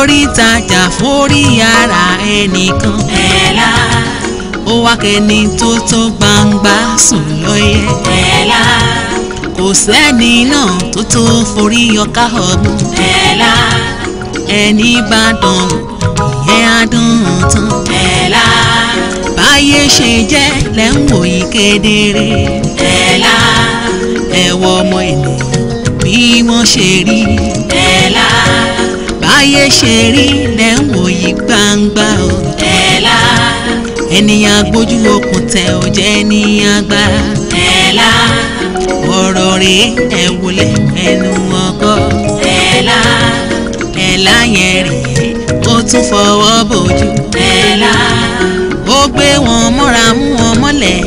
torí tajà forí ara ẹnìkan. ẹ̀la. ó wá kẹni tó tó gbangba sùn lọ́yẹ. ẹ̀la. kò sẹ́ni náà tó tó forí ọkà ọ̀gbun. ẹ̀la. ẹni bá dán ìyẹn á dán tán. ẹ̀la. báyé ṣe jẹ́ lẹ́ ń wòye kedere. ẹ̀la. ẹ̀wọ̀ ọmọ ènìyàn bí wọ́n ṣe rí. ẹ̀la báyé ṣe rí lẹ́ ń wò yí gbangba o. ẹ̀la. ènìyàn agbójú okùn tẹ ò jẹ́ ní àgbà. ẹ̀la. ọ̀rọ̀ rèé ẹ̀ wọlé ẹnu ọkọ. ẹ̀la. ẹ̀la yẹn rèé ó tún fọwọ́ bójú. ẹ̀la. ó gbé wọn mọ́ra mú wọn mọ́lẹ̀.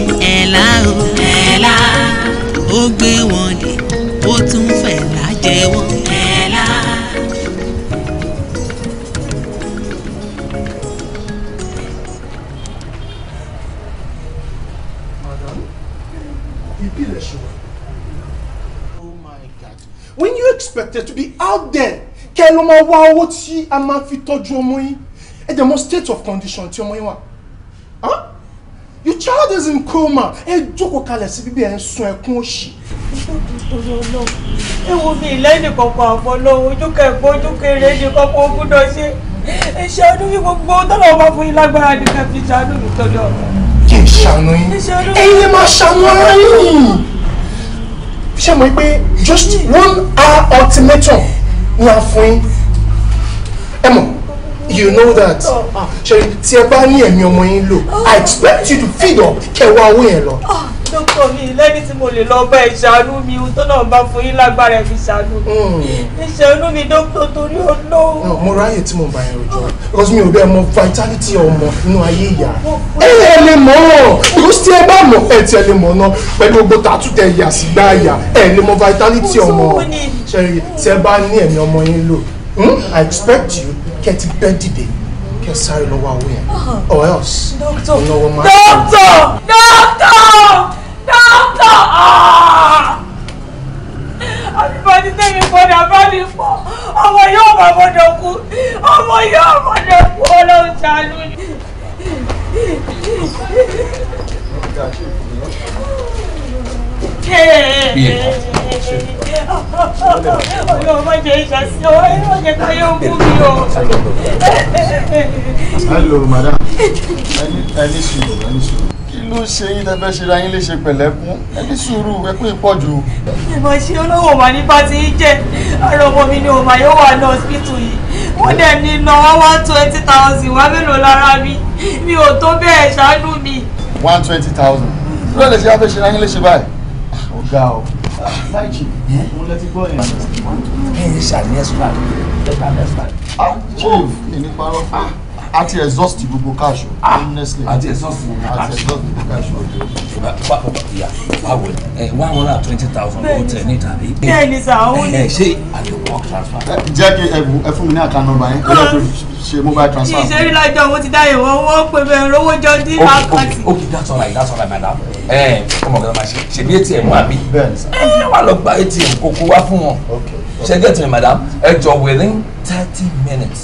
lọ wá owó tí a máa fi tọ́jú ọmọ yín ẹ dẹ̀ mọ̀ state of condition tí ọmọ yín wà your child is in coma ẹ jókòó kalẹ̀ sí bíbí ẹ̀ ń sun ẹkún òṣì. ẹ wo mi ìlẹ́yìn kọ̀ọ̀kan àfọlọ́wọ́ ojúkẹ́ ẹ̀kọ́ ojúkẹ́rẹ́ ẹ̀dẹ̀ kọ́kọ́ ogún náà ṣe ẹ ṣàánú mi gbogbo tọ́lọ̀ ọba fún yín lágbára ni kẹ́ fi ṣàánú mi tọ́jú ọ̀rọ̀. kì í ṣàánú yín ẹ̀yin lè máa ṣàánú ara yín ṣé mo pé just one hour ultimatum ni a fún yín you know that oh. ṣe tí ẹ bá ní ẹ̀mí ọmọ yín lò oh. i expect you to feed up kẹwàá owó yẹn lọ. Ah, dókítà mi lẹ́ni tí mo lè lọ bá ẹ ṣàánú mi ohun tó náà bá fún yín lágbára ẹ fi ṣàánú mi hmm. ṣàánú mi dókítà torí olówó. mo ráyè tí mo bá yẹn rojọ́ because mi ò bẹ́ẹ̀ mọ vitality ọmọ inú ayé ìyá ẹ ẹ lè mọ̀ ọ́ because tí ẹ bá mọ̀ ẹ tí ẹ lè mọ̀ náà pẹ̀lú gbogbo tàtúntẹ̀ yà sí gbá yà ẹ lè mọ vitality ọmọ ṣe tí ẹ bá ní ẹ̀mí ọmọ yín lò hmm, i expect you Get ti bẹ́ dìde kẹ́ sáré lọ́wọ́ àwọ̀ yẹn uh-huh. or else doctor máa ń bọ̀. dókítà dókítà dókítà àbíbọ́dí tẹ́mi gbọ́dọ̀ àbámi pọ̀ ọmọ yóò mọ̀ I'm a young man. mọ̀ gbọ́dọ̀ kú ọlọ́run ṣàánú ni bí ẹ kọ. Ọlọ́run má jẹ́ ìṣàṣì ọ̀rọ̀ ẹ̀ o. Hello madam, ẹni sùúrù ẹni sùúrù. Kí ló ṣe yín tẹ́fẹ́ ṣe ra yín léṣe pẹ̀lẹ́kún? Ẹni sùúrù ẹ kú ìpọ̀jù. Ìmọ̀ ṣe olówó màá ní bá ti ń jẹ́. Ọ̀rọ̀ ọmọ mi ni òmà yóò wà ní hospital yìí. Wọ́n dẹ̀ ní ná one twenty thousand wá mélòó lára mi. Mi ò tó bẹ́ẹ̀ ṣàánú mi. One twenty thousand. Ló lè ṣe afẹ́ ṣe ra yín léṣe báyìí ga ọ láìjì òun lẹ ti gbọ́ yẹn. ẹ ah, ẹ ṣàlẹ́ ẹ̀sùn náà lẹ́ka lẹ́sùn náà. chief ìnípa a ti exhaust gbogbo cash ah, honestly a ti exhaust gbogbo cash a ti exhaust gbogbo cash o. báwo ẹ one hundred and twenty thousand owó tẹ ní tàbí. bẹ́ẹ̀ ni sà owó ni. ṣé àjọ work transfer. jẹ́ kí ẹ fún mi ní àká nọ́mbà yẹn kí mobile transfer. ìṣeré lọ́jọ́ owó ti dáyẹ̀ wọ́n wọ́n pè mí rówó jọ dín máa kàtì. ok that's all right that's all right madam. ẹ ọmọ gẹ́gẹ́ máa ṣe ṣe bí atm wà bí. bẹ́ẹ̀ ni sà. ẹ wà lọ gba atm kókó wá fún wọn. ok ṣe get me madam ẹ jọ within thirty minutes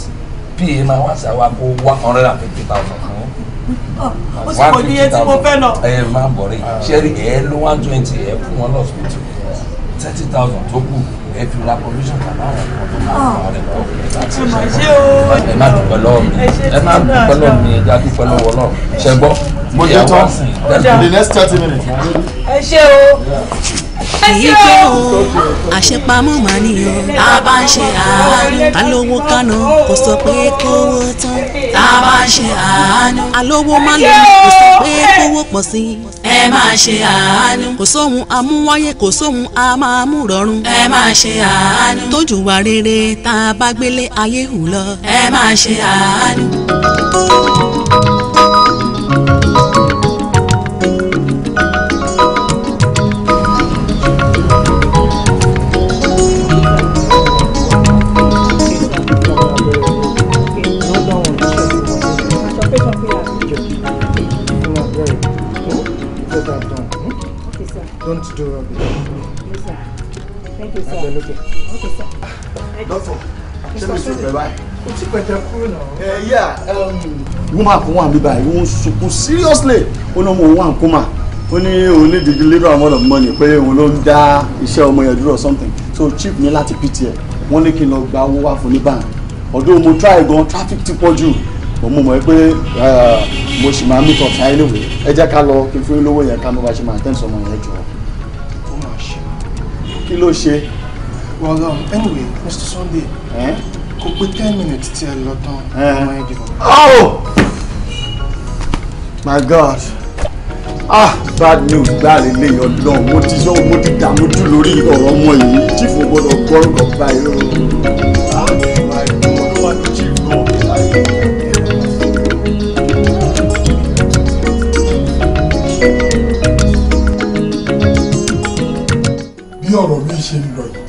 pa máa wá sáwá kó one hundred and fifty thousand fún ah, ó sì kò tí mo fẹ́ lọ. ẹ má bọ̀ rí ṣẹ́rí ẹ ló one twenty ẹ fún wọn lọ sí thirty thousand tó kù ẹ fi ra pollution kàdá àwọn ọkọ tó máa ń rẹ pọ̀ láti ṣe ẹ má dúpẹ́ lọ́wọ́ mi ẹ má dúpẹ́ lọ́wọ́ mi ẹ já dúpẹ́ lọ́wọ́ lọ́wọ́ ṣẹ gbọ́. mo dé tán ẹ ṣé o èyí tó àṣepamọ́ mà tá a bá ń ṣe àánú alówó kánà kò sọ pé kówó tán tá a bá ń ṣe àánú alówó má lè kò sọ pé kówó pọ̀ sí i ẹ máa ṣe àánú kò sóhun amúwáyé kò sóhun amáàmúrọ̀rùn ẹ máa ṣe àánú tójú wa rere tá a bá gbélé ayé hù lọ ẹ máa ṣe àánú. báyìí. o ti pẹ̀tẹ̀ kúrò náà. ẹ yà um, báyìí wọ́n sunkún seriously ó náà mo wà ń kó mà ó ní òun lérò amount of money pé òun ló ń dá iṣẹ́ ọmọ yẹn dúró or something so cheap ní láti pta wọ́n ní kí n lọ gba owó wá fún ní bank ọdún mo try gan traffic ti pọ̀ jù mo mọ̀ ẹ́ pé uh, mo sì máa meet up ṣáà anyway ẹ jẹ́ ká lọ kí n fún lówó yẹn ká mo bá ṣe máa tẹ́ sọmọ yẹn jọ. kí ló ṣe. well um, anyway Mr. Sunday. Eh? kò pé ten minutes tí ẹ lọ tán ọmọ eh. ẹ dìbò. oh my god ah bad news gbáàlì lè yọ lọ mo ti sọ mo ti dààmú jù lórí ọ̀rọ̀ ọmọ yìí tí kò gbọdọ̀ gbọ́rọ̀ báyìí ah, lọ́wọ́. bí ọ̀rọ̀ mi ṣe ń lọ yìí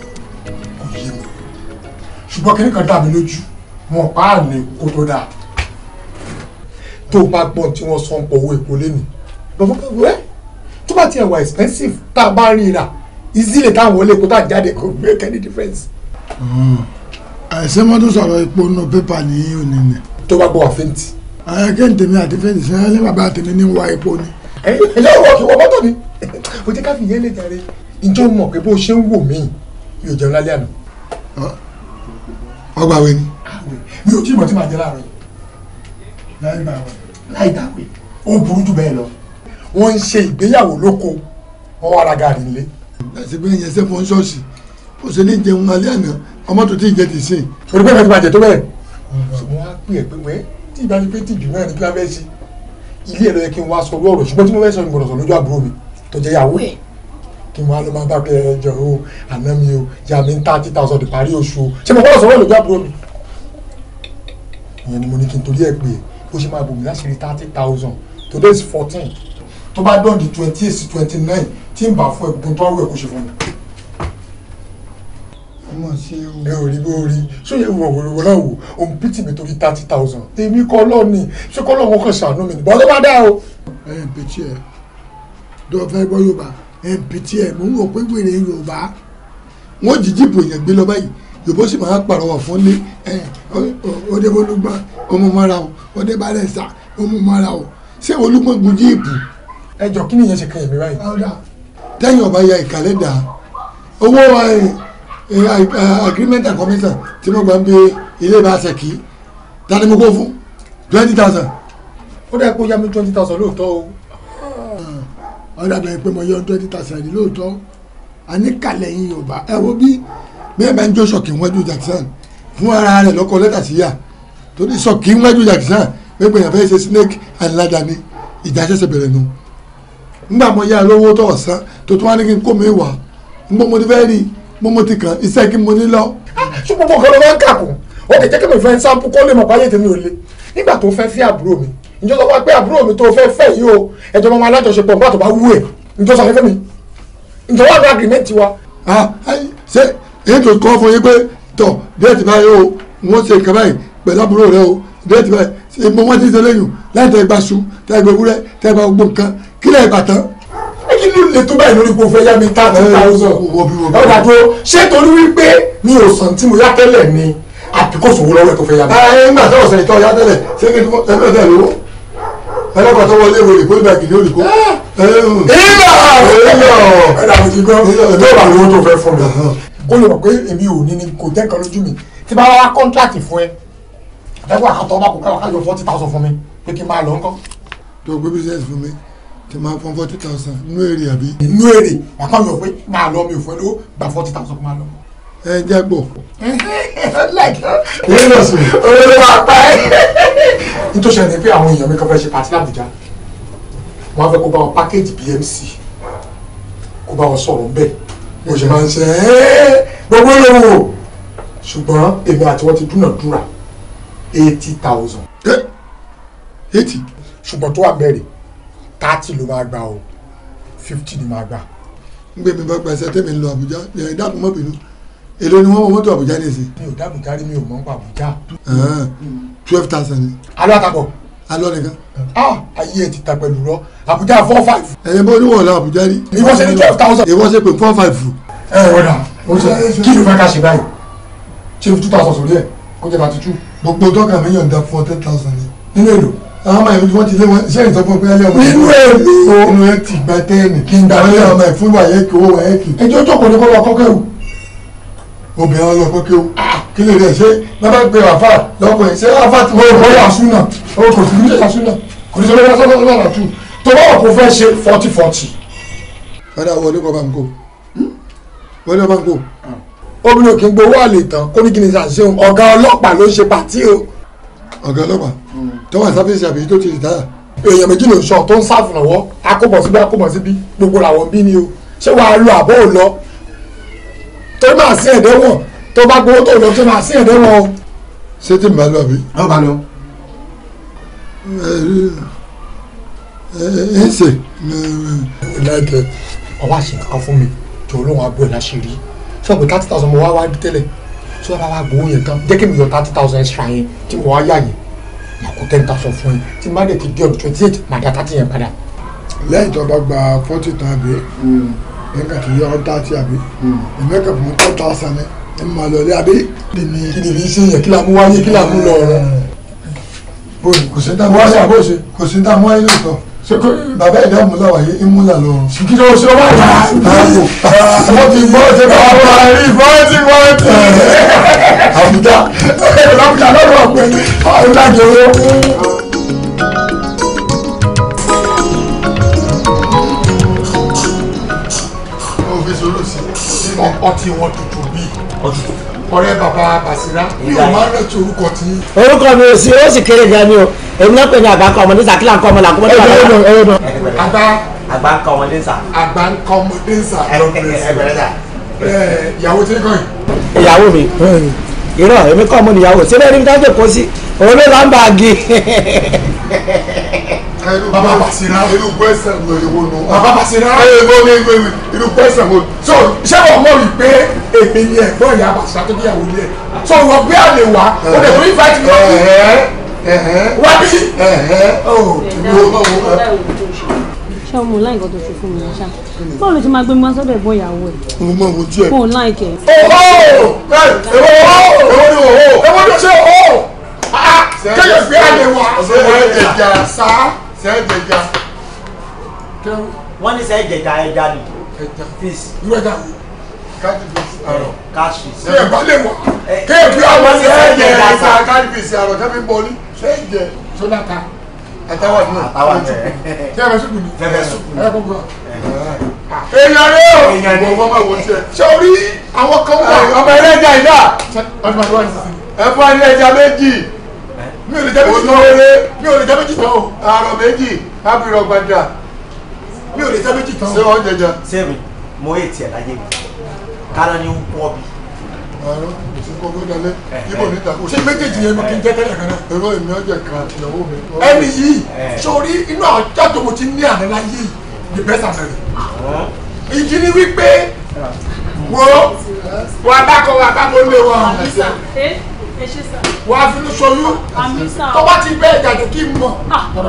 ṣùgbọ́n kí nìkan dà mí lójú wọn páàní kó tó dáa tó bá gbọ́n tí wọ́n sọ pọ̀ owó epo lẹ́nu lọ́fọ́ pẹ̀lú ẹ̀ tó bá tiẹ̀ wà expensive tá a bá rìn rà ìzílẹ̀ táwọn olè kó tá a jáde kò make any difference. Hmm. àìsàn mọ́tò sọ̀rọ̀ epo nù pépà ní òní tó bá gbọ́ wà fẹ́ǹtì. ayọ̀kẹ́ ń tèmi àti fẹ́ǹtì sẹ́yìn lé bàbá tèmi ní wa epo ni. ẹ̀yẹ́ ìwọ kì í wọ mọ́tò ọgbà wẹ ni. mi ò tí mọ̀ tí màá jẹ láàárọ̀ láì bá wọn láì dàgbé ó burú jù bẹ́ẹ̀ lọ wọ́n ń ṣe ìgbéyàwó lóko wọ́n wá ra gàrí nílé. àti bẹ́ẹ̀ yẹn sẹ́fọ́ ń ṣọ́ọ̀ṣì ó ṣe ní jẹun alẹ́ àná ọmọ tó ti jẹ ti sìn. torí pé kẹ́tí máa jẹ tó bẹ́ẹ̀. wọ́n á pè é pé wẹ́ tí ìbá mi pé tìjú náà ní kí wọ́n fẹ́ ṣe ilé ẹ̀ lọ́yẹ kí n wá sọ ọ̀rọ̀ ṣùgbọ́n tí mo fẹ́ sọ ìgbọ̀nọ̀sọ̀ lójú àbúrò mi tó jẹ́ yàwó ẹ̀ kí wọn á lọ máa bá kẹ ẹ o àná mi o yà mí ń thirty thousand parí oṣù o ṣé mo kọ́ sọ́wọ́ lójú àbúrò mi. ìyẹn ni mo ní kí n torí ẹ pé ó ṣe máa bò mí láṣìírí thirty thousand today is fourteen tó bá dọ̀dí twenty eight twenty nine tí n bá fún ẹ gbogbo tọ́rọ ẹ kó ṣe fún mi. ọmọ ṣe o. ẹ ò rí bó o rí sóyè wò wò náà wò òun pìtì mi torí thirty thousand èmi kọ́ lọ́ọ̀ni ṣé kọ́ lọ́ọ̀ wọn kàn ṣàánú mi nìbọn tó bá dá o. ẹ ẹ pẹ̀tì ẹ dọ́ọ̀fẹ́ gbọ́ yóò ẹ̀bìtì ẹ̀ mò ń rò pé wèrè yorùbá wọ́n jí jíìpù èèyàn gbé lọ báyìí yorùbá sì máa ń pàrọwà fún lé ẹ ọdẹbọlúgbọn ọmọ mara o ọdẹbàrẹsà ọmọ mara o ṣé olúgbọn gun jíìpù. ẹ jọ kí nìyẹn ṣe kan èmi báyìí. tẹ́yìn ọba ya ìkàlẹ̀ dà owó agreement and commission tí mo gbà ń bẹ ilé ìbáṣẹ kì í tani mo kó fún twenty thousand. ó dẹ́ kó yá mi twenty thousand lóòótọ́ o ọlọ́dọ̀ yìí pé mo yọ twenty thousand lóòótọ́ àníkàlẹ̀ yín yorùbá ẹ wo bí bẹ́ẹ̀ bá ń jó sọ̀kì wájú Jackson fún ara rẹ̀ lọ́kọ̀ lẹ́tà síyà torí sọ̀kì wájú Jackson pépè yàn fẹ́ ṣe snake and ladder ni ìjà ṣẹ̀ṣẹ̀ bẹ̀rẹ̀ nu ngbà mo yá lówó tó ọ̀sán tó tún wá ní kí n kó mi wà ngbọ́ mo ti fẹ́ rí mo mo ti kàn iṣẹ́ kí mo ní lọ. Ah, ṣùgbọ́n mo kọ́ ló máa ń kàkùn ó kì í jẹ́ kí mi fẹ́ sample kó lè mọ̀ báyé tèmi ò le nígbà tó fẹ́ fẹ́ àbúrò mi ǹjọ́ sọ wá pé àbúrò mi tó fẹ́ fẹ́ yìí o ẹ̀jọ̀ máa alájọṣepọ̀ nígbà tó bá wú ẹ̀ ǹjọ́ sọ fẹ́ mi ǹjọ́ wà ní agreement wa. Ah, ah, ṣé èyí tó kọ́ fún yín pé tọ̀ díẹ̀ tí báyìí o wọ́n ṣe nǹkan báyìí pẹ̀lú àbúrò rẹ o díẹ̀ tí báyìí ṣe mo wọ́n ti ṣe lẹ́yìn láì tẹ́ gba su tẹ́ gba ewúrẹ́ tẹ́ gba gbogbo nǹkan kí ló lè tó báyìí lórí pé o fẹ́ yá mi thirty eh, thousand ọ̀dà tó ṣé torí wípé mi ò sàn tí mo yá tẹ́lẹ̀ ni àbíkó sòwò lọ́wọ́ ẹ̀ tó fẹ́ yá mi. ẹ ah, ẹ ń gbà sọ̀rọ̀ sẹ́yìn tó yá tẹ́lẹ̀ ṣé kí ẹ fẹ́ tẹ̀ lówó ẹlẹ́kọ̀ọ́ tó wọlé ìwé ìpínlẹ̀ bẹ́ẹ̀ kìlí olùkọ́. ìlọ ìlọ ẹ̀dá mi ti gbọ́ tó bá lówó tó fẹ́ fún mi. kó lè mọ̀ pé èmi ò ní ni kò tẹ́ nǹkan lójú mi tí bá wá kọ́ńtàkì fún ẹ ẹ̀kọ́ àkàtọ̀ ọba kò káwá kájọ forty thousand fún mi pé kí n máa lọ ńkọ́. tó gbé bísíǹsì fún mi tí máa fún forty thousand nú èrè àbí. nú èrè àkànjọ pé máa lọ mi ò fẹ́ lówó gba forty thousand máa lọ ẹ jẹ́ gbọ́. ìyẹn lọ sùn olórí wa pa ẹ́. nítorí ṣe ni pé àwọn èèyàn mi kan fẹ́ ṣe pàtí làbújá wọn á fẹ́ kó bá wọn pákéjì BMC kó bá wọn sọ̀rọ̀ ń bẹ̀ bó ṣe máa ń ṣe gbogbo lówó ṣùgbọ́n èmi àti wọn ti dúnàdúrà eighty thousand. eighty ṣùgbọ́n tó wà bẹ̀rẹ̀ thirty ló máa gbà o fifty ni máa gbà. ń gbé mi bá gbàṣẹ tẹ́mi lọ Àbújá ìyá ìdáàbò mọ́bìnrin èlò ni wọ́n wọ mọ́tò àbújá ní ìsìn. mi ò dábùn kárí mi ò mọ̀ nípa àbújá. twelve thousand ni. alọ́ àtàkọ̀. alọ́ nìkan. Ah, ayé ẹ ti ta pẹ̀lú rọ àbújá four five. ẹ̀yẹ bó níwọ̀n la àbújá rí. ìwọ ṣe ní twelve thousand. ìwọ ṣe pé four five. ẹ ẹ wọ́dà o ṣe kí ló fẹ́ ká ṣe báyìí ṣe two thousand sórí ẹ̀ kó jẹ́ bàtí two. gbogbo tọ́ka mi yọ̀ǹda fún ọ ten thousand ni. nínú èlò àwọn ọmọ ìlú wọn ti lé wọn ṣé ìsọ fún ìpínlẹ̀ ọmọ ìlú èlò òun ẹ ti gba tẹ́ẹ̀nì kí n gbà wọlé ọmọ ìfúnwà yẹ kí owó wà yẹ kí. ẹjọ́ tó kọ́ ni kọ́ lọ kọ́kẹ́rù obìnrin ọlọ́pọ̀ kí o ah, kí lè rẹ̀ ṣe bàbá gbé àfà lọ́pọ̀ ẹ̀ ṣe àfà tí wọ́n rọ̀ àṣúná o kò sí nílé àṣúná kò ní sọ pé wọ́n sọ́dọ̀ tù tó bá wà kó fẹ́ ṣe forty forty. padà wọlé kọ́ bá ń kó hmm? wọlé bá ń kó ah. obìnrin òkè ń gbowó àlè tán kó ní kí ni ṣàṣe òun ọ̀gá ọlọ́pàá ló ṣe pàtí o. ọ̀gá ọlọ́pàá hmm. tó wà sáfẹ́sì àbí ti rìtáyà èèyàn méjì ló ń sọ tó ń sáfù lọ́wọ́ akóbọ̀ síbí akóbọ̀ o ṣé wàá lo àbọ̀ ò tó máa sí ẹ̀dẹ́wọ̀n tó bá gbowó tó lọ tó máa sí ẹ̀dẹ́wọ̀n o. ṣé tí màá lọ bí. ọ bá lọ. ẹ ẹ ṣe. ìlẹ́kẹ̀ ọwọ́ àṣìkà kan fún mi jọ̀ọ́ lóun abúlé láṣìírí sọ pé thirty thousand mo wá wá tẹ́lẹ̀ tí wọ́n bá wá gbowó yẹn tán jẹ́ kí mi yọ thirty thousand extra yẹn tí mo wá yá yẹn màá kó ten thousand fún yín tí má dẹ̀ ti di ọ̀dọ̀ twenty eight màá dá thirty yẹn padà. lẹ́yìn tó bá gba forty tán bí ẹ̀ka kì í yọ ọ́n tààtì àbí ẹ̀mẹ́kà fún tọ́ ta sani ẹ̀ máa lọ lé abí. kí ni kí ṣe yẹn kí làmú wáyé kí làmú lọ ọ̀rọ̀ bóyá kò sí dáhùn wáyé àbóṣe kò sí dáhùn wáyé lóòótọ́ seko bàbá ìdá múlá wáyé ìmúlá lọ. kìkìdá oṣù ọba yà á mo ti gbọ́ ṣe bá wà rí bọ́ọ̀tì bọ́ọ̀tì. àbújá àbújá lọ́dọ̀ ọ̀pẹ àbújá jẹ́ wọ́n. ọtí wọn tutù bíi ọ̀rẹ́ bàbá Basira mi ò máa ń rántí orúkọ tí. orúkọ mi ò sí ó sì kéré gan ni o èmi náà pè ní àgbáńkọ ọmọdé sà kí là ń kọ ọmọ làkúmọ tó bàbá. àgbà àgbáńkọ ọmọdé sà. àgbáńkọ ọmọdé sà lọ́dún ìyàwó tí ń kọ́ yìí. ìyàwó mi irọ́ èmi kọ́ ọmọ nìyàwó síbẹ̀ ní bí táwọn jẹ́ kó sí òun ló lá ń bá a gé. bàbá Basira inú gbẹ́sẹ̀ mo ìwọ nù. bàbá Basira inú ní inú gbẹ́sẹ̀ mo. so ṣé wọn mọ rí pé èmi ni ẹ̀gbọ́n ìyá Basira tó níyàwó ilé ẹ̀ so wọn gbé àlè wá ó lè fún ìfà ìtìmọ́ wá bí. ṣé ọmọ ọláì kan tó ṣe fún mi ṣá báwo ló ti máa gbé mi wá sọ́dọ̀ ẹ̀gbọ́n ìyàwó ẹ̀. mo mọ ojú ẹ. mo láì kẹ. owó owó owó ni owó owó ni o ṣe owó kéde gbé àlè wa ẹ̀jẹ̀jà sá sẹ́ẹ̀jẹ̀jà. wọ́n ní sẹ́ẹ̀jẹ̀jà ẹja ni fish. irú ẹja catch fish àrọ̀. catch fish. ṣé ẹ̀gbọ́n lè wọ̀ kéde gbé àwọn sẹ́ẹ̀jẹ̀jà sá catch fish àrọ̀ tẹ́bí bọ́ọ̀lì sẹ́ẹ̀jẹ̀ sódàkà àtàwọn náà àtàwọn náà tẹ́lẹ̀ sùkùn ní tẹ́lẹ̀ sùkùn ní ẹ̀kọ́ gbọ́. èèyàn rẹ o wọ́n wọ́n máa wọ sí ẹ. sọ́ọ́rí àwọn kan wà. ọmọ ẹlẹ́jà ìdá. ẹ̀fọ́ ẹlẹ́jà méjì mi ò lè jẹ́ méjì tán eré mi ò lè jẹ́ méjì tán o àrọ̀ méjì ábìrọ̀ gbàdà mi ò lè jẹ́ méjì tán o. ṣé ọ jẹjẹ. sẹ́mi mo yé tiẹ̀ láyé mi kára ni ó wọ́ bi. àárọ̀ kò sí kókó dalẹ̀ ibo ní ìtàkùn ṣé méjèèjì yẹn mi kì í jẹ́ tẹ́lẹ̀ kan náà. èrò èmi ọjà kan ìyàwó mi. ẹni yìí sórí inú àjọ tó mo ti ní àná láyé yìí the best àná rẹ̀. ìdí ni wípé wo wàá bá kọ wàá bá kọ lé wọn wà á finú ṣoyún tó bá ti bẹ́ẹ̀ jàjò kí n mọ̀ ah. tó bá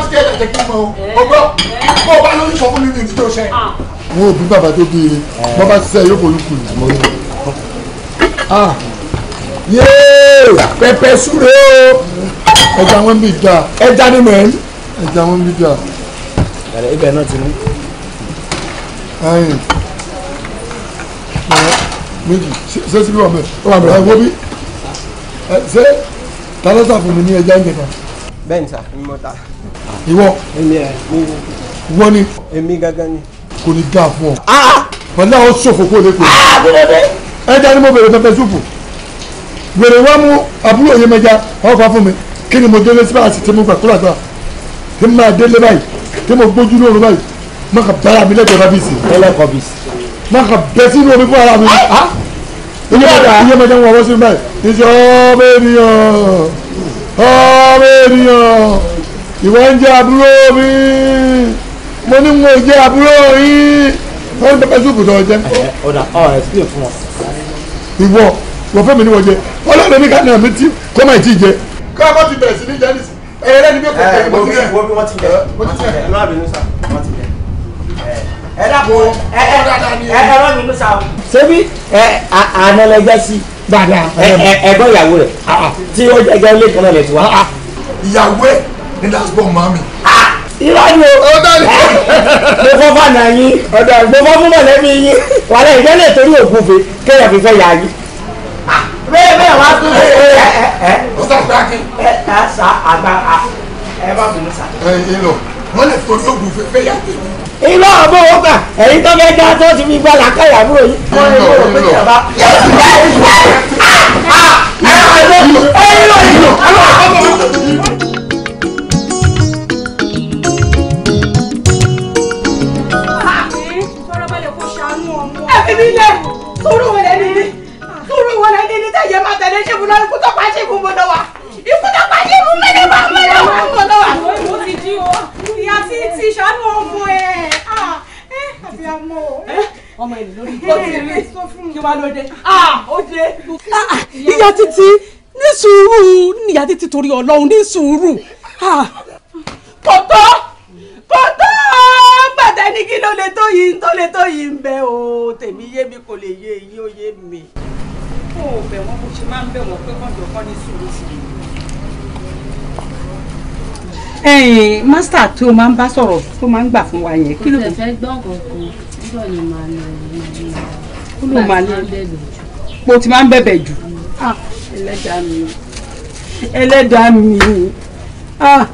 ti bẹ́ẹ̀ jàjò kí n mọ̀ o gbọ́ kó o bá lórí sọ fún mi ní ìdí tó ṣe. wọn ah. ò bí bàbá tó bí ire eh. wọn bá ṣiṣẹ́ yóò bolú kù ní. Ah. yéé pẹpẹ súre o ẹja wọn bí da ẹja ni mọ̀ ẹ́ ẹja wọn bí da. ibẹ̀ náà ti ní méjì ṣé síbí wà mẹ́rin ó wà mẹ́rin àwọn bí ṣé tálọ́tà fún mi ní ẹja ń jẹta. bẹ́ẹ̀ni sà ń mọ́ta. ìwọ ìwọ ni. èmi gángan ni. kò ní dáa fún ọ. wọn ah! náà ó ṣòfò kó lè pè ah, é. ẹja ni mo bèrè pẹpẹ súpù wèrè wá mú àbúrò yẹn mẹja ọkọ fún mi kí ni mo délé sí báyìí tí mo gbà kúrò àgbà tí mo máa délé báyìí tí mo gbójú lóru báyìí mo kà bára mi lẹ́gbẹ̀ẹ́ rábìsì. lẹ́gbẹ̀ẹ́ rábìsì má kà bẹ́ sínú omi fún ara mi ah! iye mẹ́ta ń wọ ọwọ́ sí mẹ́ẹ̀ iṣẹ́ ọmọ ènìyàn ọmọ ènìyàn ìwọ ń jẹ àbúrò mi mo ní mo jẹ àbúrò yín wọ́n ní pẹpẹ súpù tó jẹ. ọ̀dà ọ̀ ẹ̀ sílẹ̀ fún ọ. ìwọ wọ́n fẹ́ mi ní wọ́n jẹ ọlọ́run ní kánà mi tí kọ́ máa ti jẹ. ká bá ti bẹ̀rẹ̀ sí ní jẹ́nìsì ẹ̀yẹ́rẹ́ ni bí kò tẹ̀ ẹ̀ mọ́ sí rẹ̀. wọ́n ti jẹ ẹ̀ lọ́wọ́ àbẹ̀nú sá wọ́n ti jẹ ẹ̀ ẹ dàpọ̀ ẹ ẹ ẹ rọ́ mi ló sa o. ṣebí ẹ ànálẹ́jẹ́ sí dáadáa ẹ̀gbọ́n ìyàwó rẹ̀ tí ó jẹ́ gẹ́gẹ́ lé kan náà lè tiwa. ìyàwó ẹ̀ ní last born mami irọ́ ni o mo fọ́ fànà yín mo fọ́ fún mọ̀lẹ́bí yín wà lẹ́yìn jẹ́ lè torí ògùnfè kéèyàn fi fẹ́ yà yín. bẹ́ẹ̀ bẹ́ẹ̀ wá tún ṣe é ẹ ẹ ó sàgbà kí. ẹ ẹ sa àgbà ẹ bá bínú sa. ẹ ẹ lọ wọn lè torí ògùnfè fẹ́ yà tèmi ilé ọ̀bọ̀ wọn gbà ẹ̀yin tó fẹ́ dá tó ti fi gba làkàyà àbúrò yìí wọ́n ní wọ́n rò pé ìjọba. Ikú tó pa ṣe ìbùbọ̀dọ̀ wa! Ikú tó pa ṣe ìbùbọ̀dọ̀ wa! Ìbùbọ̀dọ̀ wa! ìyá tí tí ṣàánú ọmọ ẹ ẹ àbí àmọ ẹ ọmọ ẹni lórí bọ́tìrì kí wàá lóde ó dé. ìyá títí ní sùúrù níyà títí torí ọlọ́run ní sùúrù. kò tó kò tó bàtà ní kí ló lè tó yìí tó lè tó yìí ń bẹ o tèmi yé mi kò lè yé èyí ó yé mi. kó o bẹ̀ wọ́n bó ṣe máa ń bẹ̀ wọ́n pé kọ́ńdọ̀kọ́ ní sùúrù sí i ẹ̀yìn master tó máa ń bá sọ̀rọ̀ tó máa ń gbà fún wa yẹn kí ló kù. ìfẹ́ gbọ́ kankan nígbà ni màá lọ ìrìn àjò kó ló máa lọ po ti máa ń bẹ̀bẹ̀ jù. Ah, ẹlẹ́dàá mi ẹlẹ́dàá mi ah,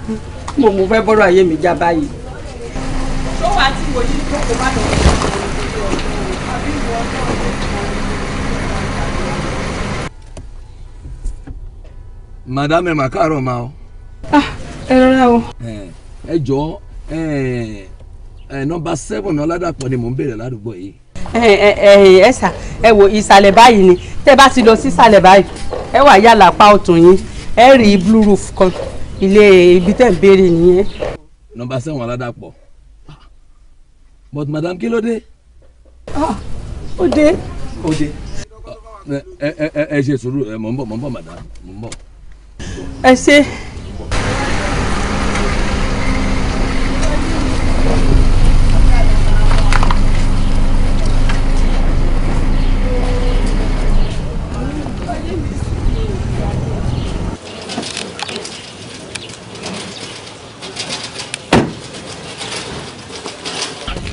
mo mú fẹ́ bọ́rọ̀ ayé mi já báyìí. tó wàá tí mo yí tó kò bá lọ sí ọ̀dọ́ àbí ìwọ ọ̀dọ́. madame ẹ mà káàárọ̀ ma o. ah ẹ rọra o. ẹ jọ nọmba seven ọládàpọ̀ ni mò ń bèrè ládùúgbò yìí. ẹ ṣá ẹ wo ìsàlẹ̀ báyìí ni tẹ́ bá ti lọ sí ìsàlẹ̀ báyìí ẹ wà yàlà pa ọ̀tún yín ẹ rí blue roof kan ilé ibi tẹ́ ń béèrè nìyẹn. nọmba seven ọládàpọ̀ but madam kí ló dé. Ah, ó dé. ó dé ẹ ṣe sùúrù ẹ mọ̀ ń bọ̀ mọ̀ ń bọ̀ madam mọ̀ ń bọ̀. ẹ ṣe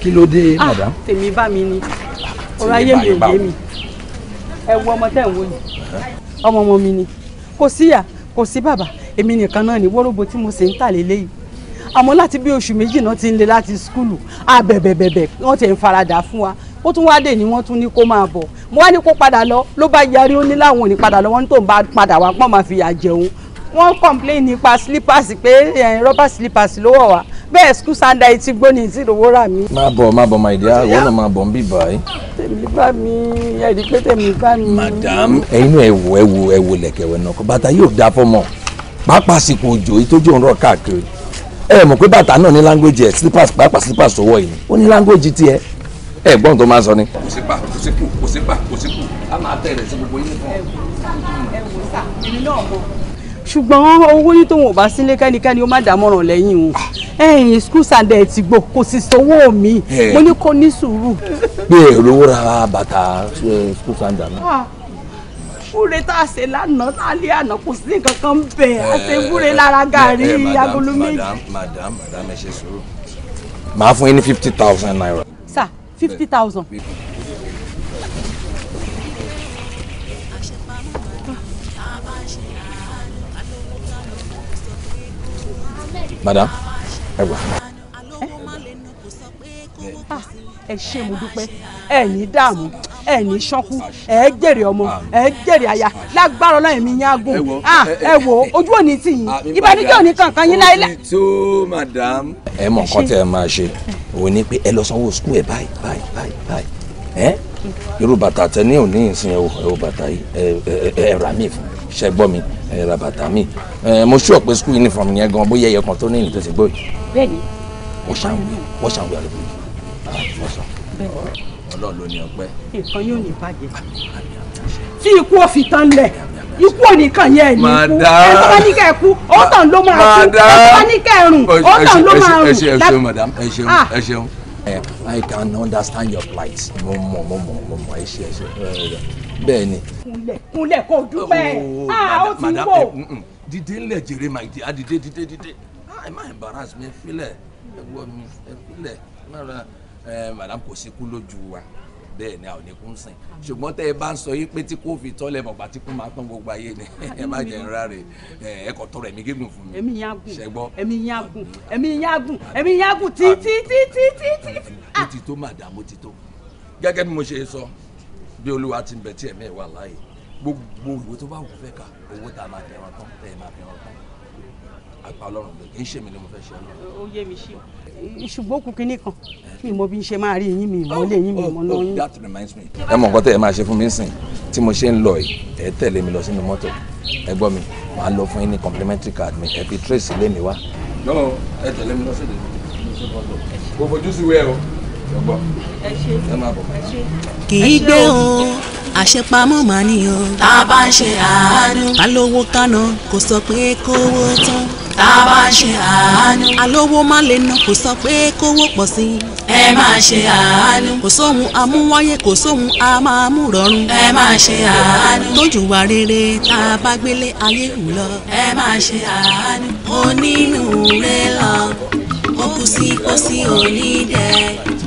kí ló dé ah, madam. tèmi bá mi ni ọ̀rọ̀ ayé mi ò yé mi ẹ wo ọmọ tẹ́ ń wò yìí ọmọ ọmọ mi ni kò síyà kò sí bàbá èmi nìkan náà ni wọ́rọ́gbó tí mo ṣe ń tà lélẹ́yìí àmọ́ láti bí oṣù méjì náà ti ń lé láti skúlù àbẹ̀bẹ̀bẹ̀bẹ̀ wọ́n ti ń faradà fún wa ó tún wáá dè ní wọ́n tún ní kó máa bọ̀ mo wá ní kó padà lọ ló bá yarí ó ní láwọn ò ní padà lọ wọ́n tó ń bá padà wá pọ́n máa fìyà jẹun wọ́n complain nípa slippers pé rọ́bà slippers ló wọ̀ bẹ́ẹ̀ skul sanda yìí ti gbóni sí ìrówó rà mí. má bọ̀ má bọ̀ my dear ìwọ náà má bọ̀ ń bí báyìí. tèmi bá mi ẹ̀rí pé tèmi bá mi. madam ẹ̀yin náà ẹ̀wò ẹ̀wò ẹ̀wò lẹ̀kẹ̀wẹ̀ náà bàtà yóò da fọmọ pàápàá àsìkò òjò yìí tó jò ń rọ̀ káàkiri ẹ mọ̀ pé bàtà náà ní language ẹ̀ slippers pàápàá slippers ọwọ́ yìí ó ní language tiẹ̀ ẹ gbọ́n tó máa sọ ni. kò sí pa kò sí kù kò ṣùgbọ́n owó ní tóun ò bá sílé kẹ́nikẹ́ni ó má dámọ̀ràn lẹ́yìn o ẹ̀yìn skul sàndẹ̀ ti gbò kò sì sanwó mi mo ní kó ní sùúrù. bí èrò owó ra bàtà skul sàndẹ̀ náà. fúre tá a ṣe lánàá lálẹ́ àná kò sí nǹkan kan bẹ̀ a ṣe fúre lára gàrí agolo méjì. madam madam ẹ ṣe sùúrù. màá fún yín ní fifty thousand naira. sir fifty thousand. madam ẹ gbà. ẹ ṣé mo dúpẹ́ ẹ ní dààmú ẹ ní ṣọ́kú ẹ jèrè ọmọ ẹ jèrè aya lágbára ọlọ́run mi yín agùn ah, ẹ wò ojú òní tì yín ìbànújẹ́ òní kankan yín láyé. tó madam. ẹ mọ nǹkan tẹ ẹ máa ṣe òun ni pé ẹ lọ sanwó sukú ẹ báyìí báyìí báyìí báyìí ẹ irú bàtà tẹ ní òní ìsìn ẹ wò bàtà yìí ẹ rà mí fún mi ṣe gbọ́ mi ẹ bàtà mi mo ṣú ọ̀pẹ skul uniform yẹn gan bóyá ẹyẹ kan tó ní ìlú tó ti gbọ́ yìí. bẹ́ẹ̀ni wọ́n ṣàǹwé wọ́n ṣàǹwé àlejò yìí ọlọ́run ló ní ọpẹ́. nǹkan yóò ní bàjẹ́ tí ikú ò fi tán lẹ̀ ikú ò yẹ ẹ̀ ní ikú ẹ̀ tó bá ní ó tàn ló máa kú ẹ̀ tó bá ní ó tàn ló máa rùn. ẹ ṣeun madam ẹ ṣeun ah. ẹ ṣeun. I can understand your plight. mo mọ mo mọ mo mọ ẹ ṣe ẹ ṣe bẹ́ẹ̀ ni kúnlẹ̀ kúnlẹ̀ kó dúpẹ́ oh, ah, ó ti wò. Eh, mm, mm. dìde ńlẹ̀ jèrè máa di adìde dìde dìde ah, ẹ má embarrass mi filẹ̀ ẹ wọ mi ẹ filẹ̀ mara ẹ madam kò sí kú lójú wa bẹ́ẹ̀ ni àwọn oníkun sìn ṣùgbọ́n tẹ́ ẹ bá ń sọ yí pé tí kò fi tọ́lẹ̀ mọ̀gbà tí kò máa pọ́n gbogbo ayé ni ẹ má jẹ́ ńlá rẹ̀ ẹ kò tọrọ ẹ̀mí gígùn fún mi. ẹ̀mí yágùn ẹ̀mí yágùn ẹ̀mí yágùn ẹ̀mí yágùn títí títí títí. ó ti tó màdàmú ti tó gẹ́gẹ́ bí mo ṣe sọ bí olúwa ti ń bẹ tí ẹ̀mí ẹ̀ wà láàyè gbogbo ìwé tó bá wù fẹ́ kà owó tá a máa tẹ̀wọ́n tán tẹ̀ ẹ̀ máa fi hàn tán àgbà ọlọ́run mi kì í ṣèmi ni mo fẹ́ ṣe ọlọ́run. ó yé mi sí. ṣùgbọ́n kù kínní kan eh. mi mo bí n ṣe máa rí yín mi mo lè yín mi mo náà yín. that reminds me. ẹ mọ nǹkan tẹ ẹ máa ṣe fún mi sìn tí mo ṣe ń lọ yìí ẹ tẹ̀lé mi lọ sínú mọ́tò ẹ gbọ́ mi màá lọ fún yín ní complimentary card mi ẹ fi trace lé mi wá. yọ ẹ tẹ̀lé mi lọ sí ìdè mi mo ṣe kì í gbé o àṣepamọ́ màá ní o. tá a bá ń ṣe àánú. ta lówó kánà kò sọ pé kówó tán. tá a bá ń ṣe àánú. alówó má lè ná kò sọ pé kówó pọ̀ sí i. ẹ máa ṣe àánú. kò sóhun amúwáyé kò sóhun a máa mú rọrùn. ẹ máa ṣe àánú. tójú wa rere tá a bá gbélé ayé wù lọ. ẹ máa ṣe àánú. onínúure lọ ó sí kó sí onídẹ̀ẹ́.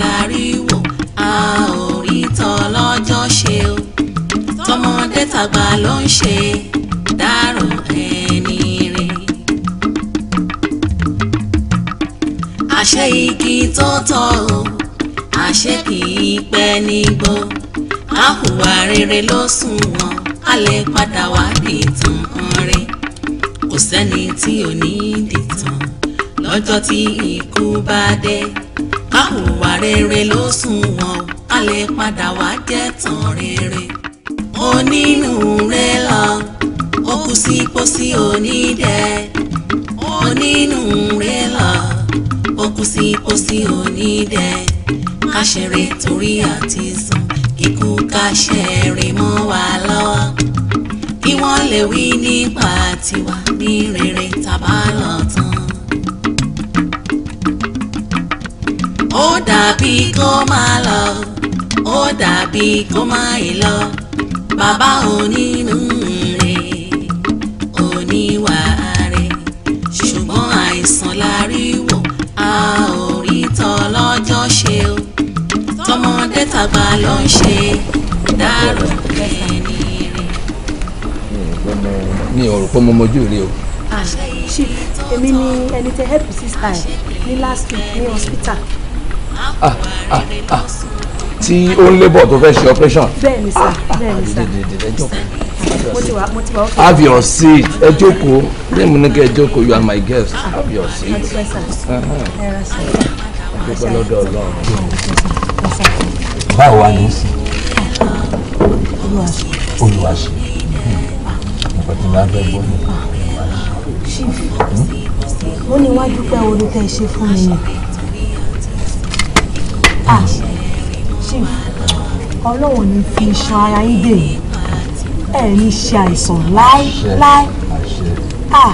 Lariwo, rí wò a ò rí tọlọ́jọ́ ṣe o tọmọdé tàgbà ló ń ṣe dárò ẹni rìn. àṣé igi tó tọ́ o àṣé kì í pẹ́ nígbó a hùwà rere ló sùn wọn a lè padà wá dìtàn rẹ̀ kò sẹ́ni tí ò ní dìtàn lọ́jọ́ tí ikú bá dé káhùwà rere ló sùn wọn a lè padà wá jẹ́ tán rere onínúure lọ ó kú sí pósí onídẹ onínúure lọ ó kú sí pósí onídẹ káṣẹrẹ torí àti sùn kíkú káṣẹrẹ mọ́ wa lọ́wọ́ kí wọ́n lè wí nípa tiwa ní rere tàbá lọ tán. ó dàbí kó máa lọ ó dàbí kó máa yìí lọ bàbá onínú rẹ̀ oníwà rẹ̀ ṣùgbọ́n àìsàn la rí wò a ò rí tọ́lọ́jọ́ ṣe o tọmọdé tàgbà ló ń ṣe dárò ẹni rẹ̀. mi ò rò pé mo mojú rí o. chief ah, èmi ni ẹni tẹ help sista ẹ ní last week ní hospital. Ah, ah, ah. tí ó ń labour tó fẹ́ ṣe operation. bẹ́ẹ̀ni sá bẹ́ẹ̀ni sá mo ti wà mo ti wà ok. have your seat ẹ jókòó ní kí ẹ jókòó you are my guest have your seat. dúpẹ́ lọ́dọ̀ ọlọ́run. báwo wà ní sí. olúwa ṣe nǹkan tí mo fẹ́ gbọ́ ní olúwa ṣe. ó ní wájú pé orí ṣe fún mi ni. Ah, ọlọ́run ní fi iṣan ara yín dè yín ẹ ní ṣe àìsàn láéláé ah,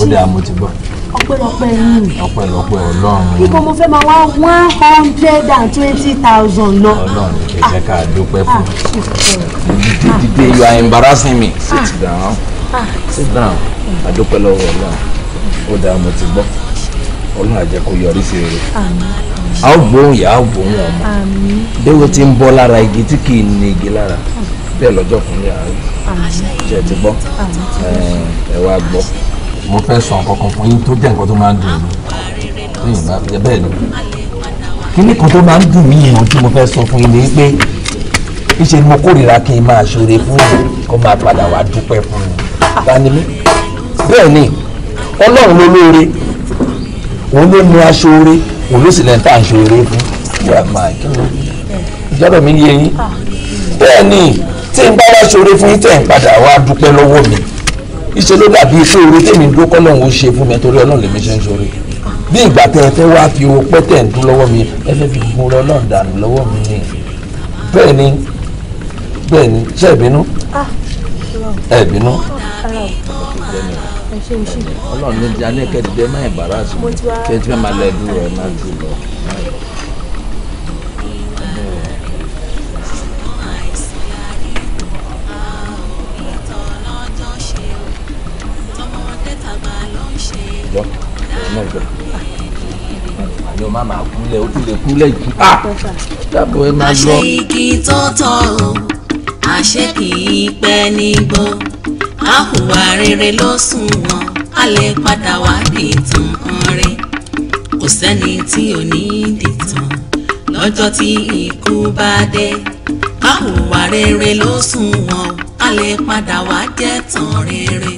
ó dé àmọ́ ti gbọ́. ọpẹ́lọpẹ́ yín. ọpẹ́lọpẹ́ ọlọ́run. ibo mo fẹ́ máa wá one hundred and twenty thousand lọ. ọlọ́run ẹ jẹ́ ah. ká dúpẹ́ fún dídé dídé you are embarrassing me. sit down sit down adúpẹ́ lọ́wọ́ ọlọ́run ó dé àmọ́ ti gbọ́ ọlọ́run á jẹ́ kó yọrí sí rere a ó gbóhùn yà á gbóhùn ọmọ déwé tí ń bọ́ lára igi tí kì í ní igi lára bẹ́ẹ̀ lọ́jọ́ fún yà á rí ti gbọ́ ẹ wá gbọ́. mo fẹ́ sọ nǹkan kan fún yín tó jẹ́ nǹkan tó máa ń dùn mí lóyìn bá yẹ bẹ́ẹ̀ ni kíní kan tó máa ń dùn mí yìí tí mo fẹ́ sọ fún yín ni pé ìṣe ni mo kórìíra kí n máa ṣoore fún yín kó máa padà wá dúpẹ́ fún yín ta ni bẹ́ẹ̀ ni ọlọ́run ló lóore òun ló nu aṣoore òun ló sì lẹ́ni tá à ń ṣe eré fún wà máa kí ló rí ìjọba mi yé yín bẹ́ẹ̀ ni tí n bá wá ṣoore fún yín tẹ̀ ń padà wá dúpẹ́ lọ́wọ́ mi ìṣe ló dàbí pé oore tèmi ń dúkọ́ lọ́hùn ó ṣe fún mi torí ọlọ́run lèmi ṣe ń ṣoore bí ìgbà tẹ ẹ fẹ́ wá fi owó pẹ́ tẹ̀ ń dún lọ́wọ́ mi ẹ fẹ́ fi gbogbo ọlọ́run dànù lọ́wọ́ mi ni bẹ́ẹ̀ ni bẹ́ẹ̀ ni ṣe ìbínú ẹ̀ bínú. Ah. Ọlọ́run ló di alẹ́ kẹdìdẹ má ìbára sí i kí ẹ ti fẹ́ máa lọ ẹbí rẹ má jù lọ. jọ ọmọ jọ ni o máa ah! máa kúlẹ̀ o tún lè kúlẹ̀ jù á dábọ̀ ẹ máa lọ. àṣe igi tó tọ̀ àṣe kì í pẹ́ nígbó ká hùwà rere lọ́sùnwọ̀n ká lè padà wá dìtàn rẹ̀ kò sẹ́ni tí ò ní dìtàn lọ́jọ́ tí ikú bá dé ká hùwà rere lọ́sùnwọ̀n ká lè padà wá jẹ́ tàn rere.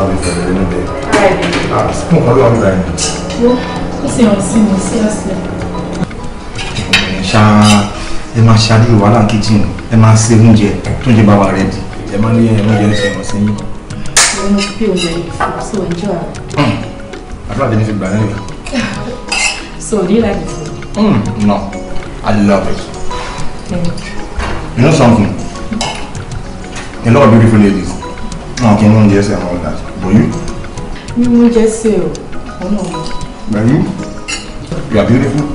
service for the day. Ah, smoke all over the What's your sin? Seriously. Ṣá ẹ máa ṣàlàyé wàhálà kitchen ẹ máa ṣe oúnjẹ tó ń jẹ bàbá rẹ di ẹ máa ní ẹ oúnjẹ ṣe wọn sí yín. mo mọ pé o jẹ so enjoy. Hmm, àdúrà tèmi ti gbà nílẹ̀. so do you like it? Mm, no I love it. Thank you. know something a lot of beautiful ladies wọn kì í mú oúnjẹ ṣe you? You mo jẹ sí o, òun náà mo. you are beautiful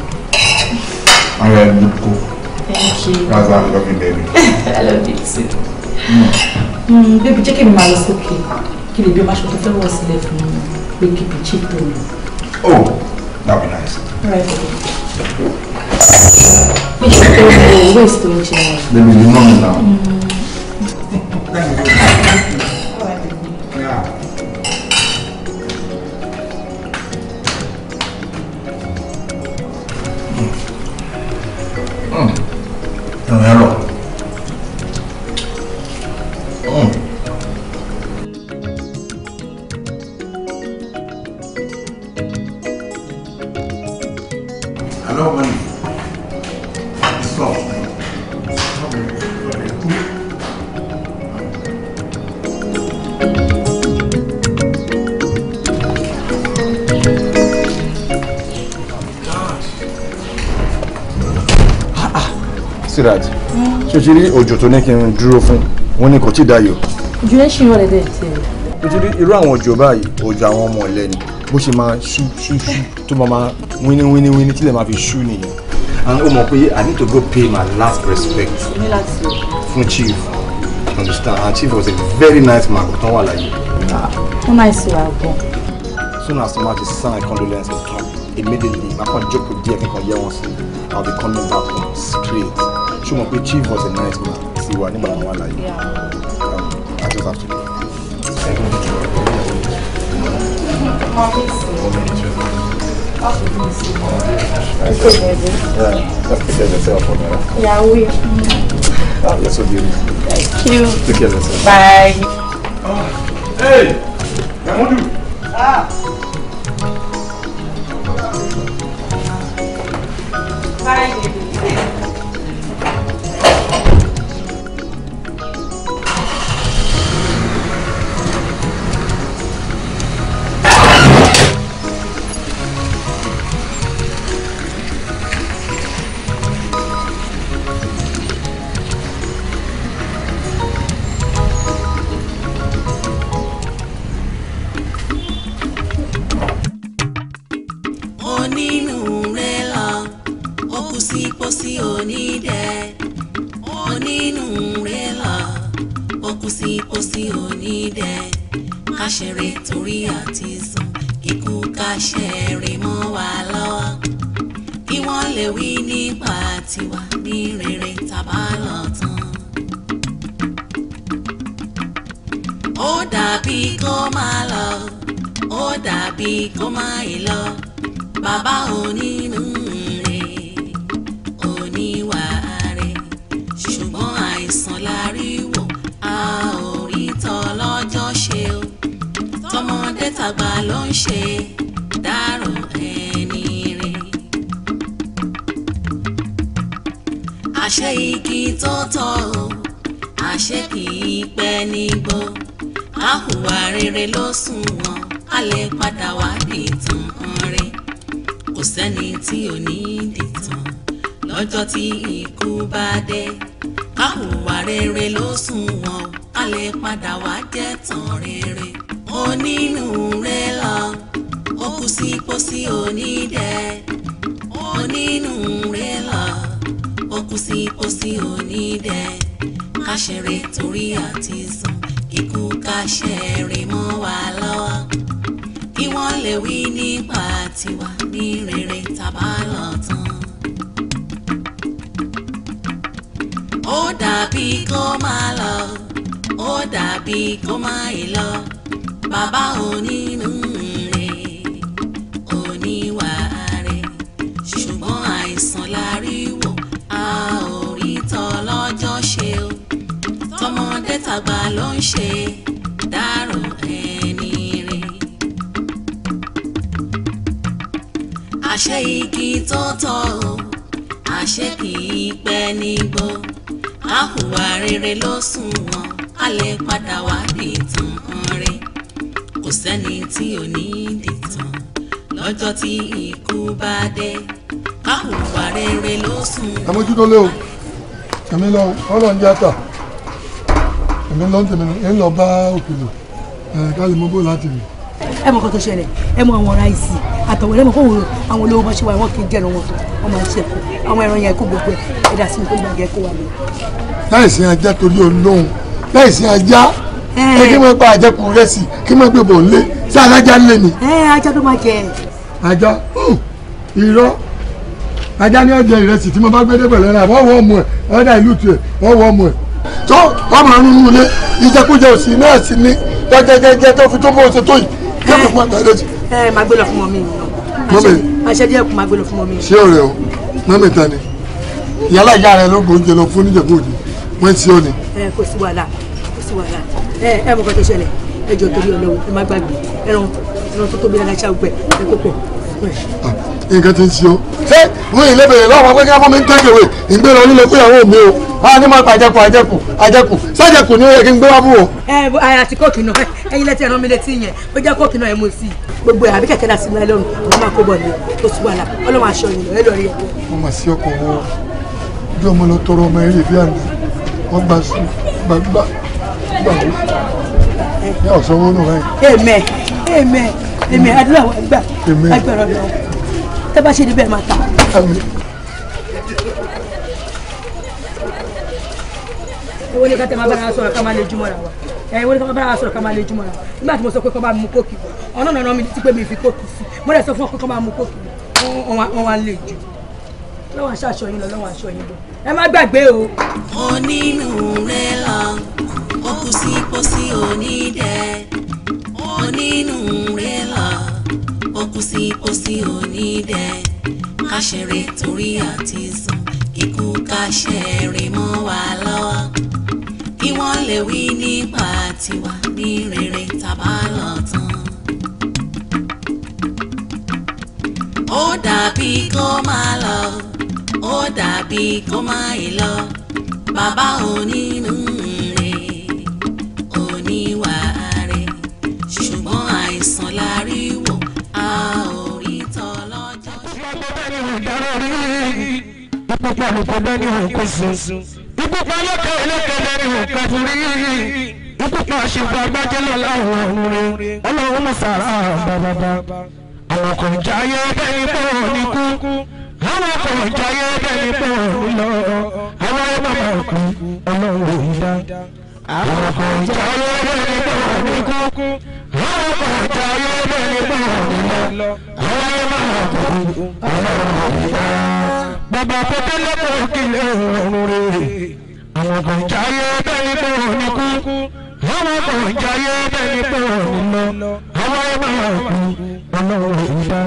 and you are beautiful. Thank you. That's why I love you baby. I love you too. Mm. Mm, baby check kí mi máa lọ sókè kí lè bí ọmọ aṣọ tó fẹ́ wọ̀ sílẹ̀ fún mi pé kí mi Oh, that be nice. right, baby. Which is the waste to which I. Baby, you know me now. Mm. that ṣé o ti rí òjò tó ní kí n dúró fún wọn ni kò tí ì dayọ̀. ojú ẹ ṣì ń rọlẹ̀ àwọn òjò báyìí òjò àwọn ọmọ ilẹ̀ bó ṣe máa ṣú ṣú ṣú tó máa máa wíní wíní wíní tílẹ̀ máa fi ṣú nìyẹn. and ó pé i need to go pay my last respect fún chief understand and chief was a very nice man kò tán wà láyé. ó máa ṣe wà gan. soon as ma ti sign condolence with immediately my kàn jókòó díẹ̀ kankan yẹ wọn sí i will be coming back home straight ṣùgbọ́n pé chief was a nice man sí wa nígbà tó wà láyé um, i just have to go. Yeah, so Thank you. Take care of yourself. Bye. Oh, hey, Yamudu. Ah. pósípósí onídẹ onínúure là ó pósípósí onídẹ káṣẹrẹ torí àti sùn kíkú káṣẹrẹ mọ́ wa lọ́wọ́ kí wọ́n lè wí nípa tiwa ní rere tàbá lọ tán. ó dàbí kó máa lọ ó dàbí kó máa lọ bàbá onínúure. ṣe dárò ẹni rè àṣẹ igi tó tọ́ o àṣẹ kì í pẹ́ nígbó a hùwà rere ló sùn wọn a lè padà wá dìtàn rè kò sẹ́ni tí ò ní dìtàn lé o èmi lọ ọlọ́run jẹ́ àtà èmi lọ ń tẹ̀mí ẹ̀ ń lọ bá òkèlò ẹ̀ ká lè mọ bó láti rìn. ẹ mọ nǹkan tó ṣẹlẹ̀ ẹ mọ àwọn ará ìsì àtọ̀wọ̀ lẹ́mọ̀ fóun àwọn olówó bá ṣe wà wọ́n kì í jẹ́nu wọn tó wọ́n máa ń ṣe kù àwọn ẹran yẹn kó gbogbo ẹ̀ ẹ̀dá sí kó gbàgẹ́ kó wà lọ. láìsí ajá torí olóhùn láìsí ajá ẹ kí wọ́n gba àjẹkùn rẹ̀ sí kí wọ́n gbé bò ń lé sí alájà ńlẹ̀ ni. ẹ ajá ló máa jẹ. ajá irọ́ ajá ni ọjọ́ ìrẹsì tí mo bá gbé débẹ̀ lọ́la àbọ̀wọ̀ ọmọ ẹ̀ ọ̀dà ìlú tiẹ̀ ọ̀wọ̀ ọmọ ẹ̀ wọ́n máa ń nínú ilé ìjẹkújẹ òsì náà sì ní gẹ́gẹ́gẹ́gẹ́ tó fi tó bó ṣe tó yìí yóò fi fún ẹ̀tọ́ ilé jù. ẹ ẹ máa gbé lọ fún mọ mi nù. mọ́mì àṣẹ díẹ̀ kù máa gbé lọ fún mọ mi. ṣé ọ̀rẹ́ o mọ́mì tán ni ìyálà ìyá rẹ ló gbóúnjẹ lọ fún níjẹ̀bú òde wọ́n ti ọ ni. ẹ kò sí wàhálà kò sí wàhálà ẹ ẹ mọ̀ kọ́ tó ẹ jọ torí ọlọ́wọ́ ẹ má gbàgbé ẹran ẹran tó tóbi lára ṣàgbẹ́ ẹ kó pọ̀ nǹkan ti ń ṣe o. ṣé wọ́n yìí lébèrè lọ́wọ́ pé kí wọ́n mi ń tẹ́kẹ̀ wé ìgbé lọ nílé fún ìyàwó mi o a ní máa pa àjẹkù àjẹkù àjẹkù sájẹkù ni ó yẹ kí n gbé wá fún o. ẹ bọ àyà àti kóòkì náà ẹyin lẹ́tí ẹran mi létí yẹn ó jẹ́ kóòkì náà ẹ mú sí i. gbogbo àbí kẹ̀kẹ́ dà sí mi lọ́rùn àwọn máa kó bọ̀ ní tó sùn wàhálà ọlọ́run aṣọ yìí lọ́ọ́ lọ́ọ́ rí ẹ. mo mà sí ọkọ̀ wọ bí ọmọ lọ tọrọ ọmọ eré ìfẹ́ àná wọ́n gbà sùn gbàgbà gbàgbó ẹ ọ̀sán wọn náà báyìí. èmẹ èmẹ èmẹ adúláwọ̀ tẹ́ bá ṣe ní bẹ́ẹ̀ máa ta. owó ní ká tẹ́ máa bára sọ̀rọ̀ ká máa lè jùmọ̀ ra wa ẹ̀yin wọ́n ní ká máa bára sọ̀rọ̀ ká máa lè jùmọ̀ ra wa nígbà tí mo sọ pé kọ́ bá mu kókì ọ̀nà ọ̀nà mi ti pé mi fi kókì sí mo rẹ̀ sọ fún ọ pé kọ́ bá mu kókì wọ́n wá lè jù lọ́wọ́ aṣọ aṣọ yín lọ lọ́wọ́ aṣọ yín bọ̀ ẹ má gbàgbé o. onínú rẹ lọ ó kù sí pósí onídẹ onínú rẹ lọ ó kú sí ó sí onídẹ káṣẹrẹ torí àti sàn ikú káṣẹrẹ mọ́ wa lọ́wọ́ kí wọ́n lè wí nípa tiwa ní rere tàbá lọ tán. ó dàbí kó máa lọ ó dàbí kó máa ì lọ bàbá onínú rẹ̀ oníwà dára rí púpọ̀ olùkọ́dọ́ ní òun kò sùn púpọ̀ ọlọ́kọ̀ olókẹ́lẹ́ ní òun kò sùn rí púpọ̀ ṣègùn agbájẹ́lẹ̀ láwọn ọ̀hún rí ọlọ́run mú sàrà bàbàbà àwọn kò jáyé bẹ́ẹ̀ ni bọ́ọ̀ ní kú àwọn kò jáyé bẹ́ẹ̀ ni bọ́ọ̀ ní lọ àwọn ẹ̀ máa kú ọlọ́run ò ní dá àwọn kò jáyé bẹ́ẹ̀ ni bọ́ọ̀ ní kú bàtà yóò lè bọ̀ nílọ. Àwọn ọmọ ọkùnrin àwọn ọmọ ìyá. Bàbá kọ́kọ́ lọ́kọ̀ kílẹ̀ ọ̀run rẹ̀. Àwọn kan jáyé bẹ́ẹ̀ bọ̀ níkú. Àwọn kan jáyé bẹ́ẹ̀ bọ̀ nílọ. Àwọn ọmọ ọkùnrin ọlọ́run ìyá.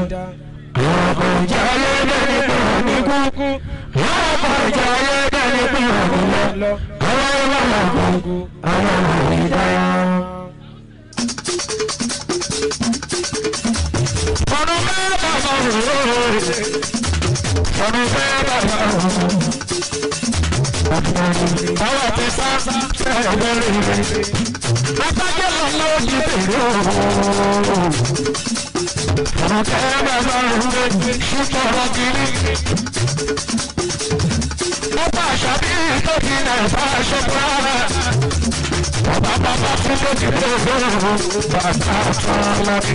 Àwọn kan jáyé bẹ́ẹ̀ bọ̀ níkú. Àwọn kan jáyé bẹ́ẹ̀ bọ̀ nílọ. Àwọn ọmọ ọkùnrin ọlọ́run ìyá. Àwọn ti sá sẹ́ ẹgbẹ́rẹ́ rẹ̀. Látàjẹ́ lọ́nà ó ti bèrè ooo. Àwọn kẹ́rẹ́ bàbá rẹ̀ ń tọrọ kiri. Bàbá àṣàbí tó ti nà bá aṣọ pààrà. Bàbá bàbá fún lójú tó gbòòrò bàbá àtọ́ lábí.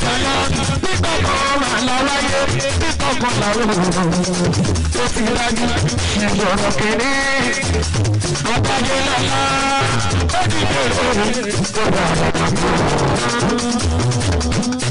lọ nítọ̀kan mà lọ wáyé nítọ̀kan làwọn tó ti rájú ìyọ̀rọ̀ kéré àpàdé lọ́la ó ti dé òru tó bá àwọn àgbà.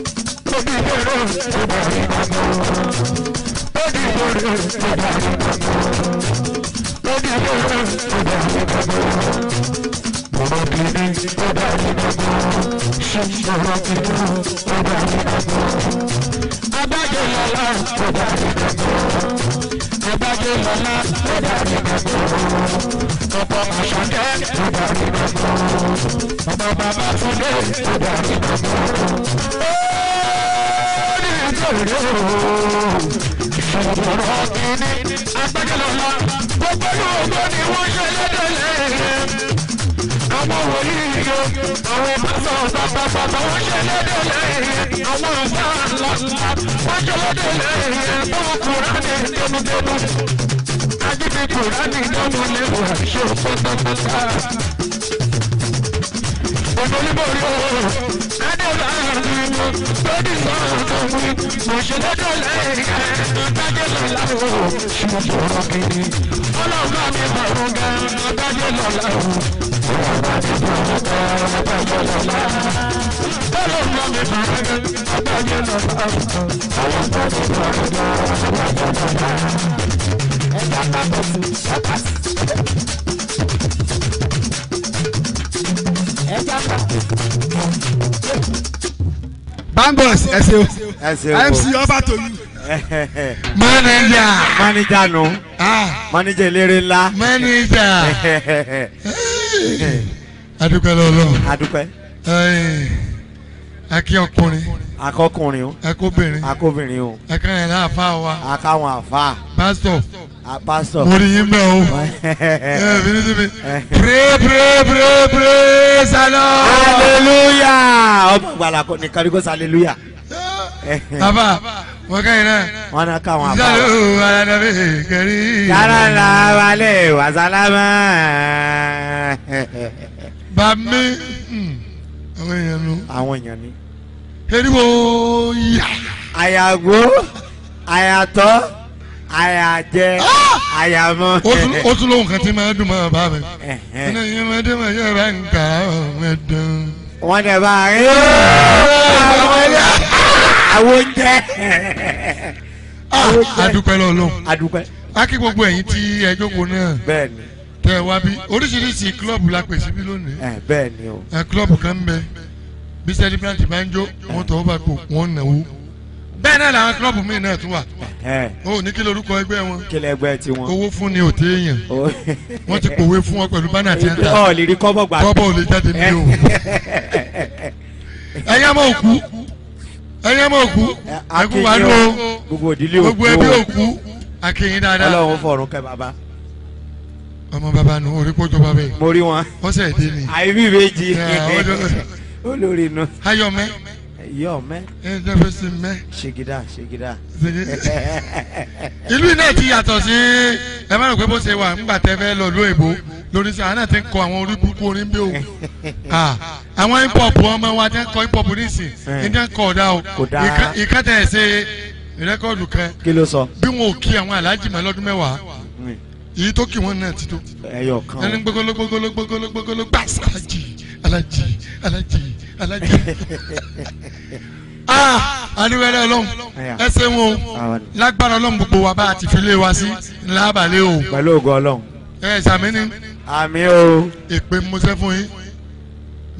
ó di lóore tó bá rí nàmú. ó di lóore tó bá rí nàmú. ó di lóore tó bá rí nàmú. Bọ̀rọ̀ bìíní ó bá rí nàmú. Bọ̀rọ̀ bìíní ó bá rí nàmú. Abájọ lọ́la ó bá rí nàmú. Abájọ lọ́la ó bá rí nàmú ọ̀rọ̀ kìíní agbẹ́jọ́lọ́lá gbogbo ìwọ̀gbọ́ ni wọ́n ṣe lẹ́dọ̀lẹ́ àwọn wòlíì yo àwọn mọ́tò pátápátá wọ́n ṣe lédè lẹ́yìn àwọn ọ̀gá ńláńlá wọ́n ṣe lédè lẹ́yìn bọ́ọ̀ olólùbọ̀rí ooo adébá àgbẹ̀mọ lórí sọ̀rọ̀ mi òṣèlédò lẹ́yìn ọ̀dájọ́ lọ́la ooo ṣùgbọ́n kìíní ọlọ́ọ̀gá mi bọ̀rọ̀ ga ọ̀dájọ́ lọ́la ooo ọlọ́ọ̀gá mi bọ̀rọ̀ ga ọ̀dájọ́ lọ́la ọlọ́ọ̀gá mi bọ̀rọ̀ ga ọ̀dájọ́ lọ́la ọlọ́ọ̀gá mi bọ̀rọ̀ ga ọ̀dájọ́ lọ́la ẹ̀ka kábọ̀sì ẹ̀ka sí. bangos ẹ ṣeun mc over to you. manager manager nu ah. manager eléré ńlá. manager adúpẹ́ lọ́lọ́ adúpẹ́ eh, akí ọkùnrin akọkùnrin o akóbìnrin akóbìnrin o ẹkẹrin náà àfa wa akáwọn àfa. pásítọ̀ Ah, pastor. mo rí yín mẹ́ o pray pray pray pray salo. hallelujah ọmọ gbala ni karigo hallelujah. baba mo kẹ́ yín náà. wọn náà ká wọn àbá. salo aladabe kẹri. yàrá la wálé wàsálámà. àwọn èèyàn ló. àwọn èèyàn ni. eriwo yà. àyàgò àyàtọ̀ àyà jẹ àyà mọ. ó tún lóhùn kan tí máa dùn máa bá mi. iná yẹn máa dé máa yẹ ra nǹkan ọmọ dùn. wọn dẹ bá a rí àwọn oúnjẹ. adúpẹ́ lọ́lọ́hún. adúpẹ́. a kí gbogbo ẹ̀yin tí ẹ jókòó náà. bẹ́ẹ̀ni. tẹ wá bí oríṣiríṣi kílọ̀bù la pèsè bí lónìí. ẹ bẹ́ẹ̀ni o. kílọ̀bù kan bẹ bí sẹ́dí plant bá ń jó wọ́n bá kó wọ́n náwó bẹ́ẹ̀ náà làwọn kílọ̀bù míì náà tún wà. o ní kí lorúkọ ẹgbẹ́ wọn. kí lẹgbẹ́ ti wọn. owó fún ni ò téèyàn. wọ́n ti pòwe fún wọn pẹ̀lú bánà tí wọ́n ta. ọ̀ lè rí kọ́bọ̀ gbà. kọ́bọ̀ ò lè jáde ní o. ẹ̀yin ọmọ òkú ẹ̀yin ọmọ òkú ẹ̀kú wa ló gbogbo ìdílé òkú gbogbo ẹbí òkú akéyìn dáadáa. ọlọ́run fọ̀rùn kẹ́ bàbá ọmọ bàbá nu orí kó jọba bẹ́ẹ̀. mo rí wọn. ọsẹ ìdí ni. àìrí ìbejì. olórí nu. ayọ̀mẹ́ yọ mẹ. ẹ jẹ́ fẹ́ sí mẹ́. ṣègidà ṣègidà. ìlú iná ti yàtọ̀ sí ẹ má rò pé bó ṣe wà ńgbà tẹ́ fẹ́ lọ ló èbó lórí sàn àná ti ń kọ àwọn orí burúkú orí ń bí o àwọn hip-hop ọmọ wa ti ń kọ hip-hop nísìn ní ti ń kọ ọ̀dà o ìkẹtẹ̀ ṣe rẹ́kọ̀dù kan kí ló sọ bí wọn ò kí àwọn aláàjì mọ́ lọ́dún mẹ́wàá èyí tó kì wọ́n náà ti tó ẹni gbogbo gbogbo gbogbo gbogbo alájà ah, àníwẹ̀rẹ̀ ọlọ́run ẹsẹ̀ wọn o lágbára ọlọ́run gbogbo wa bá a ti fi lé wa sí lábàlẹ́ o. pẹ̀lú ògùn ọlọ́run. ẹ sàmì ni. àmì o. èpè mọ́sẹ́ fún yín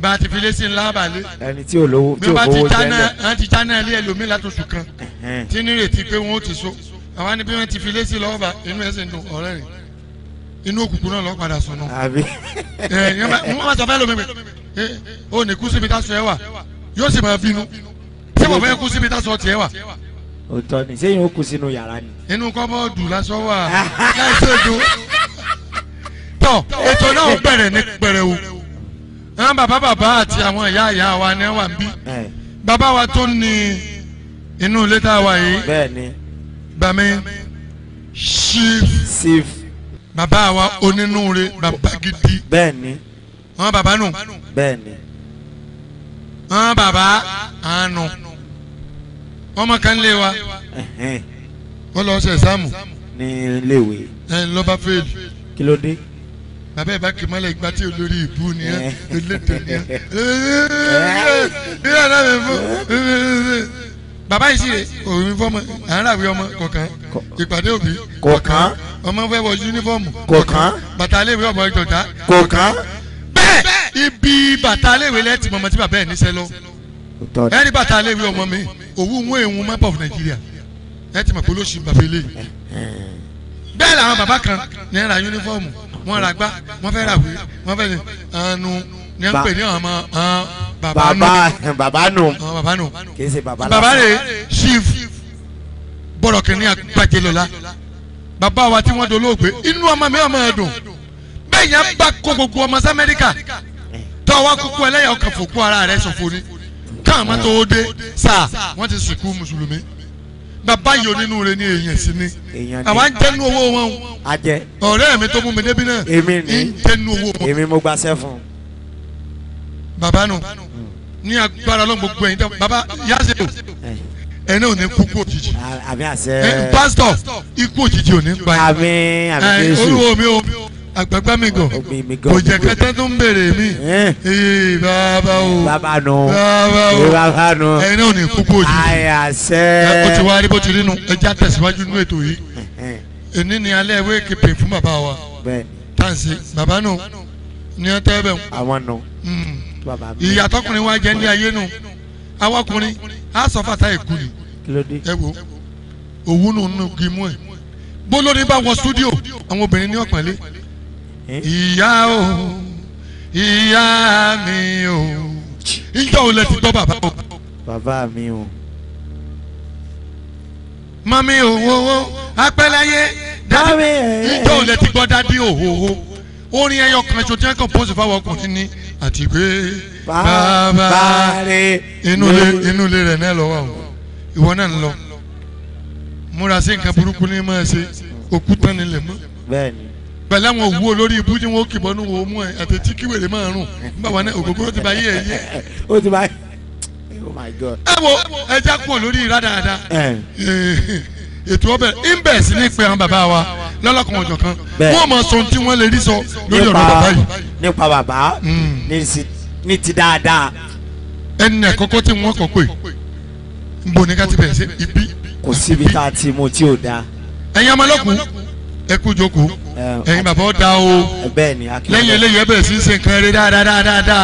bá a ti fi lé sí lábàlẹ́. ẹni tí olówó tí olówó tẹ́lẹ̀. bí wọ́n ti jáná ilé ẹlòmíì látòṣù kan tí nírètí pé wọ́n ó ti so àwọn ni bí wọ́n ti fi lé sí lọ́wọ́ bá inú ẹ̀sìn dùn ọ̀rẹ́ rẹ̀ inú òkùnkùn náà lọ́ padà sọ̀nà. àbí. ẹ ẹ wọ́n máa sọ fẹ́ lómi ó ní kú síbi tásọ ẹ wà yóò sì máa bínú ṣé bàbá yẹn kú síbi tásọ tiẹ̀ wà. òótọ́ ni sẹ́yìn ó kú sínú yàrá ni. inú kọ́bọ́ọ̀dù lásán wà láì ṣèjú. tọ́ ètò náà bẹ̀rẹ̀ ní pẹrẹwu àwọn bàbá bàbá àti àwọn ìyá ìyá wa ni wà ń bí bàbá wa tó ní inú ilé tá a wà yìí bàmí ṣíf bàbá wa onínúure bàbá gidi àwọn bàbá nù. No bẹ́ẹ̀ni. àwọn bàbá àánú ọmọ kan lé wa ó lọ ṣe sáàmù. ní iléèwé. ẹ ń lọ́ba fèèlì. kí ló dé. bàbá ìbá kì í mọ́lẹ̀ ìgbà tí olórí ìbú ni ẹ elétò ni ẹ. ìyá náà mi fún bàbá yìí sì rè òun fọmọ àáràwí ọmọ kọ̀ọ̀kan ìpàdé òbí kọ̀ọ̀kan ọmọ fẹ́ wọ yúnífọ̀mù kọ̀ọ̀kan bàtà iléèwé ọmọ ìjọta kọ̀ọ̀kan bẹ́ẹ̀ ibi bàtà aléwé lẹ́tì mọ̀mọ́ tí bàbá ẹ̀ níṣẹ́ lọ ẹni bàtà aléwé ọmọ mi òwú ń wé ìwọ̀n map of Nigeria ẹ ti mọ̀ pé olóṣù bàbá ilé bẹ́ẹ̀ làwọn bàbá kan ní ẹ ra yunifọ́ọ̀mù wọ́n ra gbá wọ́n fẹ́ ra wí wọ́n fẹ́ nu ní ẹ ń pè ní àwọn ọmọ bàbá nù bàbá nù bàbá nù kì í ṣe bàbá làwọn bàbá rẹ̀ chief bọ̀rọ̀ kìnìún àgbàjẹ́ lọ́la bàbá wa tí wọ́n dolóògbé inú ọmọ mi ọmọ ẹ̀ dùn bẹ́ẹ̀ yẹn bá kó gbogbo ọmọ sí Amẹ́ríkà tọ́ wa kúkú ẹlẹ́yà ọkàn fòkú ara rẹ̀ ṣòfò ni káwọn máa tó dé sáà wọ́n ti sìnkú mùsùlùmí bàbá yìí onínú rẹ ní èèyàn sí ni àwa ń tẹnu owó wọn o ọ̀rẹ́ mi tó mú mi débi náà ń tẹnu owó wọn. èmi mo gbaṣẹ́ fún bàbá nù hmm. ní agbára ọlọ́run gbogbo ẹ̀yin bàbá yáṣẹ́ o ẹni ò ní kú kú òjijì pásítọ̀ ikú òjijì ò ní gba ẹ̀ olúwo mi o agbagba mi gọ kò jẹ kẹtẹ tó ń béèrè mi ee eh. eh, bàbá o bàbá nù bàbá eh, nù ẹyin náà ní púpọ̀ jù ẹ kò ti wá rí bó ti rí nu ẹ já nínú ètò yìí èní ni alẹ́ ìwé kẹpẹ fún bàbá wa tàǹsì bàbá nù ní ọ tẹ́ bẹ̀ wọ́n hmm. ìyàtọ̀kùnrin wa jẹ́ ní ayé nù awakùnrin á sọ fàtà èkú ni ẹ wo òwú nù nù gímú ẹ bó lórí bá wọ stúdíò àwọn obìnrin ní ọ̀pẹ̀lẹ́ ìyá o ìyá mi o ìjọ ò lẹ ti gbọ́ bàbá o. bàbá mi o. mami òwòwò apẹ́láyé dábì ìjọ ò lẹ ti eh. gbọ́ dábì òwòwò orin ẹyọ kan ṣojú ẹ̀kan pọ́sì fáwọn ọkùnrin ní àti pé bàbá rẹ inú ilé rẹ náà lọ́wọ́ àwọn ìwọ náà ń lọ múra sí nǹkan burúkú ní máa ṣe òkú tán nílẹ̀ mọ́. bẹ́ẹ̀ni pẹ̀lú àwọn òwú olórí ibú tí wọ́n kìbọn nù wọ́n mú ẹ àti tí kíwèrè máa rùn nígbà wọn náà ògógóró ti bá yé ẹ yé. ó ti bá oh my god. ẹ wo ẹja kú olórí irá dáadáa eh, ètò ọbẹ̀ ìbẹ̀ sí ní pé àwọn bàbá wa lọ́lọ́kan ọ̀jọ̀ kan wọ́n mọ sọ tí wọ́n lè rí sọ lórí ọ̀rọ̀ bàbá yìí. nípa bàbá hmm. ní ti dáadáa. ẹni àkọ́kọ́ tí wọ́n kọ́ pé nbọ̀ ní ká ti bẹ̀ sí ibi. kò síbi tá a ti mú tí ò dáa. ẹ̀yin ọmọ ẹ kú jókòó ẹ̀yin bàbá ọ̀dà o lẹ́yìn eléyìí ẹ bẹ̀rẹ̀ sí ṣe nǹkan rẹ dáadáa dáadáa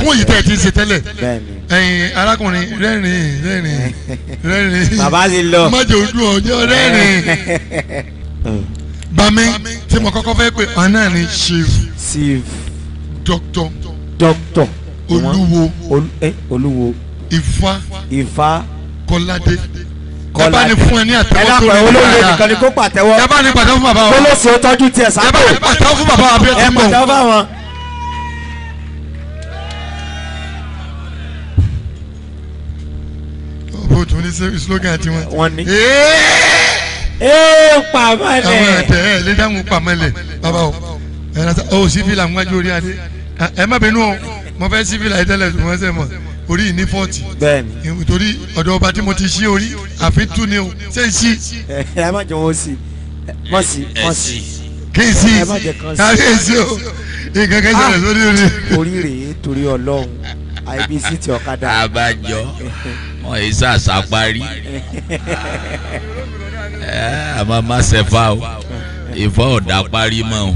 fún èyí tẹ̀ ti ṣe tẹ́lẹ̀ ẹ̀yin arákùnrin rẹ́rìn rẹ́rìn rẹ́rìn bàbá ti lọ májè ojú ọjọ́ rẹ́rìn bami tí mo kọ́kọ́ fẹ́ pé ọ̀nà ni chief doctor doctor olúwo eh, olúwo ifá ifá kọ́ládé kọ́ la jẹ. yaba ni fún ẹ ní àtẹ́wọ́ tó lè yára. ẹ dákun olóyè nìkan ni kó pàtẹ́wọ́. yaba ni pàtẹ́wọ́ fún bàbá wa. kólóòsì ó tọ́jú tiẹ̀ sáà. yaba ni pàtẹ́wọ́ fún bàbá wa bí ó ti mọ̀. ẹ pàtẹ́wọ́ bá wọn. òbó tún ní sẹ́yìn slogan tiwọn. wọ́n ní. ee pàmẹ́lẹ̀. àwọn ẹ̀tẹ̀ ẹ̀ lé dáhùn pàmẹ́lẹ̀ bàbá o ẹ̀ ọ́ sífìlà ń wájú orí adé ẹ̀ má bínú o mo fẹ́ sífìlà yìí tẹ́lẹ̀ tó wọ́n sẹ́ mọ̀ orí ní fọ́ọ̀tì. bẹ́ẹ̀ni. torí ọ̀dọ̀ ọba tí mo ti ṣí orí àfi tú ni o ṣé n ṣí. ẹ ẹ má jẹ wọn sí mọ sí mọ sí. kí n sí kábíyèsí o nǹkan kan ṣẹlẹ̀ sórí orí. orí rèé torí ọlọ́run ibc ti ọ̀kadà. àbájọ wọn yìí sàṣà parí àmọ́ má ṣẹ̀fà o ìfọ̀ ọ̀dà parí mọ́ o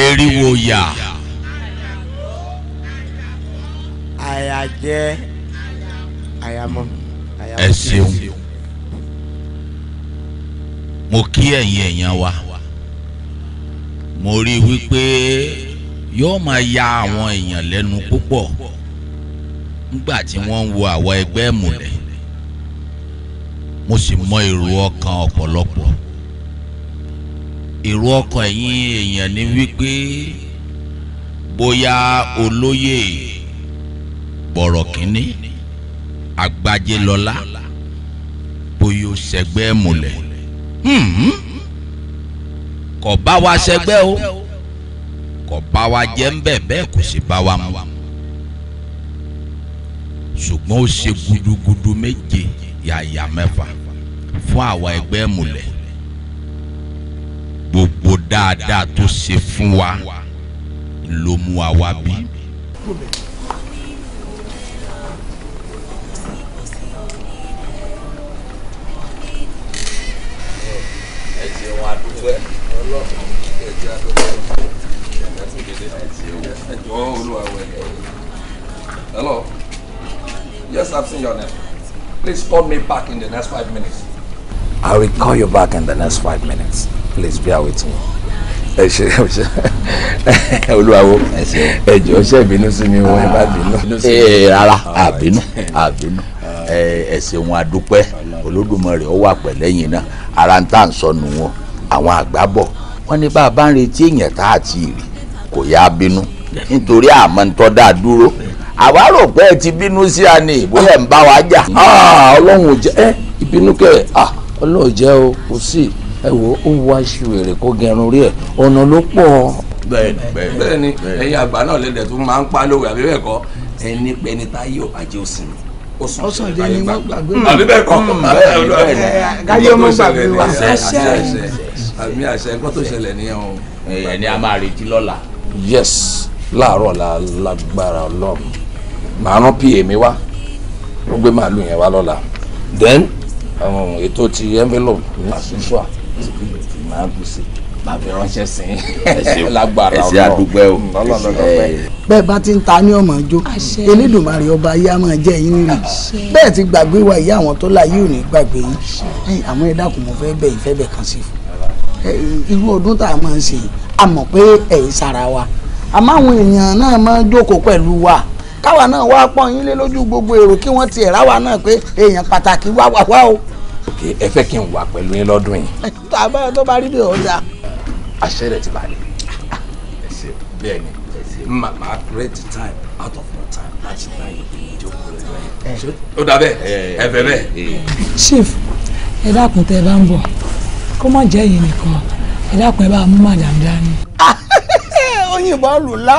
eriwo yà. Yeah. àyà jẹ́ àyàmọ́. ẹ ṣeun mo kí ẹ̀yin èèyàn wa mo rí i wípé yóò máa ya àwọn èèyàn lẹ́nu púpọ̀ nígbà tí wọ́n ń wo àwa ẹgbẹ́ ìmùlẹ̀ mo sì mọ èrò ọkàn ọ̀pọ̀lọpọ̀ èrò ọkàn ẹ̀yin èèyàn ni wípé bóyá olóyè bọ̀rọ̀ kínní agbájé lọ́lá bóyá ó ṣẹgbẹ́ múlẹ̀ hmm. kò bá wa ṣẹgbẹ́ o kò bá wa jẹ́ ń bẹ̀ bẹ́ẹ̀ kò sì bá wa mu ṣùgbọ́n ó ṣe gudugudu méje yàyà mẹ́fà fún àwa ẹgbẹ́ múlẹ̀ gbogbo dáadáa tó ṣe fún wa ló mú àwa bí. Thank you. hello yes I've seen your name please call me back in the next five minutes. I will call you back in the next five minutes please bear with me. ẹ olúwawo ẹ ṣe bínú sí mi wọn bá bínú. Eh, eh, rárá àbínú àbínú ẹ ṣeun adúpẹ́ Olódùmarè ó wà pẹ̀lẹ́yìn náà ara ń tà ń sọnù wọn àwọn àgbà bọ̀ wọ́n ní bá a bá ń retí èèyàn tá a ti rí kò yá bínú nítorí àmọ́ ń tọ́da dúró àwa rò pé ẹ ti bínú sí a ní ìbúlẹ̀ ń bá wa jà. Ah, ah, ọlọ́run jẹ́ ẹ ìbínú kẹ́ ah, ọlọ́run jẹ́ o kò sí ẹ wo ó wá iṣu èrè kó gẹrun rí ẹ ọ̀nà ló pọ̀. bẹ́ẹ̀ni bẹ́ẹ̀ni ẹ̀yin àgbà náà lẹdẹ tó máa ń pa lóore àbí ẹni pẹni táyé ò bàjẹ́ òsì mi ó sàn jẹ́ ni wọ́n gbàgbé. àbí bẹ́ẹ̀ kọ́ hmm. gáyé ọmọ gbàgbé wa. àṣẹ àṣẹ àmì àṣẹ kó tó ṣẹlẹ̀ nìyẹn o. ẹni a máa retí lọ́la. yes láàárọ̀ la lágbára ọlọ́run màá rán pa èmi wá ó gbé màálù yẹn wá lọ́la then ètò ti envelope àṣìṣọ́ àti màá gùn sí i láfi ránṣẹ́ sí i lágbára ọlọ́run ẹ̀sìn àdúgbẹ́ o bẹ́ẹ̀ bá ti ń ta ní ọmọ ọjọ́ elédùnmarè ọba yá máa jẹ́ yín rìn bẹ́ẹ̀ ti gbàgbé wa ìyá àwọn tó láyé ò ní gbàgbé yín àwọn ẹ̀dá kò mọ̀ fẹ́ bẹ̀ ìfẹ́ bẹ̀ kan sí irú ọdún tá a máa ń ṣe a mọ̀ pé ẹ̀ ń sara wa àmọ́ àwọn èèyàn náà máa ń jókòó pẹ̀lú wa káwa náà wá pọ́n yín lé lójú gbogbo èrò kí wọ́n ti ẹ̀ráwa náà pé èèyàn pàtàkì wá wá wá o. ẹ fẹ́ kí n wà pẹ̀lú yín lọ́dún yìí. tàbá tó bá rí bí ọ̀dà àṣẹ rẹ̀ ti bàlẹ̀ bẹ́ẹ̀ ni màá create time out of your time láti gba ìjókòó rẹ̀ ó dà bẹ́ẹ̀ ẹ fẹ́ bẹ́ẹ̀. chief ẹ dákun tẹ ẹ bá ń bọ̀ kó má jẹ́ yìí nìkan ẹ dákun ẹ bá mú madam dání. òyìnbó lù lá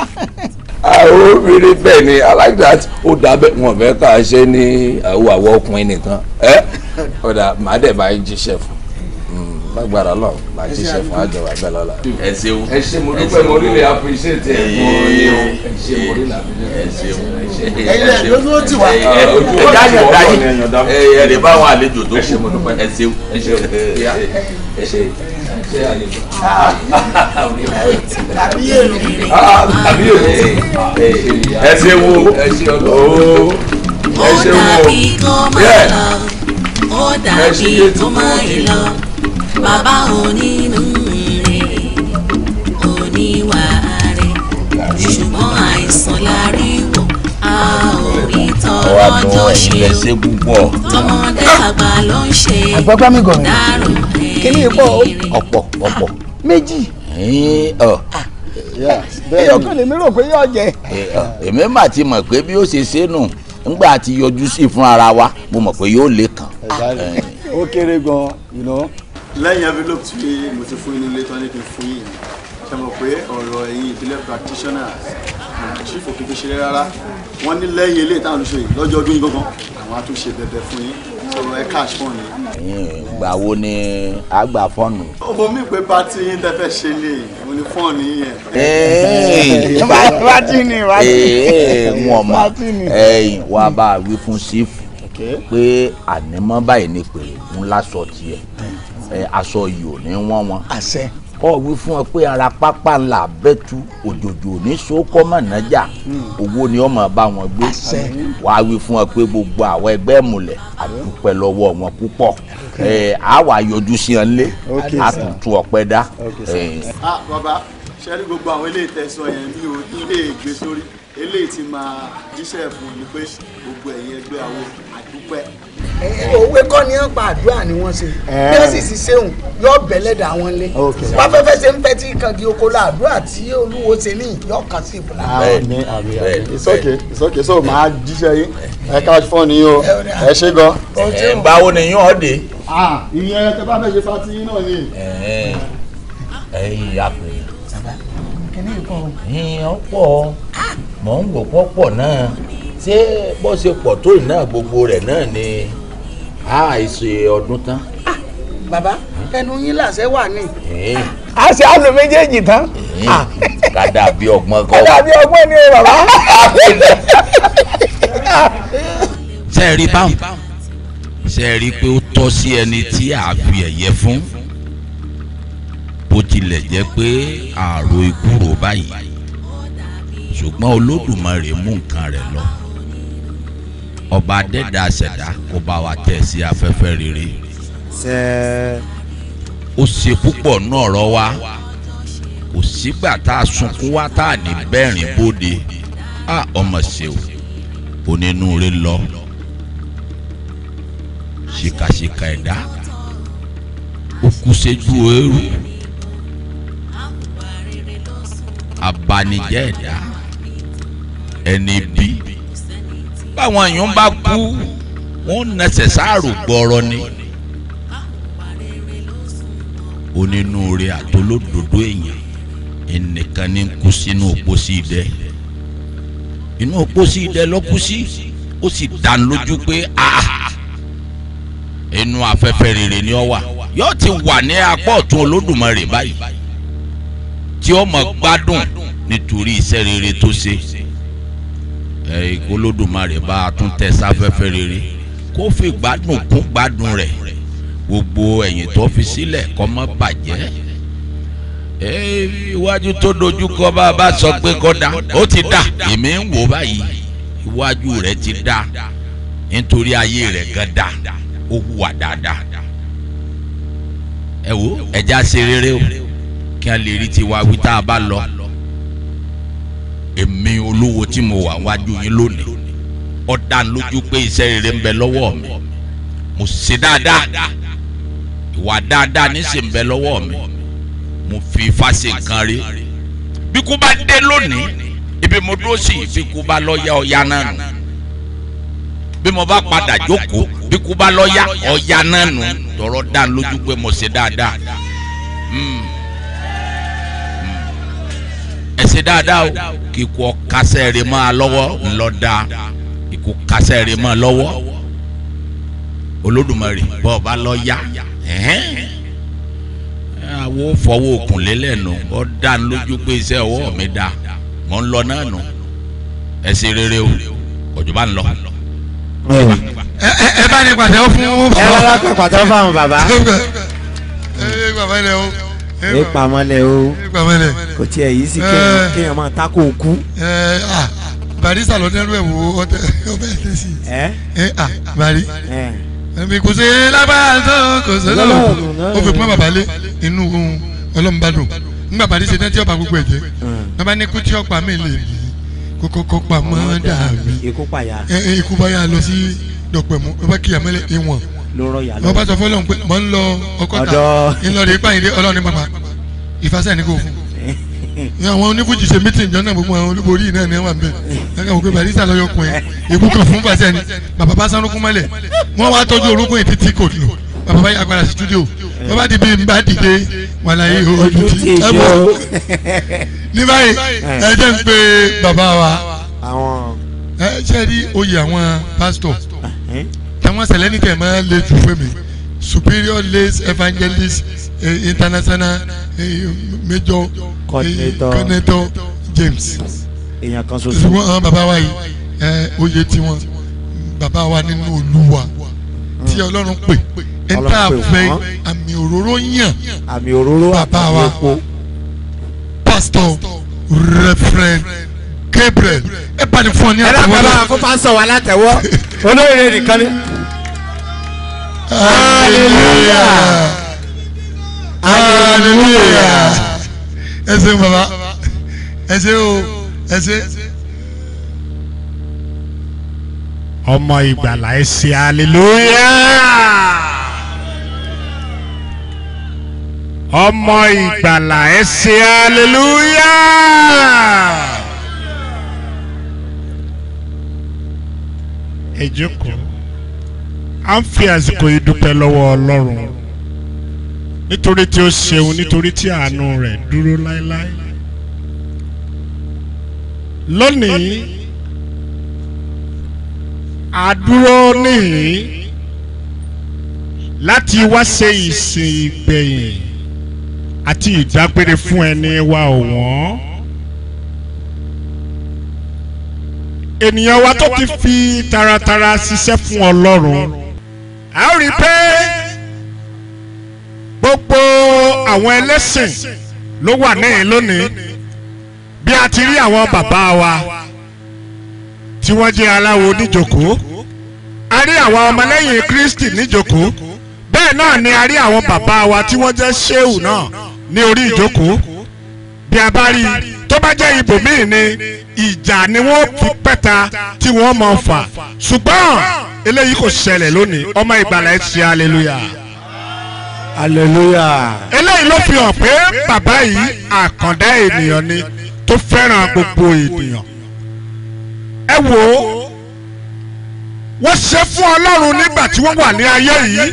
àwọn obìnrin bẹ́ẹ̀ ni i like that ó dà bẹ́ẹ̀ wọn fẹ́ ká ṣe ní àwọn ọkùnrin nìkan ẹ ọ̀dà màá dẹ̀ bá yín jíṣẹ́ fún lágbára lọ máa jíṣẹ́ fún àjọwà bẹ́ẹ̀ lọ́la. ẹ ṣeun ẹ ṣe mo dúpẹ́ mo really appreciate ẹ fún yín o ẹ ṣe mo really appreciate ẹ ṣeun ẹ ṣe ẹ lójú ó ti wà ẹ ojú ó ti wọ ọ ẹ lè bá àwọn àlejò tó kù ẹ ṣeun ẹ ṣeun ẹ ṣe ṣe àlejò. Ah, ah, ah, tàbí èrò kiri. tàbí èrò kiri. ẹ ṣeun o ẹ ṣeun o ó dàbí kó má lọ ó dàbí kó má lọ bàbá onínú rẹ̀ oníwà rẹ̀ ṣùgbọ́n àìsàn láríwọ̀ a ò rí tọ́lọ́ jọ ṣe o tọmọdé àgbà ló ń ṣe dárò ẹ̀yìn ọ̀pọ̀ ọ̀pọ̀ méjì èyí ọkàn ah, ah, lèmi rò pé yóò jẹ. Ah. èmi mà ti mọ̀ pé bí ó ṣe ṣe nù ńgbà tí yọjú sí fún ara wa mo mọ̀ pé yóò lè kàn. ó kéré gan-an lẹ́yìn envelope tí mo ti fún yín nílé tán ní kí n fún yín yìí ṣe mọ̀ pé ọ̀rọ̀ ẹ̀yin ìbílẹ̀ practitioners chief òkèké ṣeré rárá wọ́n ní lẹ́yìn eléyìí táwọn olùṣe yìí lọ́jọ́ ọdún yìí gangan àwọn á tún ṣe bẹ̀bẹ̀ fún yín sọ̀rọ̀ ẹ̀ cash fún yín. ìgbà wo ni a gbà fọ́ọ̀nù. ọmọ mi pé bàtí yín tẹ́fẹ́ ṣe lè mo ní fọ́ọ̀nù yẹn. bàtí ni bàtí ni bàtí ni. ẹ̀yin wàá bá a wí fún sífù pé ànímọ́ báyìí ni pé ńlá sọ tiẹ̀ aṣọ yìí ò ní wọ́n wọn. àṣẹ. ọ wí fún ọ pé ara pápá ńlá bẹ́tú òjòjò ní sókọ́mọ̀ nájà hmm. owó ni ọmọ bá wọn gbé. àṣẹ. wàá wí fún ọ pé gbogbo àwọn ẹgbẹ́ ìmùlẹ̀ àdúpẹ́ lọ́wọ́ wọn púpọ̀ àwa yọjú sí ọ nílé àtúntò ọ̀pẹ dá. Ah, bàbá ṣẹ́rí gbogbo àwọn ilé ìtẹ̀sọ yẹn mi ò ní lè gbé sórí eléyìí ti máa jíṣẹ́ fún mi pé gbogbo ẹ̀yin ẹgbẹ́ àwọn òkè dúpẹ́. òwe kọ́ ni wọ́n pa àdúrà ni wọ́n ṣe bí wọ́n sì sì ṣeun yọ bẹ̀lẹ́dà wọn lé wọ́n fẹ́fẹ́ ṣe ń fẹ́ tí kangi oko la àdúrà tí olúwo ṣe ní yọ kàn sí ìbùdó. àmì àmì àmì it's okay it's okay so màá jíṣẹ́ yín ẹ ká fọ́ọ̀nù yín o ẹ ṣé gan. ẹ báwo ni yín ọ̀ dé. ìyẹn tẹ bá fẹ́ ṣe fatí yín náà ni. ẹyin ìyá pè é. kìnìún pọ̀. ìyẹn pọ̀ mọ̀ ń wò pọ̀ pọ̀ náà ṣé bó ṣe pọ̀ tó náà gbogbo rẹ̀ náà ni àìsè ọdún tán. Ah, bàbá ẹnu yín làṣẹ wà ní. a ṣe àlò méjèèjì tán. kàdà bí ọgbọ́n kọ́. kàdà bí ọgbọ́n ni o bàbá. ṣe rí báwọn ṣe rí pé ó tọ́ sí ẹni tí a fi ẹ̀yẹ fún bó tilẹ̀ jẹ́ pé àrò ikú rò báyìí ṣùgbọ́n Olódùmarè mú nǹkan rẹ̀ lọ ọba adẹ́dá ṣẹ̀dá kó bá wa tẹ̀ sí afẹ́fẹ́ rere. ó ṣe púpọ̀ nú ọ̀rọ̀ wa kò sígbà tá a sunkún wá tá a ní bẹ́ẹ̀rín bóde a ọmọ ṣe onínúure lọ ṣìkàṣìkà ẹ̀dá ó kú séjú eérú abanijẹ́ ẹ̀dá ẹni bíi báwọn èèyàn bá kú wọ́n nẹsẹ̀ sáàrò gbọ́rọ̀ ni onínúure àtolódodo èèyàn ẹnìkan ní kú sínú òpósí ìdẹ inú òpósí ìdẹ ló kú sí ó sì dàn lójú pé inú afẹ́fẹ́ rere ni ó wà yóò ti wà ní apá ọ̀tún olódùmarè báyìí tí ó mọ̀ gbádùn nítorí iṣẹ́ rere tó ṣe. Olódùmarè bá a tún tẹ sáfẹ́fẹ́ rere kó fi gbádùn kún gbádùn rẹ̀ gbogbo ẹ̀yìn tó fi sílẹ̀ kó má bàjẹ́ iwájú tó dojú kọ bá a bá sọ pé kó da ó ti da èmi ń wò báyìí iwájú rẹ̀ ti da nítorí ayé rẹ̀ gan da ó hùwà dáadáa ẹ wo ẹja ṣe rere o kí a lè rí tiwa wí tá a bá lọ èmi olówó tí mo wà wájú yín lónìí ó dá lójú pé iṣẹ́ rere ń bẹ lọ́wọ́ mi mo ṣe dáadáa ìwà dáadáa níṣẹ́ ń bẹ lọ́wọ́ mi mo fi ifá nǹkan rí bí kú bá dé lónìí ibi mo dúró sí ibi kú bá lọ́ọ́yá ọ̀ya náà nù bí mo bá padà jókòó bí kú bá lọ́ọ́yá ọ̀ya náà nù tọ̀rọ̀ dá lójú pé mo ṣe dáadáa. Hmm se dáadáa o kí ikú ọkasẹ́ rẹ̀ máa lọ́wọ́ ńlọ́dà ikú kasẹ́ rẹ̀ máa lọ́wọ́ olódùmarè bọ́ọ̀ bá lọ yá àwọn fọwọ́ òkun lélẹ́nu ọ́ dá ń lójú pé iṣẹ́ ọwọ́ mi dá mọ́ ń lọ náà nù ẹ̀sìn rere o òjò bá ń lọ. ẹ bá ní pàtẹ́wọ́ fún. ẹ bá ní pàtẹ́wọ́ fún àwọn ẹ bá ní pàtẹ́wọ́ fún àwọn bàbá ẹ pamọ́lẹ̀ o kò tiẹ̀ yìí sí kéèyàn máa tako òkú. barista ló dẹnu ẹ wo ọbẹ ẹsẹ sí ẹ a bari ẹmi kò ṣe lágbára tó kò ṣe lọ́wọ́ ó fi pọ́n bàbá lé inú ohun ọlọ́mùbádùn ńgbà barista náà tí ọba gbogbo ẹ̀ jẹ́ bàbá ní kú tí ọ̀pá mi lè mí kókó kópa mọ́ dàbí ikú pàyà lọ sí dọ̀pẹ̀mú ọba kìyàmẹ́lẹ̀ ìwọ̀n ló rọ ìyá lọ. mo bá sọ fún Ọlọ́run pé mo ń lọ ọkọta ńlọrọ ipa ìdí Ọlọ́run ní bàbá ìfàsẹ ní kò fún ní àwọn oníbùjì ṣe mítìn jọ náà gbogbo àwọn olúborí náà ní wà bẹ́ẹ̀ ẹgbẹ́ òkú barista lọ yọkùn ẹ ikú kan fún fàṣẹ ni bàbá bá sanukun mọ́lẹ̀ wọn wá tọ́jú orúkún yìí títí kò lò bàbá bá yà padà sí túdíò wọn bá di bí n bá dìde wọn là yìí ojú ti ẹ bọ ní báyìí ẹ jẹ́ ń pe bàbá wa ẹ ṣe rí oyè àwọn pásítọ̀ àwọn sẹlẹ́nìkẹ́ máa lè jù fún mi superior lays evangelist eh, international eh, major coordinator eh, James èèyàn kan ṣoṣo ṣùgbọ́n àwọn bàbá wa yìí eh, oyè tiwọn bàbá wa nínú Olúwa tí hmm. Ọlọ́run pè ẹ̀ńtà fẹ́ àmì òróró yàn àmì òróró àbáwá pásítọ̀ reverend Gabriel ẹ bá fún ọ ní àtẹwọ́ ẹ lọ́kàn fún pásọ̀ wa látẹ̀wọ́ olóyè nìkan ni. hallelujah hallelujah ẹ ṣe bàbá ẹ ṣe o ẹ ṣe. ọmọ ìgbàlà ẹ ṣe hallelujah. ọmọ ìgbàlà ẹ ṣe hallelujah. Ejoko, jókòó à ń fi àsìkò yìí dúpẹ́ lọ́wọ́ Ọlọ́run nítorí tí ó ṣeun nítorí tí àánú rẹ̀ dúró láéláé lónìí àdúró nìyí láti wá ṣe ìsìn ìgbẹ̀yìn àti ìdágbére fún ẹni wa ọ̀wọ́n. ènìyàn wa tó ti fi taratara ṣiṣẹ́ fún ọlọ́run a rí i pé gbogbo àwọn ẹlẹ́sìn ló wà níyìn lónìí bí a ti rí àwọn bàbá wa tí wọ́n jẹ́ aláwo níjókòó a rí àwọn ọmọlẹ́yìn Kristi níjókòó bẹ́ẹ̀ náà ni a rí àwọn bàbá wa tí wọ́n jẹ́ Ṣéhù náà ní orí ìjókòó bí a bá rí i tó bá jẹ́ ibòmíì ni ìjà ni wọ́n fi pẹ́ta tí wọ́n máa fà ṣùgbọ́n eléyìí kò ṣẹlẹ̀ lónìí ọmọ ìgbàlà ẹ̀ ṣe aleluya. aleluya. eléyìí ló fi hàn pé bàbá yìí àkàndá ènìyàn ni tó fẹ́ràn gbogbo ènìyàn. ẹ wò wọ́n ṣe fún ọlọ́run nígbà tí wọ́n wà ní ayé yìí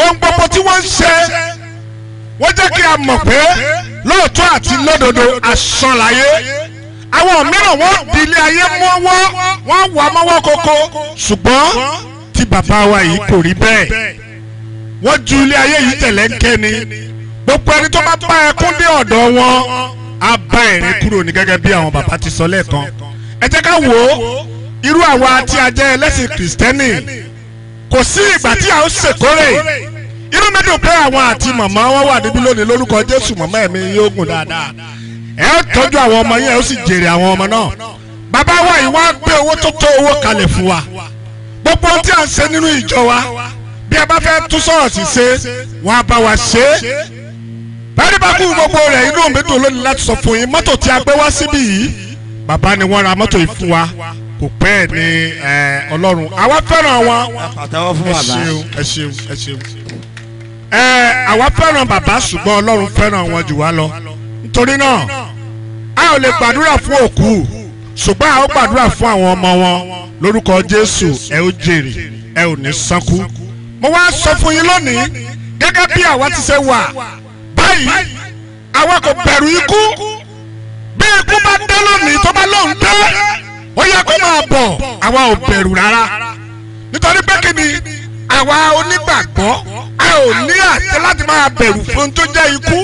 ohun gbogbo tí wọ́n ń ṣe wọ́n jẹ́ kí a mọ̀ pé lóòótọ́ àti lódodo asán láyé àwọn mìíràn wọ́n di ilé ayé mọ́wọ́ wọ́n wà mọ́wọ́ koko ṣùgbọ́n tí bàbá wa yìí kò rí bẹ́ẹ̀ wọ́n ju ilé ayé yìí tẹ̀lé ń kẹ́ni gbogbo ẹni tó bá bá ẹkún dé ọ̀dọ̀ wọn á bá ẹ̀rín kúrò ní gẹ́gẹ́ bí àwọn bàbá ti sọ lẹ́ẹ̀kan ẹ jẹ́ ká wò ó irú àwa tí a jẹ́ ẹlẹ́sìn kìrìsìtẹ́nì kò sí ìgbà tí a ó ṣèkórè inú mi dùn pé àwọn àti màmá wọn wà níbí lónìí lórúkọ jésù màmá ẹ̀mí yóò gùn dáadáa ẹ ó tọ́jú àwọn ọmọ yẹn ó sì jèrè àwọn ọmọ náà bàbá wa yìí wá gbé owó tó tó owó kalẹ̀ fún wa gbogbo ohun tí à ń ṣe nínú ìjọ wa bí a bá fẹ́ tún sọ̀rọ̀ sí ṣe wọn á bá wa ṣe é bẹ́ẹ̀ni bá kú gbogbo rẹ̀ inú mi dùn lónìí láti sọ fún yín mọ́tò tí a gbé wá síbí yìí bàbá ni wọ́n ra mọ́tò yìí fún wa kò pẹ́ ẹ̀ ní ọlọ́run àwa fẹ́ràn wọn ẹ ṣeun ẹ ṣeun ẹ ṣeun ẹ àwa fẹ́ràn bàbá ṣùgbọ́n ọlọ́run fẹ́ràn wọn jù wá lọ nítorí náà a ò lè gbàdúrà fún òkú ṣùgbọ́n a ó gbàdúrà fún àwọn ọmọ wọn lórúkọ Jésù ẹ ó jèrè ẹ ò ní sánkú mo wá sọ fún yín lónìí gẹ́gẹ́ bí àwa ti ṣe wà báyìí àwa kò bẹ̀rù ikú bí ikú bá dé lónìí tó bá lóun dé ó yẹ kó máa bọ̀ àwa ò bẹ̀rù rárá nítorí pé kí ni àwa onígbàgbọ́ a ò ní àtẹ láti máa bẹ̀rù fún tó jẹ́ ikú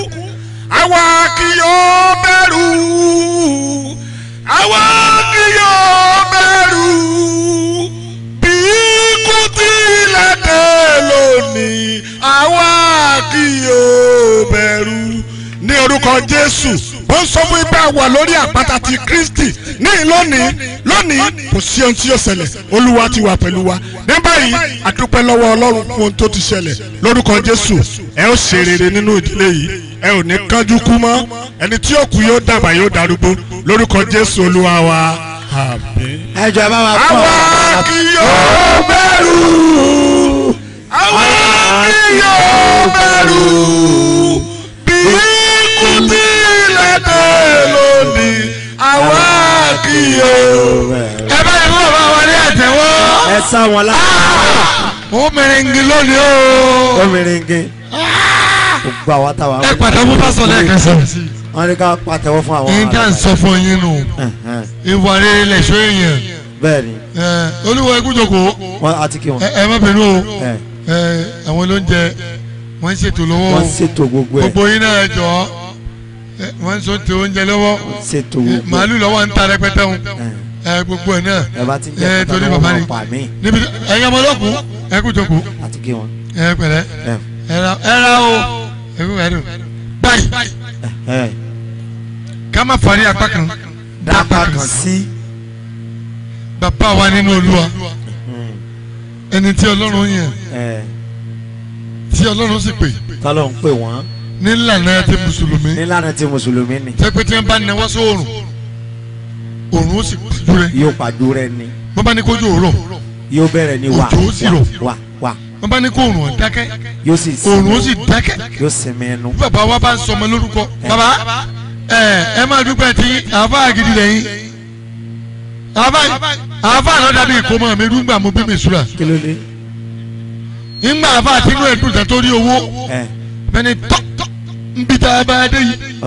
àwa kì yóò bẹ̀rù àwa kì yóò bẹ̀rù bí ikú ti lẹ́tẹ̀ lónìí àwa kì yóò bẹ̀rù ní orúkọ Jésù ó ń sọ fún ibà wà lórí àpáta ti kristi ní lónìí lónìí kò sí ohun tí yóò ṣẹlẹ̀ olúwa ti wà pẹ̀lú wa ní báyìí àdúpẹ́ lọ́wọ́ ọlọ́run fún ohun tó ti ṣẹlẹ̀ lórúkọ jésù ẹ ó ṣe rere nínú ìdílé yìí ẹ ò ní kánjú kú mọ́ ẹni tí yóò kú yóò dàgbà yóò darúgbó lórúkọ jésù olúwa wa àmín. ẹ jọ bá wa pọ̀ àwa kì yóò bẹ̀rù àwa kì bí náà lónìí àwa kì í o. ẹ bá yẹ fún bàbá wa ní àtẹ́wọ́. ẹ sá wọn lá. Ah! ó lónìí o. ó mèrèǹgì. ó gbà wá táwa. ẹ pàtẹ́ mú pásọ̀ lẹ́ẹ̀kan sí. wọ́n ní ká pàtẹ́wọ́ fún àwọn. yín tá ń sọ fún yín nù. ìwà rere lè ṣó èèyàn. bẹ́ẹ̀ni. olúwa ẹkú jókòó. wọn àti kí wọn. ẹ má bínú o. àwọn olóúnjẹ wọ́n ń ṣètò lọ́wọ́ o. ń ṣètò gbogbo ẹ̀. gbogbo yín náà jọ. Eh, wọ́n ń so ti oúnjẹ lọ́wọ́ màálù lọ́wọ́ ń ta rẹpẹtẹ wọn ẹ eh. eh, gbogbo ẹ náà ẹ torí bàbá rẹ níbi ẹ̀yin ọmọ ọlọ́kùn ẹ kú jòkó ẹ pẹ̀lẹ́ ẹ ra o ẹ kú ẹdùn báyìí ká má fari apá kan dápá kan sí bàbá wa nínú olúwa hmm. ẹni tí ọlọ́run yẹn tí ọlọ́run sì pè. ta ń pè wọ́n nílànà ti mùsùlùmí. nílànà ti mùsùlùmí ni. sẹ́pẹ̀tì ẹ̀ bá nẹwọ́ sóòrùn òrùn ó sì pàdú rẹ. yóò pàdú rẹ ni. wọ́n bá ní kó yóò rọ̀. yóò bẹ̀rẹ̀ ni wà wà wà. wọ́n bá ní kó òrùn dákẹ́. yóò sì sinmi òrùn ó sì dákẹ́. yóò sinmi ẹnu. bàbá wa bá ń sọmọ lórúkọ. bàbá ẹ ẹ máa dúpẹ́ tí àáfàá gidi lẹ́yìn. àáfàá náà dàbí ìkómọ mi rúgbà mo bí mi sùrà. kílódé. ìgbà àáfàá tinú ẹ̀dùn tàtórí owó. bẹ́ẹ̀ nbí tá a bá dé yìí.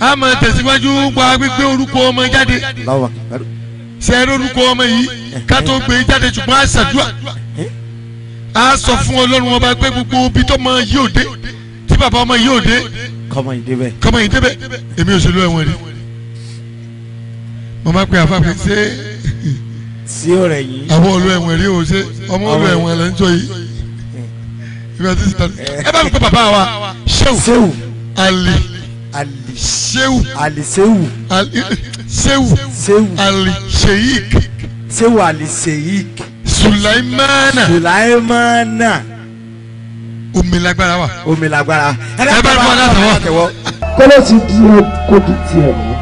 a máa tẹ̀síwájú gba gbígbé orúkọ ọmọ jáde. sẹ́ẹ̀rì orúkọ ọmọ yìí ká tó gbé e jáde ṣùgbọ́n a ṣàdúrà. Eh? a sọ fún ọlọ́run ọba pé gbogbo ibi tó máa yí òde tí bàbá ọmọ yí òde. kọ́mọ yìí débẹ̀. kọ́mọ yìí débẹ̀ èmi ò ṣe lọ ẹ̀wọ̀n rí. mo máa pe àfa pé ṣé. sí ọ̀rẹ́ yìí. àwọn olú ẹ̀wọ̀n rí o ṣe ọmọ olú ẹ̀wọ̀n lẹ́ ń sọ yìí ẹ bá mi pé bàbá wa sehu ali sehu ali sehu sehu sehu ali sheik sehu ali sheik sulaimana sulaimana omilagbara wa omilagbara ẹ bá mi pé wọn láti wọ. kọ́lọ́sì di ẹ kó di tiẹ̀ mọ́.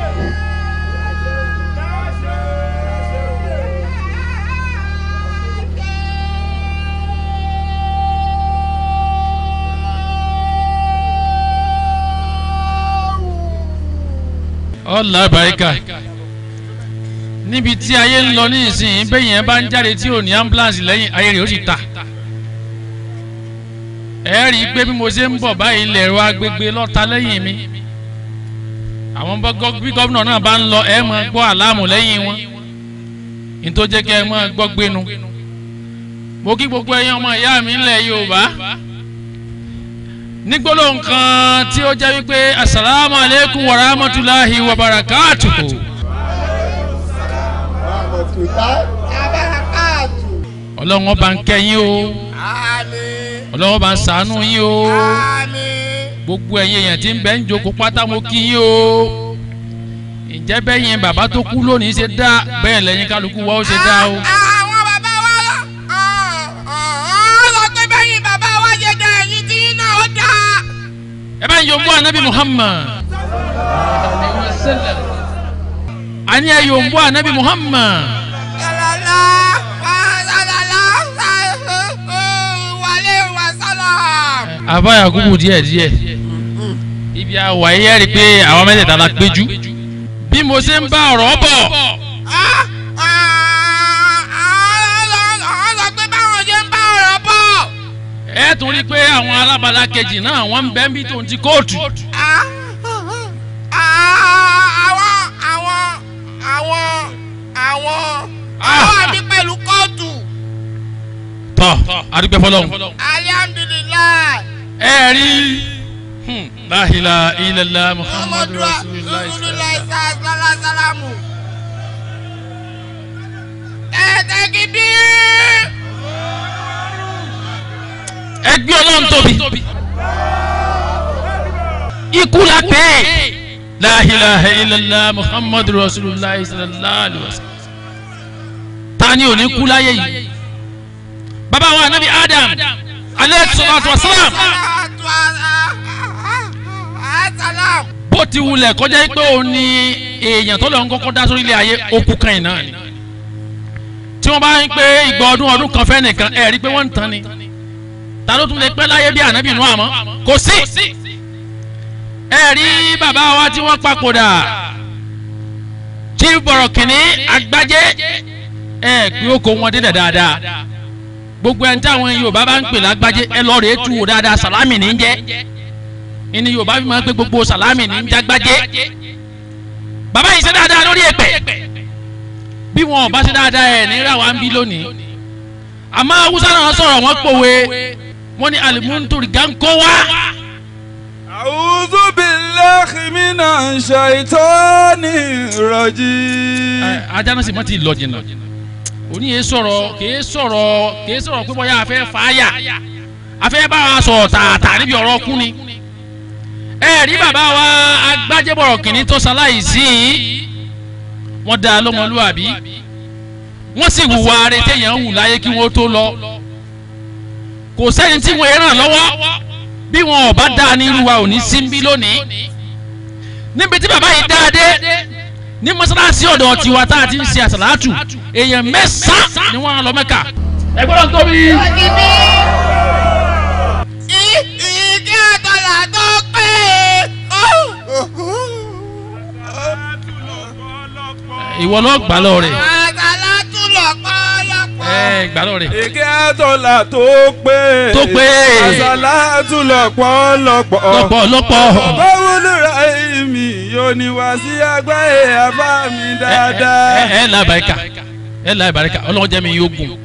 kọ́lá níbi tí ayé ń lọ ní ìsìn bẹ́yìn ẹ bá ń jáde tí ò ní ambulance lẹ́yìn ayé rẹ̀ ẹ rí bí mo ṣe ń bọ̀ báyìí ilẹ̀ ẹ̀rọ agbègbè lọ́ta lẹ́yìn mi àwọn bí gómìnà náà bá ń lọ ẹ mọ gbọ́ àlámù lẹ́yìn wọn nítorí jẹ́ ẹ mọ gbọ́ gbénu mo kí gbogbo ẹ̀yin ọmọ ìyá mi ńlẹ̀ Yorùbá. nígbóló nǹkan tí ó jẹ́ wípé asalaamu aleykum wa rahmatulahi wa barakatuhu. ọlọ́run ọba ń kẹ́yìn o ọlọ́run ọba ń ṣàánú yín o gbogbo ẹ̀yin èèyàn tí ń bẹ ń jókòó pátá kí yín o ǹjẹ́ bẹ́yìn bàbá tó kú lónìí ṣe dá bẹ́ẹ̀ lẹ́yìn kálukú wa ó ṣe dá o. Amen. yombo Nabi muhammad ani ya yombo anabi muhammad àbá yakubu díẹ̀ díẹ̀ ibi àwọ̀ ẹ̀yẹ́ rí pé àwọn mẹ́tẹ̀ẹ̀ta la péjú bí mo ṣe ń bá ọ̀rọ̀ bọ̀. ẹ tún rí i pé àwọn alábàlá kejì náà wọ́n ń bẹ́ ń bí tòun ti kóòtù. Ah, ah, ah, àwọn àwọn àwọn àwọn àbí pẹ̀lú kóòtù. tọ́ àdúgbò fọlọ́hún. alhamdulilayi. ẹ rí hmm, láhìlá ilẹ̀lá muhammadu rasulillah salamu. ẹ̀ẹ́dẹ́gidi ẹgbẹ́ ọlọ́run tóbi ikú la pẹ́ ẹ̀ la ilaha muhammadu rasulullah sallallahu alaihi wasallam ta ni kú láyé yìí bàbá wa nabi adam alayhi salatu wa salam bó ti wulẹ̀ kọjá pé òun ni èèyàn tó lọ ń kọ́kọ́ dá sórí ilé ayé okùn kan yìí náà ni tí wọ́n bá ń pé ìgbà ọdún ọdún kan fẹ́ nìkan ẹ̀ pé wọ́n ń tan ni ta ló tún lè pẹ́ láyé bí ànábì nù àmọ́ kò sí ẹ rí bàbá wa tí wọ́n papòdà chief bọ̀rọ̀ kìnní agbájẹ́ ẹ pé ó kó wọn délẹ̀ dáadáa gbogbo ẹni táwọn Yorùbá bá ń pè lágbájẹ́ ẹ lọ́ọ́ rèé tu wò dáadáa sàlámì ní jẹ́ ìní Yorùbá fi máa ń pè gbogbo sàlámì ní jágbájẹ́ bàbá yìí ṣe dáadáa lórí ẹ̀pẹ̀ bí wọn ò bá ṣe dáadáa ẹ̀ ní ra wa ń bí lónìí àmọ́ Haúsá náà sọ̀rọ̀ wọ́n pòwe wọ́n ní alimunturi gánkọ́ wá. A'udhu billahi minash shaitani rajim. ajá sì mọ́ ti lọ jìnnà òní yẹn sọ̀rọ̀ kìí sọ̀rọ̀ kìí sọ̀rọ̀ pé bọ́yá afẹ́ fàáyà afẹ́ bá wa sọ̀ tààtà níbi ọ̀rọ̀ kú ni. ẹ rí bàbá wa agbájẹ́bọ̀rọ̀ kìnní tó ṣaláìsí wọ́n dá lọ́mọlúwàbí wọ́n sì hùwà arẹ téèyàn ń hù láyé kí wọ́n tó lọ kò sẹ́ni tí wọ́n ràn lọ́wọ́ bí wọn ò bá dáa ní irú wa ò ní sí bí lónìí níbi tí bàbá yìí dáa ní mọ́sálásí ọ̀dọ̀ tiwa tá a ti ń ṣe àsàlátù èèyàn mẹ́sàn-án ni wọ́n á lọ Mẹ́kà. ẹ̀gbọ́n tó bí. ìwọ ló gbà lọ rẹ̀ gbàdọ̀ rẹ̀. èké àtọ̀là tó pé. tó pé. àṣàlá tún lọ̀pọ̀ lọ̀pọ̀. lọ̀pọ̀ lọ̀pọ̀. bàbá wúlúra mi yóò ní wá sí àgbá ẹ̀ àbá mi dáadáa. ẹ eh, ẹ eh, eh, la barika ẹ la barika ọlọ́run jẹ́ mi yóò gùn.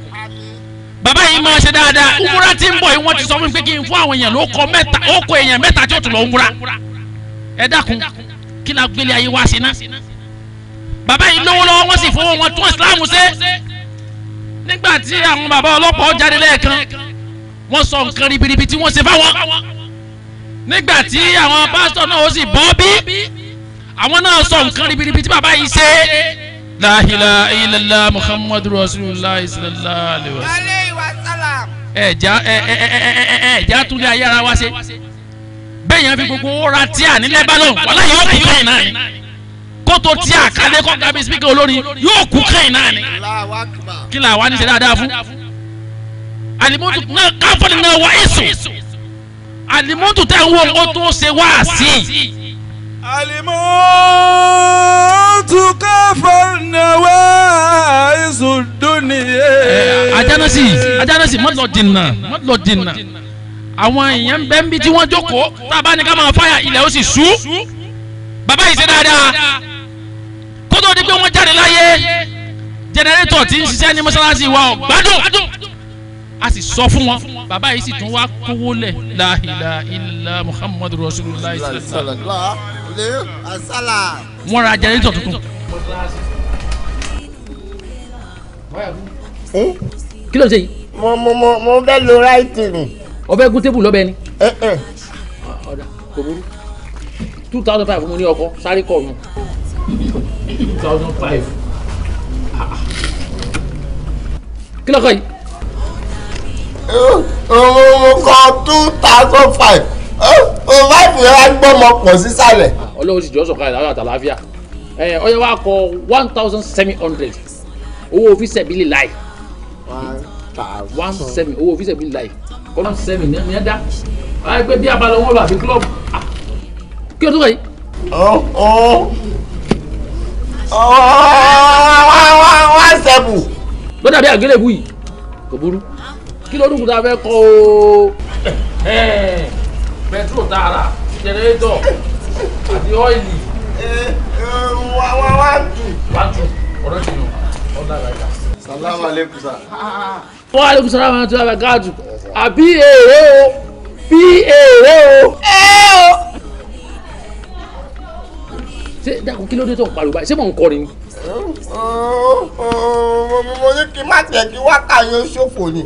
bàbá yìí máa ṣe dáadáa umura ti ń bọ̀ yìí wọ́n ti sọ fún mi pé kí n fún àwọn èèyàn ló kọ mẹ́ta ó kọ èèyàn mẹ́ta tí ó tún lọ umura. ẹ dákun kí la gbélé ayé wá sí ná. bàbá yìí lówó lọ́wọ́ wọ́n sì fowó wọn tún Islam ṣe nígbà tí àwọn bàbá ọlọ́pàá jáde lẹ́ẹ̀kan wọ́n sọ nǹkan ribiribi tí wọ́n ṣe fáwọn nígbà tí àwọn pásítọ̀ náà ó sì bọ́ bí àwọn náà sọ nǹkan ribiribi tí bàbá yìí ṣe. la ilaha illallah muhammadu rasulullah sallallahu alaihi wasallam. ẹ̀já ẹ̀já túlẹ̀ ayé ara wa ṣe bẹ́ẹ̀ yẹn fi gbogbo ó ra tíà ní lẹ́bàlọ́n wàláyé ó kú kẹ́yìn náà ni kó tó tí àkàlẹ́ kó gàbí spíkà olórin yóò kú kẹ́yìn náà ni kí la wá ní ṣe dáadáa fún alimotu náà káfọ́nì náà wá èso alimotu tẹ̀ ń wo kó tó ṣe wá sí. alimotu káfọ́nì náà wá èso dúnìyẹ. ajánásì ajánásì mọ́tò dìnnà mọ́tò dìnnà àwọn èèyàn bẹ́ẹ̀ bí tí wọ́n jókòó tá ní ká máa fáyà ilẹ̀ ó sì sú bàbá yìí ṣe dáadáa tó di pé wọ́n jáde láyé jẹnẹrétọ̀ tí ń ṣiṣẹ́ ní mọ́ṣáláṣí wa ò gbádùn a sì sọ fún wọn bàbá yìí sì tún wá kówó lẹ̀ láhìlá ilá muhammadu rasulillah sallallahu alaihi wasallam. wọ́n ra jẹnẹrétọ̀ tuntun. kí ló ń ṣe yìí. mo mo mo mo bẹ lo ráìtì mi. ọbẹ̀ gún tébù lọ́bẹ̀ ni. ọ̀dà kò burú two thousand five mo ní ọkọ sáré kọ̀ two thousand five ah. kí ló kọ́ yìí. mo kọ two thousand five eh, oh, fáìfù yẹn wá gbọ́ ọmọ pọ̀ sísàlẹ̀. Ah, ọlọ́run ti jọ sọ̀kan ìlànà àtàlàáfíà ẹ eh, ọyẹ wa kọ one thousand seven hundred owó òfìsẹ̀ bíi láì ah, one seven owó òfìsẹ̀ bíi láì kọ́nà seven Ni ní ẹ̀dá wáyé pé bí abalẹ̀ wọn lọ àbí club kí ló tó kọ́ yìí. Oh, oh one seven. ló dàbí àgélébù yìí kò burú kí ló dùn kó ta fẹ́ kọ́ o. pẹtrol tààrà jẹnẹrétọ̀ àti ọ́ìlì. wá wá wá tù. wá tù ọ̀rẹ́ ti yàn ọ̀dà àgbà. salamu aleykum sa. wa salaam wa rahmatulahi wa barakatu àbí èrè o ṣé dákun kí ló dé tó ń pariwo báyìí ṣé mò ń kọrin mo ní kí má kí wákà yóò ṣòfò ni.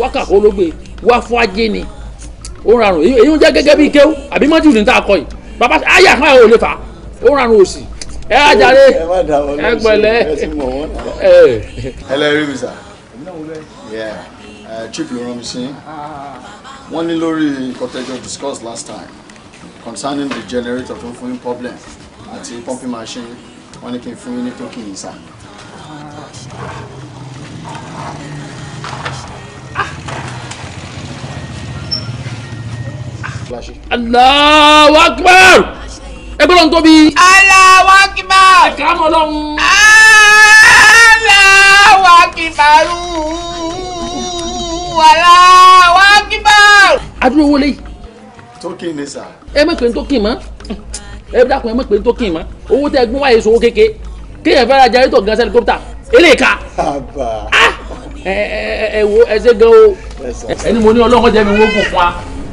wákà kó ló gbé wá fún ajé ni ó rarùn èyí ń jẹ́ gẹ́gẹ́ bíi kéwú àbí mọ́tì ní tá yìí bàbá ayé àkàrà ò lè fà ó rarùn òsì ẹ ajáde ẹ gbẹlẹ ẹ. ẹlẹ́rìí mi sà uh, chief ló rán mi sí wọ́n ní lórí nǹkan discuss last time concerning the generator tó ń fún yín problem àti pumping machine wọ́n ní kí n fún yín ní tókì yìí sà. Allahu Akbar ẹgbẹ́ lọ́n tóbi. Allahu Akbar. ẹ̀ka mọ́ lọ́hùn. Allahu Akbar Allahu Akbar. adúlówó lẹ́yìn. tókì ni sà. ẹ mẹ́tò ní tókì mọ́ ẹ dákun ẹ mọ̀ pé n tó kì í mọ́ owó tẹ gbọ́n wáyé sowó kéke kéèyàn fẹ́ ra jẹ́rìtọ̀ gan sẹ́líkọ́pítà eléka ah! ẹ wo ẹ ṣe gan o ẹni mo ní ọlọ́run jẹ́ mi wó kù fún wa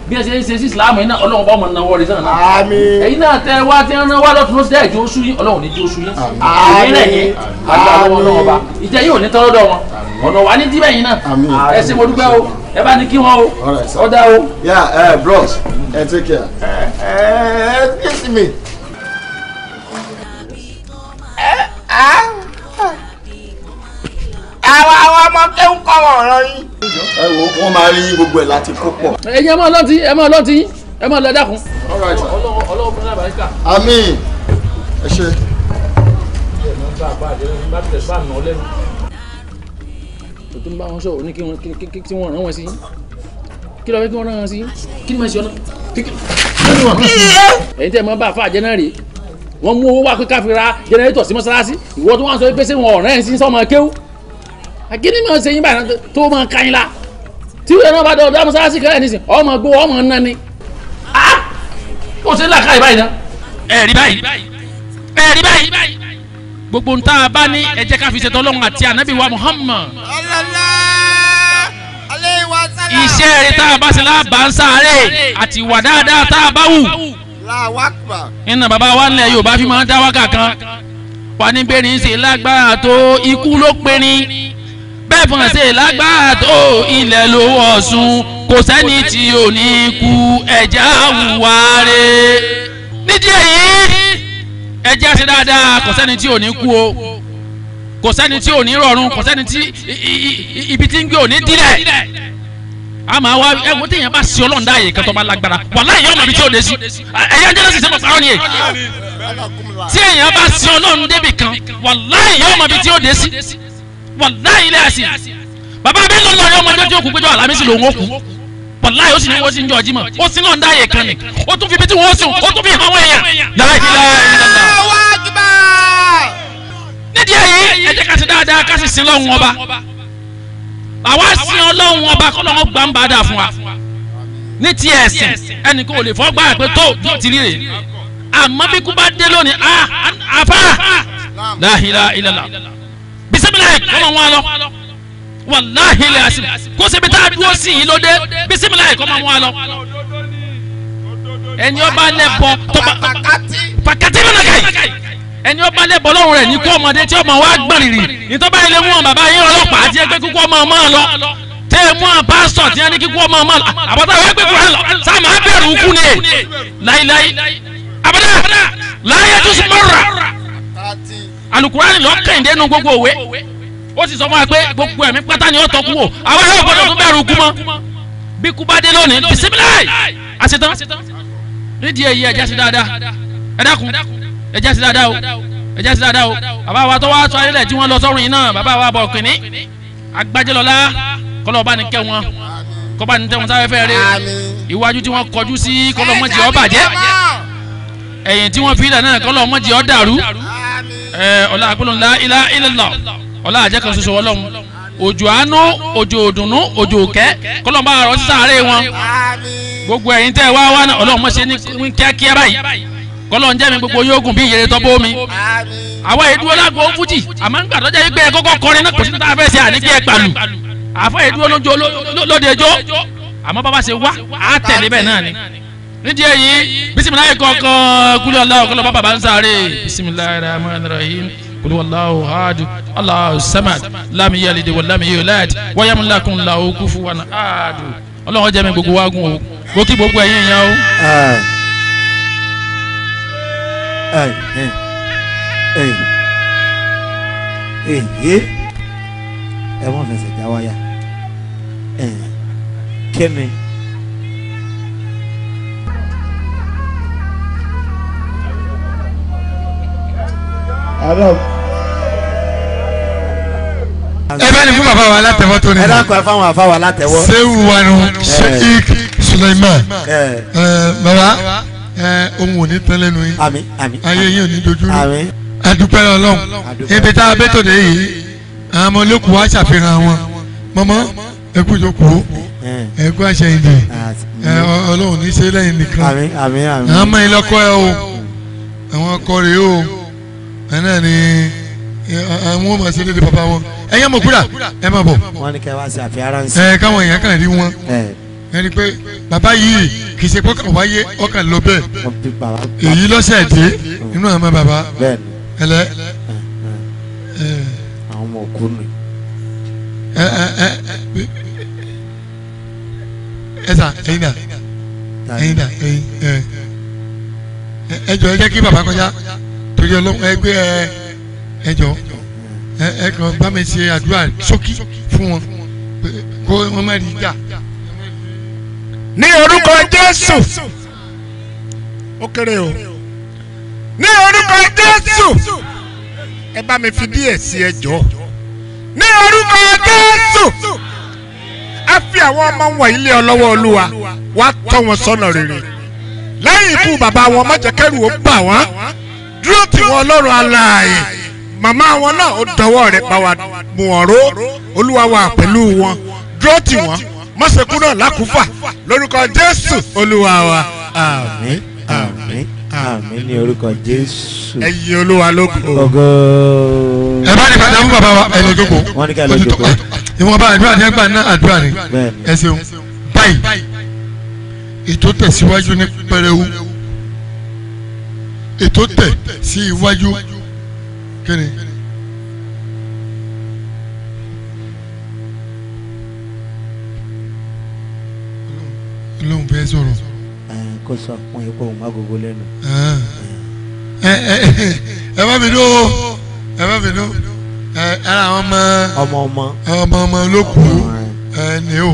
bí ẹ ṣe ṣe sí islam yìí náà ọlọ́run bá ọmọ náà wọlé sàn náà ẹ̀yin náà tẹ wá tẹ ń rán wá lọ́tún lọ́sí ẹ̀jẹ̀ oṣù yín ọlọ́run ní jẹ́ oṣù yín àmín ẹ̀yìn àgbà ọlọ́run ọba ìjẹ́ yìí ò ní tọ́lọ́dọ̀ wọn ọ̀nà wà ní díbẹ̀ yín náà ẹ ṣe mo dúpẹ́ o ẹ bá ní kí wọn o ọ̀dà o. yà ẹ eh, bros ẹ eh, take care ẹ ẹ ẹ ẹ ẹ ẹ àwọn àwọn ọmọ kéwù kọ́ wọn ọ̀rọ̀ yín. ẹ wo wọn máa rí gbogbo ẹ láti kó pọ̀. ẹ̀yin ẹ máa lọ́ọ̀tì ẹ máa lọ́ọ̀tì ẹ máa lọ dákun. ọlọ́wọ́ fún náà bàríkà. àmín ẹ ṣe. kò tó ń bá wọn sọ̀rọ̀ ní kí wọ́n rán wọn sí kí lọ́ọ́ fẹ́ kí wọ́n rán wọn sí kí ni màá ṣe ọ́nà. ẹ̀yin tẹ́ ẹ máa bá àfa àjẹ náà rèé wọ́n mú owó wá pé ká fi ra jẹnẹrétọ̀ sí mọ́ṣáláṣí ìwọ tó wá ń sọ pé ṣé wọn ọ̀rẹ́ ẹ̀ sí sọ́mọ kéwú àgídí máa ń ṣe yín báyìí tó máa ka yín la tí wọ́n náà bá dọ̀ ọ̀dọ̀ mọ́ṣáláṣí kan nísìn ọmọ gbó ọmọ nná ni. kò sí làkàyè báyìí ná. ẹ rí báyìí ẹ rí báyìí gbogbo nta bá ní ẹ jẹ́ ká fi ṣètò Ọlọ́run àti ànábì wa Muhammad. iṣẹ́ rẹ̀ tá a bá ṣe lábàá ń sáré àti ìwà dáadáa tá a bá wù iná bàbá wa nílẹ̀ Yorùbá fi máa ń dá wákà kan wà ní bẹ́ẹ̀ ní ṣe lágbára tó ikú ló pé ní bẹ́ẹ̀ fún ṣe lágbára tó ilẹ̀ ló wọ̀ sùn kò sẹ́ni tí ò ní kú ẹ̀já hùwà rẹ̀ nídìí èyí ẹ̀já ṣe dáadáa kò sẹ́ni tí ò ní kú o kò sẹ́ni tí ò ní rọrùn kò sẹ́ni tí ibi tí ń gbé ò ní dílẹ̀. Ama máa wá ẹ wo téèyàn bá sí ọlọ́run dáàyè kan tó bá lágbára wàláhì yóò mọ̀ bí tí ó dé sí ẹ̀yà ń jẹ́ lọ́sì sẹ́mọ̀ pàrọ̀ nìyẹn tí èèyàn bá sí ọlọ́run débì kan wàláhì yóò mọ̀ bí tí ó dé sí wàláhì ilé àsì bàbá mi ló lọ ọmọ ẹjọ́ tí ó kú péjọ àlámísì lòun ó kú wàláhì ó sì ní wọ́n sì ń jọ ọjímọ̀ ó sí náà ń dáàyè kan ni ó tún fi bí tí wọ́n sùn ó tún fi hàn wọ́n èèyàn láì nídìí èyí ẹ ká àwa sin ọlọ́run ọba kọ́lọ́run gbà ń bàdà fún wa ní ti ẹ̀sìn ẹnìkan ò lè fọ́ gbà pé tó tó ti rí rè àmọ́ bí kú bá dé lónìí àfà láhìlá ìlàlá bisimilayi kọ́mọ wọn lọ wàláhì ilẹ̀ àsìmù kó sebi tá a dúró sí yìí lóde bisimilayi kọ́mọ wọn lọ. ẹni ọba lẹ bọ tọba pakati pakati mẹnaka yìí ẹni ó bá lẹ́bọ̀ lọ́hùn rẹ̀ ní kó ọmọdé tí ọmọ wa gbọ̀n rìrì ní tó bá ilé mú wọn bàbá yín ọlọ́pàá tí ẹ pé kíkú ọmọ ọmọ lọ tẹ́ ẹ mú àwọn pásítọ̀ tí ẹ ní kíkú ọmọ ọmọ lọ àbọ̀tá wọ́n pé kúrẹ́ lọ sáàmù abẹ́rù kú ni láíláí àbọ̀tá láyé tó sì mọ́ra alukurani lọ kẹ́hìndé nu gbogbo òwe ó sì sọ fún wa pé gbogbo ẹ̀mí pátá ni ó tọ́ kú wò àwọn ẹ̀rọ gbọ́dọ̀ ẹ jẹ́ sí dáadáa o ẹ jẹ́ sí dáadáa o bàbá wa tó wá aṣọ ayẹlẹ̀ tí wọ́n lọ sọ́run yìí náà bàbá wa bọ̀ kìnní agbájẹ́lọ́lá kọ́lọ́ bá ní kẹ́ wọn kọ́ bá ní tẹ́ wọn sáfẹ́ fẹ́ rẹ iwájú tí wọ́n kọjú sí kọ́lọ́ mọ́jì ó bàjẹ́ ẹ̀yìn tí wọ́n fi ilẹ̀ náà kọ́lọ́ mọ́jì ó dàrú ọ̀la àpẹlẹ̀ ńlá ilá ilẹ̀lọ̀ ọ̀la àjẹ́ kan ṣoṣo ọlọ́run òjò àánú òjò òdùnnú òjò òkẹ́ kọ́lọ́ bá rọ sí sàárè wọn gbogbo ẹ̀yìn tẹ́ wá wá náà ọlọ́run ṣe ní kíákíá báyìí kọ́lọ́n jẹ́ mi gbogbo yóò gùn bí ìyẹrẹ tọ́ bó mi. àwa yìí dúró lágbo fújì àmọ́ ń gbàdọ́jà yìí pé ẹ kọrin náà kò sí tá a fẹ́ ṣe àní kí ẹ gbàlù. àfa yìí dúró lójó lódejó àmọ́ bàbá ṣe wá á tẹ̀lé bẹ́ẹ̀ náà ni. nídìí èyí bisimilayi kọ̀ọ̀kan kúlẹ̀ aláwọ̀ kọ́lọ́ bàbá ń sáré bisimilayi rahman rahim kulu wallahu ahad allahu samad lam yalid wa lam yulad wa yam lakun lahu kufuwan ahad Ọlọ́run jẹ́ mi gbogbo wa o gbókí gbogbo ẹ̀yin yẹn o ẹ wọ́n fẹsẹ̀ já wáyà kí ni. ẹ bá ní fún bàbá wa látẹ̀wọ́ tó ní. ẹ dákun ẹ fáwọn àfa wa látẹ̀wọ́. sẹ́wù wanu sheik suleiman baba ẹ ohun ò ní tán lẹ́nu yín àmín àmín ayé yín ò ní dojú rú àmín adúpẹ́ ọlọ́run ibi tá a bẹ́tò dé yìí àwọn ọmọ olókùú wa ṣàfihàn wọn mọ́mọ́ ẹ kú ìjókòó ẹ kú àṣeyìndì ẹ ọlọ́run ní ṣe lẹ́yìn nìkan àmín àmín àmín àwọn ọmọ ìlọ́kọ ẹ o àwọn ọkọ rèé o ẹ náà ni àwọn ọmọ ṣe lédè bàbá wọn ẹ yẹn mọ̀ kúrà ẹ má bọ̀ wọn ni kẹ wá sí àfihàn ara ń sìn ẹ káwọn èèyàn kàn rí wọn ẹni pé bàbá yìí kì í ṣe kọ́kàn wáyé ọkàn lọ bẹ́ẹ̀ èyí lọ́sẹ̀ dé inú àwọn bàbá ẹlẹ àwọn ọmọ òkú ni. ẹ ẹ ẹ ẹ sà ẹyin dà ẹyin dà ẹyin ẹ ẹ jọ ẹ jẹ́ kí bàbá kọjá torí ọlọ́run ẹ gbé ẹ ẹ jọ ẹ ẹ kàn bá mi ṣe àdúrà ṣókí fún wọn kó wọn má rí jà ní orúkọ jésù ó kéré o ní orúkọ jésù ẹ bá mi fi díẹ̀ sí ẹ jọ ní orúkọ jésù a fi àwọn ọmọ wọn ilé ọlọ́wọ́ olúwa wá tọ́ wọn sọ́nà rere lẹ́yìn ikú bàbá wọn má jẹ́ kẹ́rù ó bà wọ́n dúró tì ọlọ́run aláàyè màmá wọn náà ó dọwọ́ rẹ̀ bá wa mú ọ̀rọ̀ olúwa wà pẹ̀lú wọn dúró tì mọ̀sẹ̀kú náà lákùúfà lórúkọ jésù olúwa wa àmín àmín àmín ní orúkọ jésù. ẹyin olúwa ló kù. ògo. ẹ bá ní bàtà fún bàbá wa ẹni ojókòó. wọn ní ká lọ jókòó. ìwọ̀n bá àdúrà ní ẹgbàá náà àdúrà ni. ẹ ṣeun báyìí ètò tẹ̀síwájú ní pẹrẹwu ètò tẹ̀ sí iwájú kí kí ló ń fẹ́ sọ fún ẹ kó má gbogbo lẹ́nu. ẹ bá mi dó ẹ bá mi dó ara àwọn ọmọ ọmọ ọmọ ọmọ ọmọ ló ẹ ní o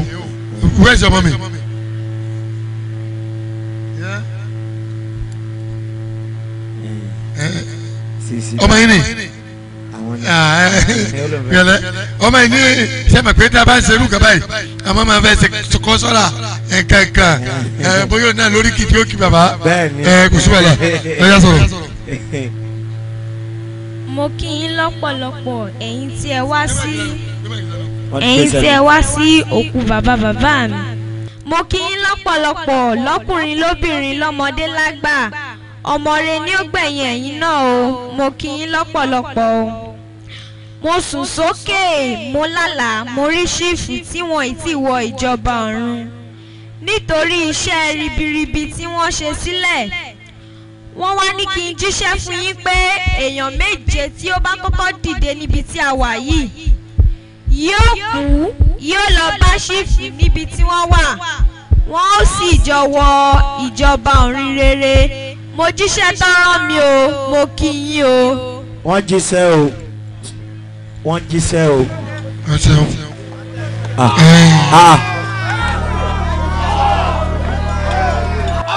wẹ́ẹ̀ sọ ọmọ mi. ọmọ yìí ni. Ah, eh, ah, eh, eh, yẹlẹ ọmọ yìí ní sẹ́mi pé tá a bá ń serú kaba yìí àmọ́ máa fẹ́ kọ́ sọ́ra nkankan bóyá o náà lórí kìdí òkì bàbá kùsùwẹ̀ mo kí yín lọ́pọ̀lọpọ̀ ẹ̀yin tí ẹ wá sí ẹ̀yin tí ẹ wá sí òkú bàbá bàbá mi mo kí yín lọ́pọ̀lọpọ̀ lọ́kùnrin lóbìnrin lọ́mọdé lágbà ọmọre ní ó gbẹ̀yìn ẹ̀yin náà o mo kí yín lọ́pọ̀lọpọ̀ o mo sùn sókè mo lálàá mo rí ṣífù tí wọn ì tí wọ ìjọba ọ̀run nítorí iṣẹ́ ribiribi tí wọ́n ṣe sílẹ̀ wọ́n wá ní kí n jíṣẹ́ fún yín pé èèyàn méje tí ó bá kọ́kọ́ dìde níbi tí a wà yìí yóò kú yóò lọ bá ṣífù níbi tí wọ́n wà wọ́n ó sì jọ wọ ìjọba ọ̀run rere mo jíṣẹ́ tọ́rọ́ mi o mo kí yín o. wọ́n jíṣẹ́ o wọ́n jíṣẹ́ o. ẹ ṣeun.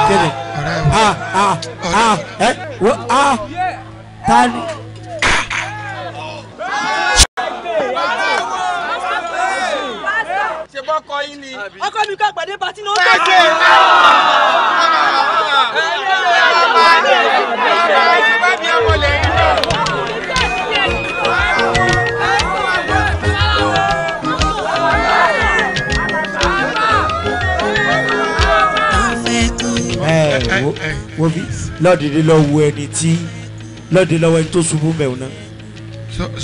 kéde ẹ wo ta ni. ṣe bọ́ kọ́ yín ni. ọkọ mi kọ́ àgbàdo pati náà. bẹ́ẹ̀ ni. wọ́n bí lọ́ọ̀dẹ̀dẹ̀ lọ wo ẹni tí lọ́ọ̀dẹ̀ lọ́wọ́ ẹni tó ṣubú mẹ́wọ̀n náà.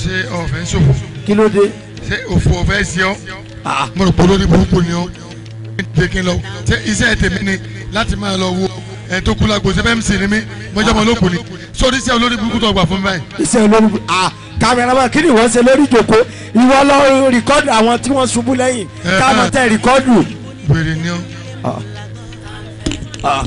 ṣé ọ̀fẹ́ ṣòfò. kí ló dé. ṣé òfò ọ̀fẹ́ ṣe ọ́. Ah, ah. mo rò pé olórí burúkú ni ọ́. ṣé kí n lọ ṣé iṣẹ́ tèmi ni láti máa lọ wo ẹni tó kú lágbo ṣe fẹ́mi sì ni mí mo jẹ́ ọmọ olókùn ni sórí iṣẹ́ olórí burúkú tó gbà fún mi iṣẹ́ olórí burúkú ah kameraman kí ni wọ́n ṣe lórí ìjòkó ìwọ lọ rìkọ́dù àwọn tí wọ́n ṣubú lẹ́yìn eh, káàmọ́tẹ́ eh. rìkọ́dù. wèrè ni ọ́. Ah,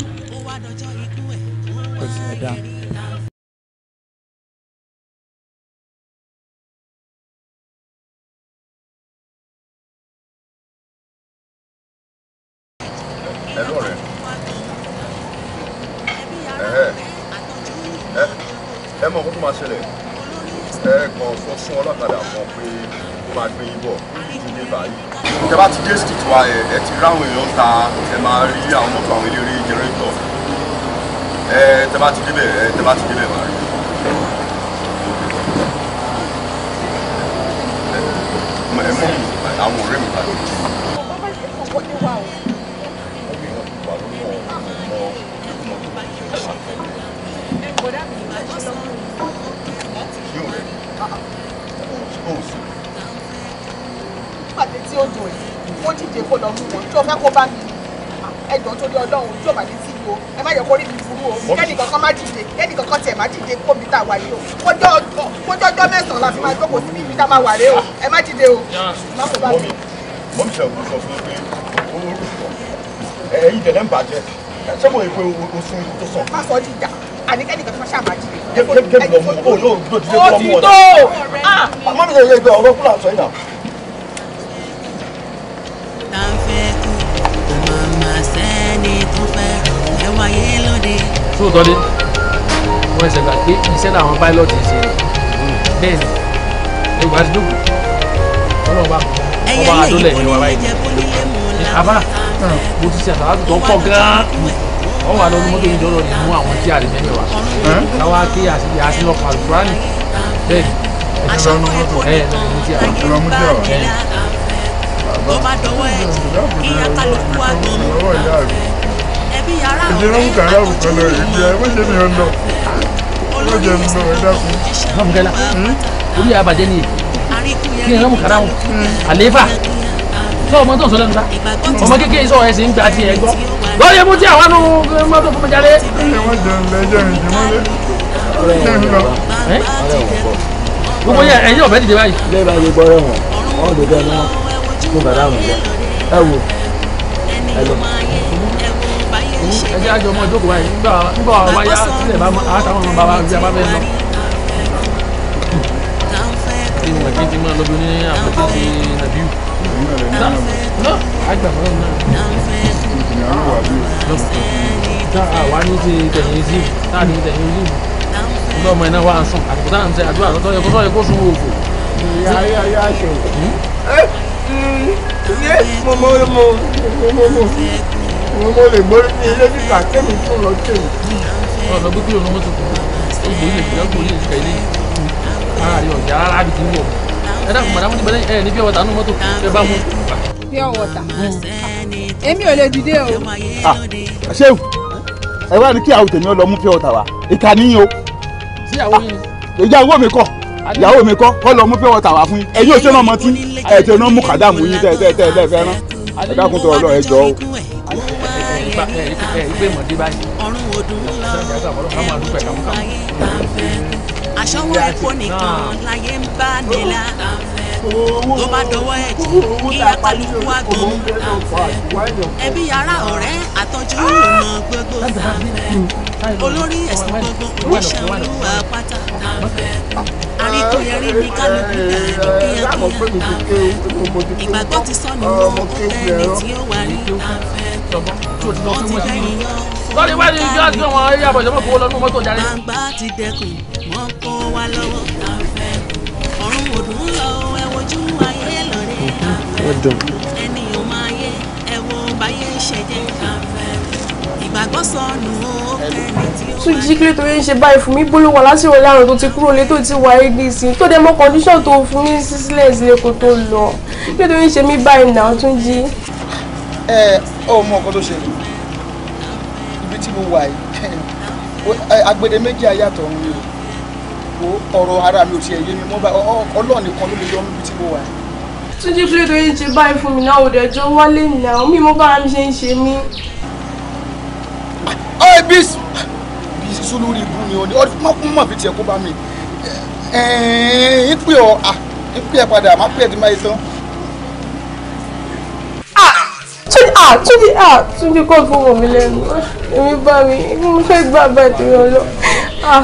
níta ẹ máa rí àwọn mọ́tò àwọn eléré jẹrẹ́tọ̀ ẹ tẹ bá ti débẹ̀ ẹ tẹ bá ti débẹ̀ máa rí. ẹ mọ̀ àwọn ọ̀rẹ́ mi ta ló ti. Yóò rẹ̀. Ṣé o sì? Pàtẹ́ tí kó jíjẹ kó lọ mú wọn tí o fẹ́ kó bá mi ẹjọ́ torí ọlọ́run tí o bá ní sí o ẹ má yẹ kó rí mi burú o kẹ́ni kankan má dìde kẹ́ni kankan tẹ̀ má dìde kó mi tà wá yìí o kójọ́ ọjọ́ mẹ́sàn-án la fi máa jókòó síbi ìbí tá máa wà ré o ẹ má dìde o má kó bá mi. mọ mi sọ̀rọ̀ sọ fún mi pé owó rúkọ ẹ̀yin tẹ̀lé ń bàjẹ́ ṣé mo rí pé o sún ikú tó sàn. má sọ ọ́ dìjà àníkẹ́ni kankan ṣáà jẹ́ kí ló mú kó lóòótọ́ ti lé fún ọmọ rẹ̀. ó ti tó. àmọ́ mi sọ yẹ pé ọ̀rọ̀ kúlà sọ yìí náà. sóòótọ́ ni wọ́n ṣe gbà pé iṣẹ́ làwọn pilot ṣe bẹ́ẹ̀ ni ẹ̀wù àti dùkú ọba adúlẹ̀ ni wà báyìí àbá mo ti ṣe àtàwọn àtúntò pọ̀ gan-an wọ́n wà lọ́nu mọ́tò ìjọ́ ni mú àwọn tí a lè mẹ́fẹ̀ẹ́ wa káwá kí àṣìlọ́ lọ́ọ́ pàlù bẹ́ẹ̀ ni ẹ̀ṣọ́ lọ́nu mọ́tò ẹ̀ lọ́nu tí a lọ́ọ́ mú tí a wà. tó bá dọwọ́ ẹ̀ ìyá kálukú àgbọ̀n ìdílé ń kàrà òkú lọ ìgbé ẹ wọ́n ṣe mi ò wọ́n jẹ mi lọ ẹ̀dá fún. alhamdulilah hmm? orí abàjẹ́ ni kí ni ọmọkàrà wọn àlééfà sọ ọmọ tó ń sọ lẹ́nu ta ọmọ kékeré sọ ẹsẹ̀ ń gbà tiẹ̀ gbọ́ lọ́ọ́ yẹ mú tí àwọn mọ́tò fún mi jalè. wọ́n jẹ ń lẹ jẹ ń jẹ mọ́lẹ̀ jẹ ń lọ. gbogbo yẹn ẹ̀yin ọ̀bẹ dìde báyìí. ilé ìbáyé gbọ́rọ̀ wọn wọn ò lè bẹ́ẹ̀ mọ́ fún bàdá àwọn ìjọ ẹ wò ẹ lọ ẹ jẹ́ ọmọ ìjókòó báyìí nígbà nígbà wáyà sílẹ̀ bá máa àtàwọn ọmọ bàbá àti abáfẹ́ lọ. ìwọ̀n ìwọ̀n ti máa lọ́dún ní àpótí ti nàbíù. náà àgbà fọlọ́run náà. àwa ní ti tẹ̀yìn sí náà ní tẹ̀yìn sí nígbà ọmọ iná wa ń sùn àtùkù táà ń ṣe àdúrà lọ́tọ́ yẹ kó sọ́ yẹ kó sun òfò. ìyá ayé mo mo mo mo mo mo lè mórí ní ilé nígbà kémi tó lọ tèmi. ọ̀nà gbígbé òun mọ́tò kù ó gbòó lè gbìyànjú òun lè ilé yìí ara yọ̀ ọ̀jà rárá bí ti ń wọ̀ ẹ dákun màdàmú ti bẹ́lẹ̀ ẹ ní pure water nù mọ́tò ẹ bá mú. pure water èmi ò lè dìde o. Ah, ṣé ẹ wá ní kí àwọn tèmi lọ mú pure water wá ìka níyìn o. síyàwó eh, yín. ìyàwó mi kọ́ ìyàwó mi kọ́ kọ́ lọ mú pure water wá fún yín ẹ̀yin ò ṣe náà mọtí ẹ̀ tẹ̀ náà mú kàdámù yín tẹ̀ tẹ̀ tẹ̀ fẹ́ràn ẹ dákun tó ọ lọ ẹ jọ o ìgbà ìgbé ìmọ̀dé báyìí. ọ̀run ọdún lọ ẹ̀rù ju ayé bá fẹ́. àṣọwọ́ epo nìkan láyé ń bá nílá. tó bá dọwọ́ ẹ̀jẹ̀ ìyá kálukú wa ẹbí yàrá ọ̀rẹ́ àtọ́jú ìrìnà ah! gbogbo fẹ́. olórí ẹ̀sìn gbogbo oníṣẹ́ olúwa pátá bá fẹ́. Ah! àríkòyẹrí ní kálukú náà ní kíákíá bá fẹ́. ìgbàgbọ́ ti sọ nínú ah, ọkọ̀ ẹni tí ó wà ní bá fẹ́ jọgbọ́n tí ti lọ fún àti àwọn eré àbọ̀jọ́ mọ̀ kó lọ mọ́tò jáde. àgbà ti dẹkùn wọn kó wa lọ́wọ́ àfẹ́ ọ̀run òdùn lọ ẹ ayé lọ́rẹ́ àfẹ́ ẹni ò máa yẹ ẹ wo báyé ṣẹ̀jẹ̀ àfẹ́ ìgbàgbọ́ sọnù ó tí ó. tún jí kílé torí ṣe báyìí fún mi bó wà lásìkò láàrùn tó ti kúrò lé tó ti wà égbé sí i tó dé mọ́ kọ́ndíṣọ̀n tó fún mi sísílẹ̀ sílẹ̀ kó tó lọ kílé torí ṣe mí báyìí náà tún jí. ẹ ó mọ nǹkan tó ṣẹlẹ̀ ibi tí mo wà yìí eh, agbede méjì ayàtọ̀ ń rí o ọ̀rọ̀ ara mi ò tiẹ̀ yé mi mọ́ báyìí ọlọ́ọ̀ nìkan ló lè yọ níbi tí mo wà yìí. túnjí kúlẹ̀ tó yín ṣe báyìí fún mi náà ò dẹ̀ jọ wálé náà mi mo bára mi ṣe ń ṣe mí. ọ ibi ìsú lórí ibú ni ọdún ọdún máa kún fi tiẹ̀ kó bá mi ń pè ọ́ ń pè ẹ̀ padà má pè ẹ̀ tí ah túnjí ah túnjí kò fún wọn mi lẹ́nu èmi bá mi mo fẹ́ gbà bá ìtòyìn ọlọ ah.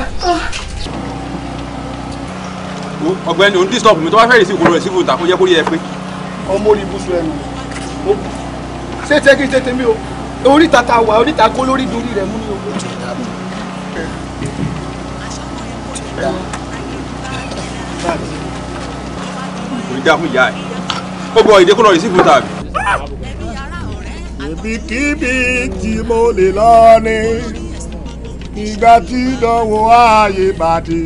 ọ̀gbẹ́ni òun disturb mi tó bá fẹ́ rìsí ìkòrò rẹ̀ sí ìfòta kó jẹ́ kó rí ẹ pé. ọmọ orí ibùsùn ẹnu ṣé tẹ́kí ṣe tèmi o oríta ta wà oríta kó lórí dorí rẹ̀ mú ní owó. kò ní dá fún ìyá ẹ̀ ó gbọ́ ìdẹ́kùnrin rẹ̀ sí ìfòta ah! ibikíbi tí mo lè lọ ni ìgbà tí ìdánwò ààyè bàdé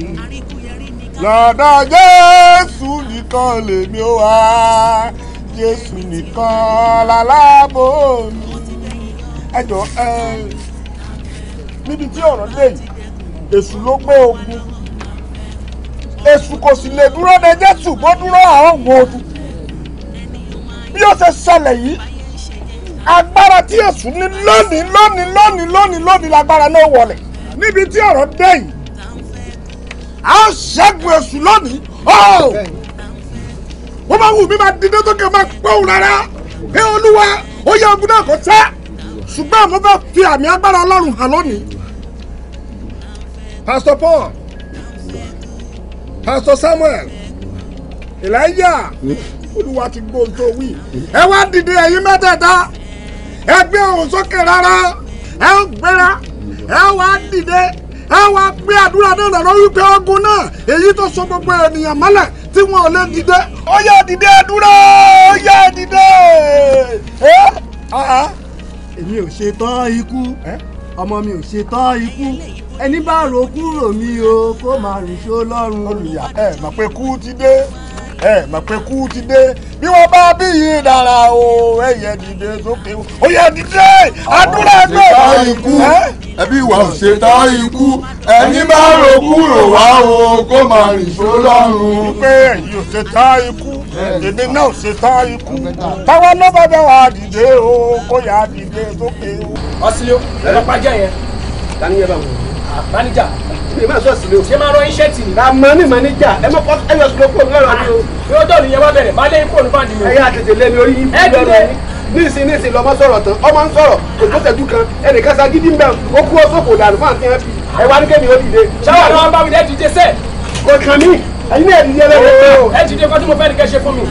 lọ́dọ̀ Jésù nìkan lèmi ó wá Jésù nìkan lálábò mi ẹjọ ẹ níbi tí ọ̀rọ̀ lè yìí Èṣù ló gbé ogun Èṣù kò sì lè dúró de Jésù bó dúró àwọn òògùn bí ó ṣe ṣẹlẹ̀ yìí agbára tí èṣù ní lónìí lónìí lónìí lónìí lónìí lágbára náà wọlé níbi tí ọ̀rọ̀ dé yìí a ṣẹ́gun èṣù lónìí ọ́ wọ́n máa wù mí máa dídé tó kẹ́ máa pọ́ùn rárá pé olúwa ó yẹ ogun náà kó tẹ́ ṣùgbọ́n mo fẹ́ fi àmì agbára ọlọ́run hàn lónìí. Pastor Paul Pastor Samuel Elijah olúwa ti gbóhùn tó wí ẹ wá dìde ẹ̀yin mẹ́tẹ̀ẹ̀ta ẹ gbé ohùn sókè rárá ẹ ń gbéra ẹ wá dìde ẹ wá gbé àdúrà náà lọ́rọ́ wípé ogun náà èyí tó so gbogbo ènìyàn mọ́lẹ̀ tí wọn ò lè dìde. ó yá dìde àdúrà ó yá dìde. Ah, ah. èmi ò ṣe tán ikú ọmọ mi ò ṣe tán ikú ẹni bá rò kúrò mi o kó máa rìn ṣó lọ́rùn. olùyà ẹ mọ̀ pé kú ti dé ẹ mọ̀ pé kú ti dé bí wọ́n bá bí yìí dára o ẹ yẹ dìde sókè o yẹ dìde àdúrà gbé. ṣe tá ikú ẹbí wa ò ṣe tá ikú ẹni bá rò wá o kó máa rìn sólọ́run. pé èyí ò ṣe tá ikú èmi náà ò ṣe tá ikú táwọn náà bá bẹ wà dìde o kó yà á dìde sókè o. ọsílẹ̀ ọlọ́pàá jẹ́ yẹn tani yẹn bá wù ú máníjà ìbí máa sọ sílẹ̀ o. ṣé máa rán iṣẹ́ tì ní. àmọ́ ní máníjà ẹ mọ fọ́ ẹ yọ sùn lóko lọ́rọ̀ mi o. bí ah, ó dọ̀lù yẹn wá bẹ̀rẹ̀ bá lé fóònù bá dì mí. ẹyà tètè lé mi orí yín fún lọ́rọ̀ yín nísìn nísìn lọmọ sọ̀rọ̀ tán ọmọ ń sọ̀rọ̀ kò tó tẹ̀dú kan ẹnìkan sa gidi ń bẹ̀ ó kú ọ́ sóko dànù fún àti ẹ̀ fi ẹ wá ní kémi ó dìde. ṣáwá ni wọn bá mi lẹ́ẹ̀dì jẹ́sẹ̀. kò kàn mí ẹ̀yin náà rí yẹlẹ wọ. ẹ ti dé kọ́ tí mo fẹ́ ni kẹ́ ṣe fún mi.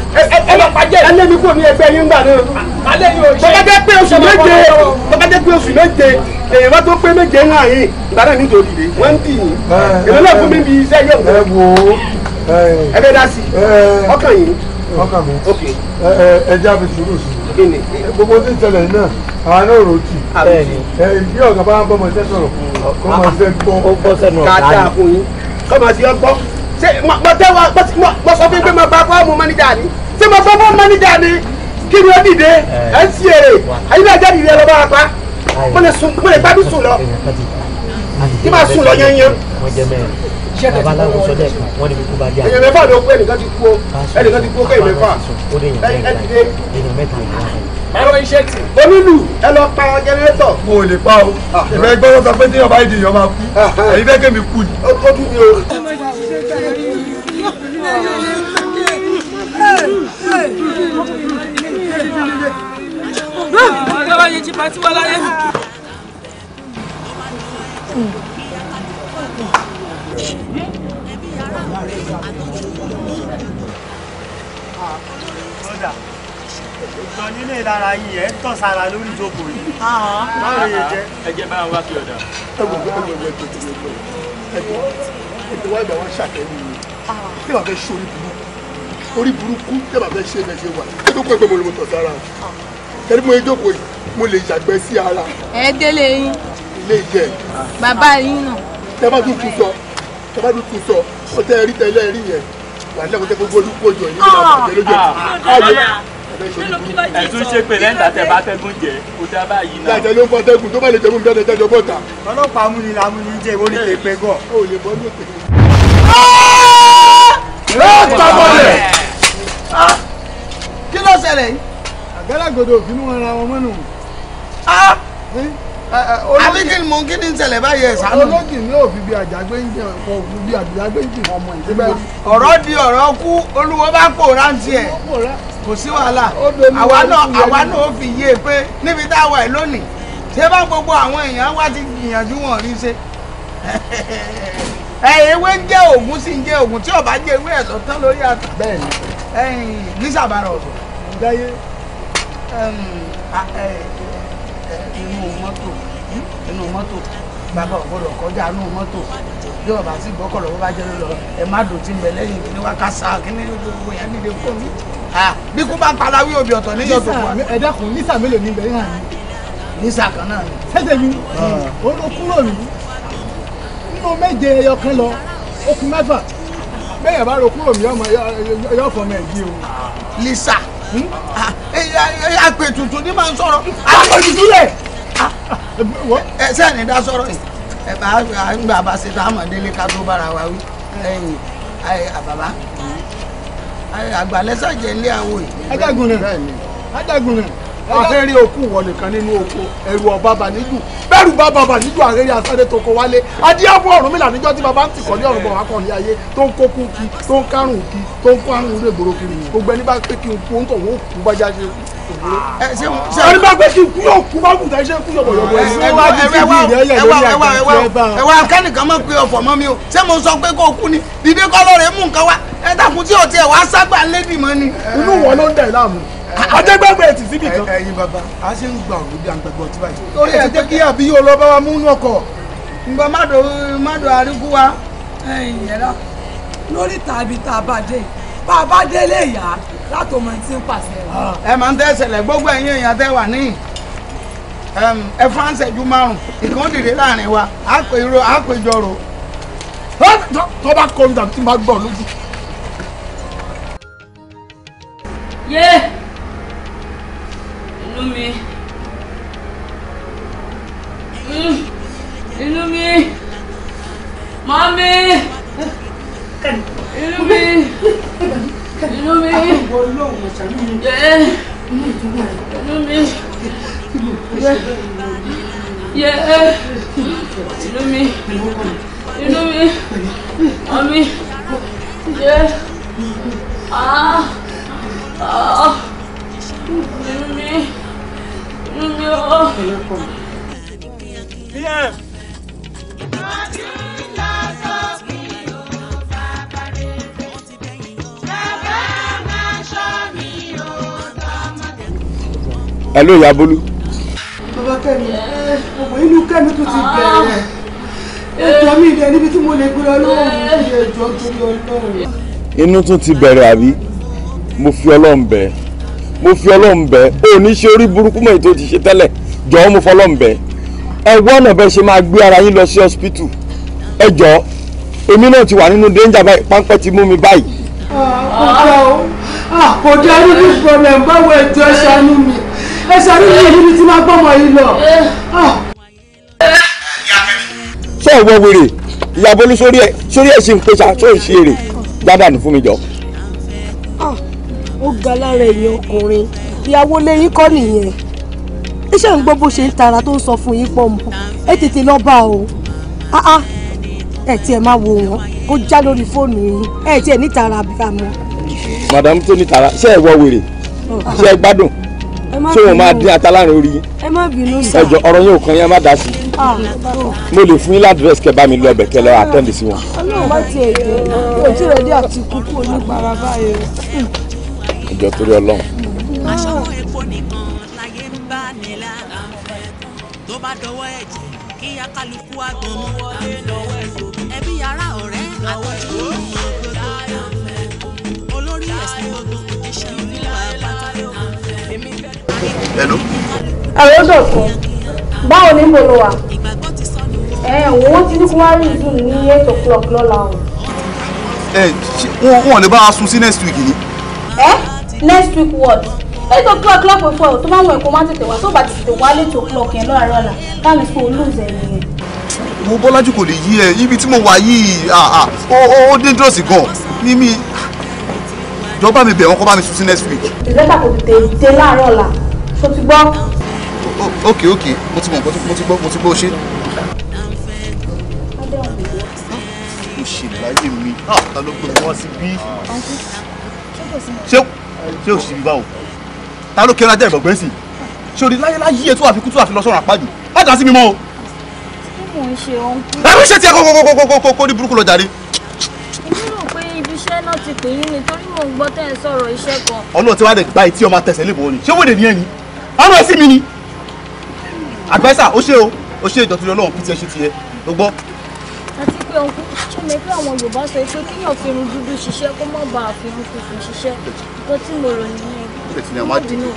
ẹ lọ pàjẹ́. ẹ lé mi kúrò ní ẹgbẹ́ yín gbà náà. alẹ́ yìí o ṣe. bọ́kẹ́ pé oṣù méje bọ́kẹ́ pé oṣù méje èèyàn bá tó pé méje náà yìí ìgbà náà nítorí rè wọ́n ń dì yín. èmi náà fún mi bí iṣẹ́ yóò wọ. ẹ wo ẹ bẹ dá sí. ọkàn yìí. ọkàn mi ẹ já mi sùúrù sùúrù. gbogbo tí ń náà àwọn náà rò tì. bí ọ̀gá bá ń bọ́ ọmọ iṣẹ́ sọ̀rọ̀ kọ́ ọmọ iṣẹ́ gbọ́. ó bọ́ sẹ́nu ọ̀gá ṣe mo tẹ́wọ́ mo sọ fún pé mo bá fọ́ọ̀mù mọ́níjà ni ṣé mo fọ́ fọ́ọ̀mù mọ́níjà ni kí ni ó dìde ẹ̀ ń sí èrè ayélujára jáde ìrẹ́ lọ́ba apá mo lè sùn mo lè gbádùn sùn lọ kí máa sùn lọ yẹnyẹn. babaláwo sọdẹ wọn ni kúkú bá dé àná. èèyàn mẹ́fà ló kú ẹnìkan ti kú o ẹnìkan ti kú o kéèyàn mẹ́fà ẹnìkan ti dé. èèyàn mẹ́ta ìgbà ẹ̀rọ iṣẹ́ tì. onílù ẹ lọ pa jẹnẹrétọ̀. mo ò lè pa o ìbẹ́ ah. gbọ́dọ̀ sọ pé tí ọba ìdí yọ máa kú èyí ah. fẹ́ kémi kú ni. o. ọ̀gá wa yẹn jí Yeah ìjọ nílé lára yìí ẹ̀ ń tọ̀ sára lórí ìjókòó yìí. báwo lè jẹ́. ẹ jẹ́ báwọn wá kí ọ̀dà. ẹ wò ó wọlé ètò tí mo gbọ́ ẹ ti wá ìgbà wọn ṣàtẹ́lẹ̀ mi kí wàá fẹ́ ṣe orí burúkú orí burúkú kí wàá fẹ́ ṣe bẹ́ẹ̀ ṣe wà kí ló pẹ́ pé mo lè mo tọ̀ sára o tẹ́lẹ̀ mo ìjókòó yìí mo lè yàgbẹ́ sí ara. ẹ délé yín. ilé ìjẹ. bàbá yín náà. tẹ́ bá tún tún sọ tẹ́ bá tún tún sọ ọtẹ́ rí tẹ́lẹ̀ rí yẹn wà lẹ́kọ̀ọ́ tẹ́ gbogbo olúkọ̀ jọ yìí ló máa bàjẹ́ lójú ẹ̀ ẹ̀tún ṣe pé lẹ́ńtà tẹ bá tẹ́gùn jẹ kó dá báyìí náà. ìdájọ́ ló ń fọ́ tẹ́gùn tó bá lè jẹ́ fún mi jáde jáde ọgbọ́ta. ọlọ́pàá amúnilá amúnilá jẹ́ ìwọ ní pépé gọ̀. o ò lè bọ́ ní òkè. lọ́tọ̀bọ̀lẹ̀ ah! kí ló ṣẹlẹ̀ yìí. àgẹ́lẹ́gòdò òfin mú ara wọn mọ́nu. Ah! Eh? Eh, eh, àbí kí ni mò ń kí ni ń ṣẹlẹ̀ báyìí ẹ̀ sánú. olókì ni yóò fi bí àjàgbé ń jẹ ọkọ̀ òfin bí àjàgbé ń jẹ ọmọ ìdíbẹ̀. ọ̀rọ̀ di ọ̀rọ̀ kú olúwo bá pòórá ń tiẹ̀ kò sí wàhálà àwa náà àwa náà ó fi yé e pé níbi tá a wà lónìí ṣé bá gbogbo àwọn èèyàn wá ti gbìyànjú wọn rí ṣe ewé ń jẹ́ ògùn sí ń jẹ́ ògùn tí ọba jẹ́ ewé ẹ̀sọ́ tán lórí ata. bẹ́ẹ̀ni. lisa bara ọsọ. ǹdáyé. inú mọ́tò inú mọ́tò bàbá ọ̀gbọ́dọ̀ kọjá inú mọ́tò bí ọba sì gbọ́kọ̀ lọ́wọ́ bá jẹ́ lọ́lọ́ ẹ̀ má dùn tí ń bẹ lẹ́yìn kí ni wàá ká sáà kí ni gbogbo yẹn nílé kọ́ mi. bí kú bá ń paláwí òbí ọ̀tọ̀ ní ìjọba wa. ẹ dákun nísà mélòó ní ibẹ̀rẹ̀ hàn ní. nísà kan náà ni. sẹ́sẹ̀ mi ó kúrò ní nínú méje ẹyọ kan lọ ó kù mẹ́fà bẹ́ẹ̀ bá ro kúrò mí ọmọ ẹyọ fọmọ ẹ̀ jí o. lisa hmm? àpè tuntun ní máa ń sọ̀rọ̀. àpè tuntun lẹ̀. ẹ sẹ́ni dá sọ̀rọ̀ yìí ẹ bá ń gbà bá ṣe tá a délé ká tó bára wa wí. bàbá àgbàlẹ́sàjẹ́ ilé àwọ̀ yìí. adágún rẹ̀ adágún rẹ̀. ahẹ́rẹ́ òkú wọ nìkan nínú oko ẹ̀rù ọba bàníjù bẹ́ẹ̀rù bá bàbà níjù ahẹ́rẹ́ asáré tó kọ wálé adíyàbọ̀ ọ̀run mìlá níjọ́ tí bàbá ń tìkọ̀ ní ọ̀run bọ̀ wá kàn ní ayé tó ń kó kú tó ń kárùn kí tó ń kó àrùn ilé ìgboro kiri gbogbo ẹni bá pé kí n kú ó ń tọ̀ wọ́n kú bá jáde ẹni eh, bá gbé kí kú yóò iṣẹ́ kú yọ̀bọ̀ yọ̀bọ̀ ẹ̀sìn ẹ̀ wá ju kí ìdílé yẹ̀ lórí àgbẹ̀tì ẹ̀ bá. o mo ni dídé kọ́lọ́ rẹ̀ mú ẹ a wa látò mọ̀ tí ń pàṣẹ. ẹ máa ń tẹ̀sẹ̀lẹ̀ gbogbo ẹ̀yin èèyàn tẹ́ wà níyìn ẹ fáǹsẹ̀ ju márùn ìkan dìde láàrin wa àpò ìró àpò ìjọrò. tó bá kọrin tàbí tí n bá gbọ́ lójú. yé inú mi hmm, inú mi màmí inú mi inú mi àtúwọ̀ ọlọ́run ọ̀sán mi inú ìdúró rẹ̀ inú mi kí ló fẹ́ ṣe bẹ́ẹ̀ inú mi inú mi ọmí yẹ ah ah inú mi inú mi ọ. Yeah. ẹ yabulu. ya bólú. bàbá kẹ́mi ọmọ inú kẹ́mi tó ti bẹ̀rẹ̀ ẹjọ́ mi ìdẹ níbi tí mo lè gbé ọlọ́run ní ẹjọ́ torí ọlọ́run. inú tún ti bẹ̀rẹ̀ àbí mo fi ọlọ́run bẹ̀ mo fi ọlọ́run bẹ̀ ó ní ṣe orí burúkú mọ̀ èyí tó ti ṣe tẹ́lẹ̀ jọ̀ọ́ mo fọlọ́run bẹ̀ ẹ wọ́n ọ̀nà bẹ́ẹ̀ ṣe máa gbé ara yín lọ sí hospital ẹ jọ̀ọ́ èmi náà ti wà nínú danger báyìí páńpẹ́ ti mú mi báyìí. Ah, kò dá o ah, kò dá irú bí problem báwo mi ẹ ṣàrí mi níbi tí máa gbọ́mọ yìí lọ. ṣé ìwọ wèrè ìyá Bólú sórí ẹ sórí ẹ ṣì ń pèsè àtúnṣe ìṣeré dáadáa ní fún mi jọ. ó ga lára ẹ̀yìn ọkùnrin ìyàwó lẹ́yìn kọ́ nìyẹn iṣẹ́ ń gbọ́ bó ṣe ń tara tó ń sọ fún yín pọ̀ mọ́ ẹ tètè lọ bá o ah, ah. ẹ tiẹ̀ máa wo wọn kó já lórí fóònù yín ẹ tiẹ̀ nítara bá mọ́. madam tó nítara ṣé ẹ wọ wèrè ṣé ẹ gbádùn ṣé wọn máa dín ata láàrin orí ẹjọ ọ̀rọ̀ yóò kan yẹn má dá sí ah, oh. mo lè fún yín ládírẹ́sì kẹ́ bá mi lọ ọbẹ̀ kẹ́ lọ àtẹ́ǹdì sí wọn. ìjọ torí ọlọ́run. aṣọ́wó ẹ̀jẹ̀ kí akálukú àgbọ̀n mú wọlé lọ́wọ́ ẹ̀jọ̀ ẹbí yàrá ọ̀rẹ́ àtọ́jú. Hello. ẹ̀rọ dọ̀tun báwo ni mo lọ wà wọ́n ti ní kí wọ́n rí ìdùn ní eight o'clock lọ́la o. ẹ wọn wọn ò ní bá a sùn sí next week ni. ẹ next week what eight o'clock lọ́pọ̀ fún ẹ tó bá wọn ẹ̀kọ́ má tètè wá tó bá tètè wá eight o'clock yẹn lọ́la lọ́la báwo fún olóòzẹ̀ yẹn. mo bọ́lájú kò lè yí ẹ ibi tí mo wà yìí ah, ah, ó dangerous gan ni mi ìjọba mi bẹ̀ wọ́n kó bá mi sùn sí next week. ìrẹ́ta kò tètè dé láàárọ̀ ọ̀la tó ti gbọ́. ok ok mo ti mọ̀ mo ti gbọ́ mo ti gbọ́ ṣe. mo ṣe láyé mi ah, ta ló gbé mi wá sí bí. ṣé ṣé òṣì mi báwo ta ló kẹ́ra jẹ́ ìgbọ̀gbẹ́ sí ṣé orí láyé láyé ẹ̀ tó àfikún tó àfi lọ sọ́run àpájù má dá sí mi mọ́ o. mo ń ṣe ohun kí. ẹ̀rú ṣe tiẹ̀ kókókókókó ní burúkú lọ jàre iṣẹ́ náà ti pè yín nítorí mò ń gbọ́ tẹ́ ẹ sọ̀rọ̀ iṣẹ́ kan. ọlọ́run tí wàá dẹ̀ gba etí ọmọ tẹsẹ̀ lébò ni ṣé wòde ni ẹ ni ọ̀rọ̀ sí mi ni àgbẹ́sà ó ṣe o ó ṣe ìdọ̀tí ọlọ́run pt ṣe tiẹ̀ ló gbọ́. àti pé òǹkú tún mi pé àwọn yorùbá sọ pé kíyàn fi irun dúdú ṣiṣẹ́ kó má bàa fi irun funfun ṣiṣẹ́ nǹkan tí mo rò nìyẹn mo bínú.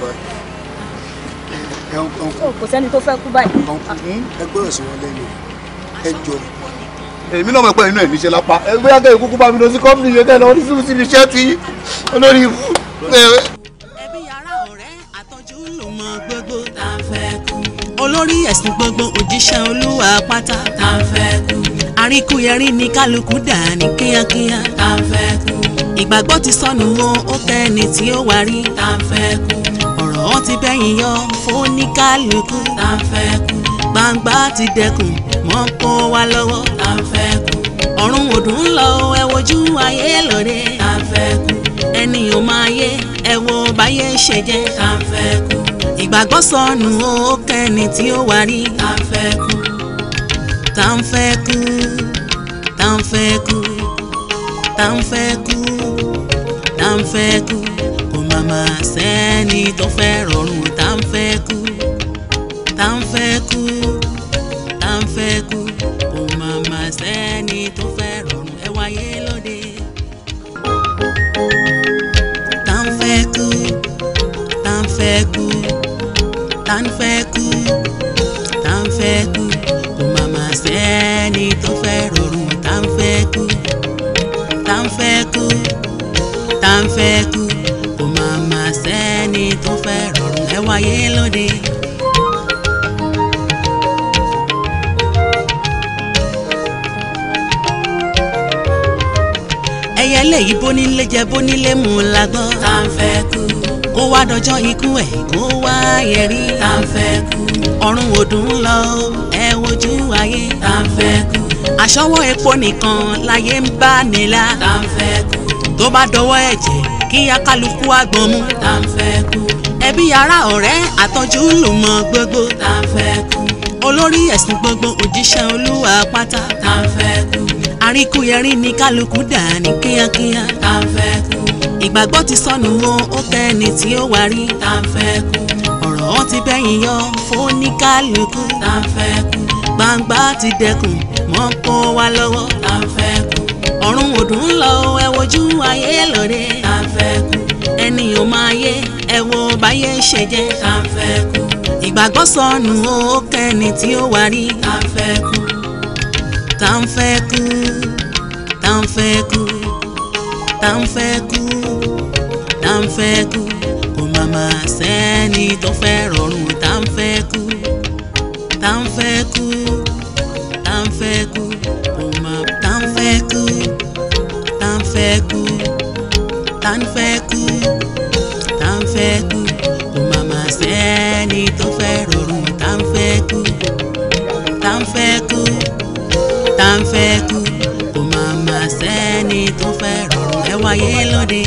kò sẹ́ni tó fẹ́ kú báyìí. ẹ gbọ́dọ̀ sí wọn lẹ́nu ẹ jọ èmi náà mọ̀ pé inú ẹ̀ níṣẹ́ lápá ẹ gbé yàgẹ́ ìkúkú bá mi lọ sí kọ́mìnì yẹn tẹ́lẹ̀ oníṣẹ́ ti níṣẹ́ ti olórí ẹ̀ ọmọ gbogbo tá a fẹ́ kú. olórí ẹ̀sìn gbogbo òjíṣẹ́ olúwa pátá tá a fẹ́ kú. àríkúyẹrí ni kálukú dà ní kíákíá tá a fẹ́ kú. ìgbàgbọ́ ti sọnù wọn ó tẹ́ni tí ó wà rí tá a fẹ́ kú. ọ̀rọ̀ wọn ti bẹ́yìn yọ fóníkálukú tá a fẹ́ kú. gbangba ti dẹkùn mọ́ kó wa lọ́wọ́ tá a fẹ́ kú. ọ̀run ọdún ń lọ ẹ wojú ayé lóde tá a fẹ́ kú. ẹni ò ẹ wo báyé ṣe jẹ́ tá a fẹ́ kú ìgbàgbọ́ sọnù ó kẹ́ni tí ó wà ní. tá ń fẹ́ kú tá ń fẹ́ kú tá ń fẹ́ kú tá ń fẹ́ kú tá ń fẹ́ kú kò má má sẹ́ni tó fẹ́ rọrùn tá ń fẹ́ kú tá ń fẹ́ kú tá ń fẹ́ kú kò má má sẹ́ni tó fẹ́ rọrùn ẹ wáyé lóde. tá ń fẹ́ kú tá ń fẹ́ kú tá ń fẹ́ kú tá ń fẹ́ kú kò má má sẹ́ni tó fẹ́ rọrùn tá ń fẹ́ kú tá ń fẹ́ kú tá ń fẹ́ kú kò má sẹ́ni tó fẹ́ rọrùn ẹ wáyé lóde. ẹyẹlẹ yìí bónílé jẹ bónílé mú la gbọ́. tá kú kó wá dọjọ́ ikú ẹ̀ kó wá yẹrí. tá a fẹ́ kú. ọ̀run òdùn lọ ẹ wojú ayé. tá a fẹ́ kú. àṣọwọ́ epo nìkan láyé ń bá nílá. tá a fẹ́ kú. tó bá dọwọ́ ẹ̀jẹ̀ kí akálukú àgbọn mú. tá a fẹ́ kú. ẹbí ará ọ̀rẹ́ àtọ́jú lùmọ̀ gbogbo. tá fẹ́ kú. olórí ẹ̀sìn gbogbo òjíṣẹ́ olúwa pátá. tá fẹ́ kú. àríkúyẹrí ni kálukú dà ní kíákíá. tá a fẹ́ kú ìgbàgbọ́ ti sọnù o ó fẹ́ ni tí ó wà rí tá ń fẹ́ kú ọ̀rọ̀ wọn ti bẹ́yìn yọ fóníkálukú tá ń fẹ́ kú gbangba ti dẹkùn wọ́n kó wa lọ́wọ́ tá ń fẹ́ kú ọ̀run òdùn ń lọ ẹ wojú ayé lóde tá ń fẹ́ kú ẹni ò máa yé ẹ wo báyé ṣe jẹ́ tá ń fẹ́ kú ìgbàgbọ́ sọnù o ó kẹ́ni tí ó wà rí tá ń fẹ́ kú tá ń fẹ́ kú tá ń fẹ́ kú tá ń fẹ́ kú ń fẹ́ kú kò má má sẹ́ni tó fẹ́ rọrùn tá ń fẹ́ kú tá ń fẹ́ kú tá ń fẹ́ kú kò má tá ń fẹ́ kú tá ń fẹ́ kú tá ń fẹ́ kú tá ń fẹ́ kú kò má má sẹ́ni tó fẹ́ rọrùn tá ń fẹ́ kú tá ń fẹ́ kú tá ń fẹ́ kú kò má má sẹ́ni tó fẹ́ rọrùn ẹ wáyé lóde.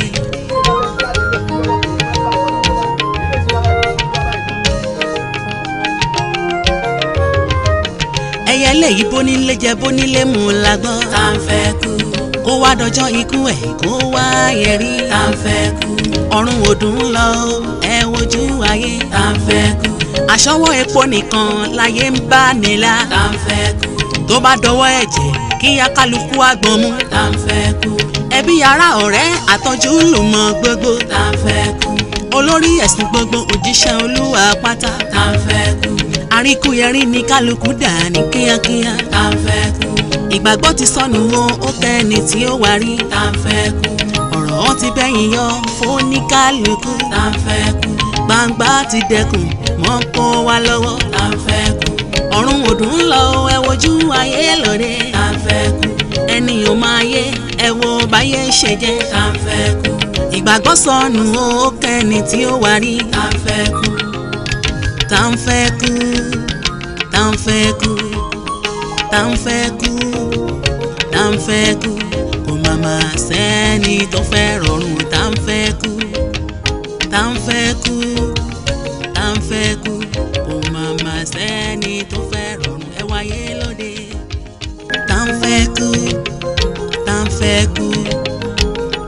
eléyìí bónílé jẹ bónílé mu la gbọ́. tá n fẹ́ kú. kó wá dọjọ́ ikú ẹ̀ kó wá yẹrí. tá n fẹ́ kú. ọ̀run òdùn lọ ẹ wojú ayé. tá n fẹ́ kú. àṣọwọ́ epo nìkan láyé ń bá nílá. tá n fẹ́ kú. tó bá dọwọ́ ẹ̀jẹ̀ kí akálukú àgbọn mú. tá n fẹ́ kú. ẹbí ará ọ̀rẹ́ àtọ́jú lùmọ̀ gbogbo. tá n fẹ́ kú. olórí ẹ̀sìn gbogbo òjíṣẹ́ olúwa pátá. tá n fẹ́ kú àríkúyẹrí ni kálukú dà ní kíákíá. ta ń fẹ́ kú. ìgbàgbọ́ ti sọnù o ó tẹni tí ó wà rí. ta ń fẹ́ kú. ọ̀rọ̀ ó ti bẹ́yìn yọ fóní kálukú. ta ń fẹ́ kú. gbangba ti dẹkùn mọ́ kó wa lọ́wọ́. ta ń fẹ́ kú. ọ̀run ọdún ń lọ ẹ wojú ayé lóde. ta ń fẹ́ kú. ẹni ò máa yé ẹ wo báyé ṣe jẹ́. ta ń fẹ́ kú. ìgbàgbọ́ sọnù o ó kẹni tí ó wà rí. ta ń fẹ́ kú. ta ń fẹ́ kú tá ń fẹ́ kú tá ń fẹ́ kú tá ń fẹ́ kú kò má má sẹ́ni tó fẹ́ rọrùn tá ń fẹ́ kú tá ń fẹ́ kú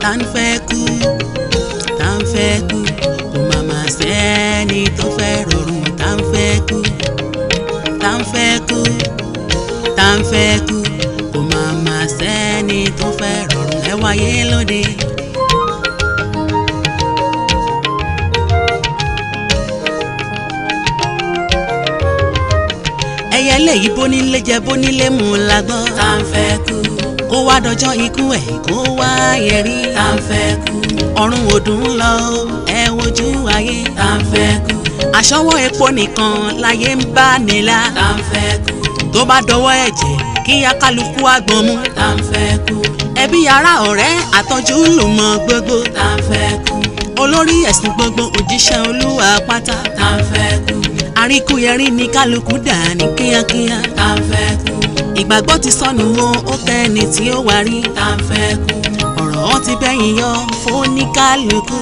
tá ń fẹ́ ń fẹ́ kú kò máa má sẹ́ni tó fẹ́ rọrùn ẹ wáyé lóde. ẹyẹ léyìí bónílé jẹ bónílé mú la gbọ́. tá ń fẹ́ kú. kó wá dọjọ́ ikú ẹ̀ kó wá yẹ rí. tá ń fẹ́ kú. ọ̀run òdùn lọ ẹ wojú ayé. tá ń fẹ́ kú. àṣọwọ́ epo nìkan láyé ń bá nílá. tá ń fẹ́ kú tó bá dọwọ́ ẹ̀jẹ̀ kí akálukú àgbọn mú. tá n fẹ́ kú. ẹbí ará ọ̀rẹ́ àtọ́jú lùmọ̀ gbogbo. tá n fẹ́ kú. olórí ẹ̀sìn gbogbo òjíṣẹ́ olúwa pátá. àríkúyẹrí ni kálukú dà ní kíákíá. tá n fẹ́ ìgbàgbọ́ ti sọnù o ó tẹ́ni tí ó wà rí. tá n fẹ́ kú. ọ̀rọ̀ wọn ti bẹ́yìn yọ fóníkálukú.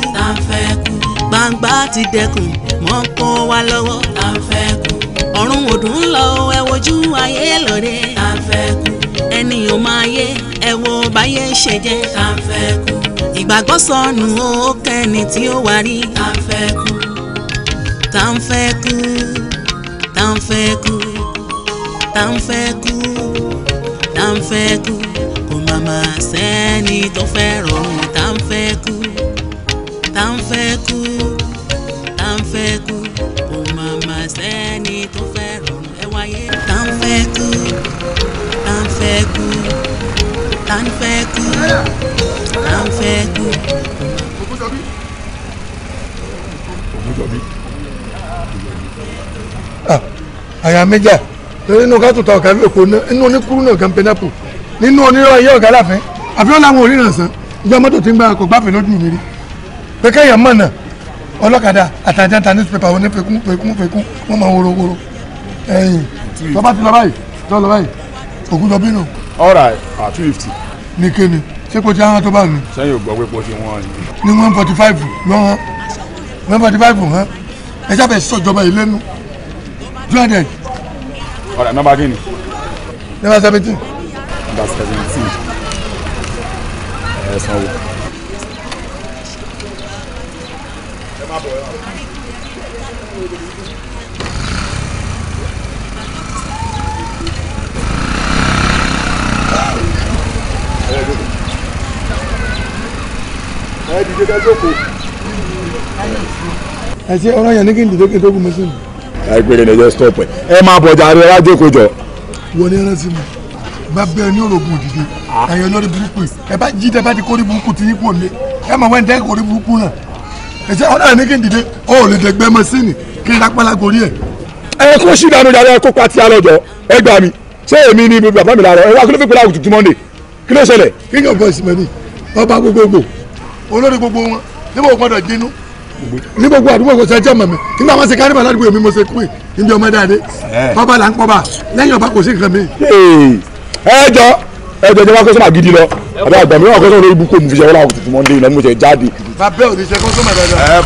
gbangba ti dẹkùn mọ́ kó wa lọ́wọ́. tá ọ̀run ọdún lọ ẹ wojú ayé lóore. àfẹ́kù. ènìyàn máa yé ẹ wo báyé ṣe jẹ́. àfẹ́kù. ìgbàgbọ́ sọnù ó kẹ́ni tí ó wà rí. àfẹ́kù. tá ń fẹ́ kú tá ń fẹ́ kú tá ń fẹ́ kú tá ń fẹ́ kú kò má má sẹ́ni tó fẹ́ rọrùn tá ń fẹ́ kú tá ń fẹ́ kú. fẹ́ kú à ń fẹ́ kú à ń fẹ́ kú à ń fẹ́ kú. àyà méjà lórí inú ká tuntun ọ̀gá lóko inú oníkúrú náà gan pẹ́nápù nínú onírọ̀ ayé ọ̀gá láfẹ́ àfihàn làwọn oríran sàn ìjọ mọ́tò tí ń gbà kó gbáfẹ́ lójú mi rí pé kéèyàn mọ̀nà ọlọ́kadà àtàjà ta newspaper onífẹ̀kún fẹ̀kún fẹ̀kún wọ́n máa ń woro woro ẹ̀yìn tọ́ba ti lọ báyìí tọ́ lọ báyìí ògùn bínú. all right ah two fifty. ní kéne ṣé kò tí a hàn tó bá mi. sẹ́yìn ò gbọ́ pé kò ti wọ́n ni. ní one forty five lọ́wọ́ one forty five hàn ẹ sábẹ̀ sọ̀jọba yìí lẹ́nu two hundred. all right nọ́mbà kí ni. nọ́mbà seventeen. nọ́mbà seventeen. ẹ sanwó. ẹ dìde ká jókòó. ẹ ṣe ọ̀rọ̀ yẹn ní kí n dìde kí n tó gún mi sí mi. àìpèrè ni ẹ jẹ́ stop ẹ ẹ máa bọ̀ jàre ẹ jókòó jọ. wọ́n ní ẹran sí mi bá bẹ́ẹ̀ ní òrògùn òdìdí ẹ̀yọ́ lórí burúkú ẹ bá jí dẹ́ bá ti kórí burúkú ti yín kò lé ẹ mọ̀ wẹ́n dẹ́ kórí burúkú náà ẹ ṣe ọ̀rọ̀ yẹn ní kí n dìde ó lè dẹ̀gbẹ́ mọ́sínì kí n rápálá gorí ẹ̀. ẹ kó sí ìdánù ìdánù ẹ kó pa ti alọ́jọ́ ẹ gbà mí ṣé èmi ni bàbá mi làárọ̀ ẹ wá kí ló fi pẹ́lá àwùjọ túmọ̀ ní olórí gbogbo wọn níbo gbọ́dọ̀ dínú ní gbogbo àdúgbò kò sẹ́jọ́ mọ̀mí nígbà wọn ṣe kárìbà ládùúgbò mi mo ṣe kú ìdí ọmọ dáadé bàbá là ń pọ̀ bá lẹ́yìn ọba kò sí nǹkan mi. ẹ jọ ẹ jọ jẹ gidi lọ àbí àgbà mi wà kọsọmà lórí ibùkún mi fi ṣe wọn mọ ndé yìí mo ṣe jáde. bàbá ò ṣe kọsọmà dáadáa.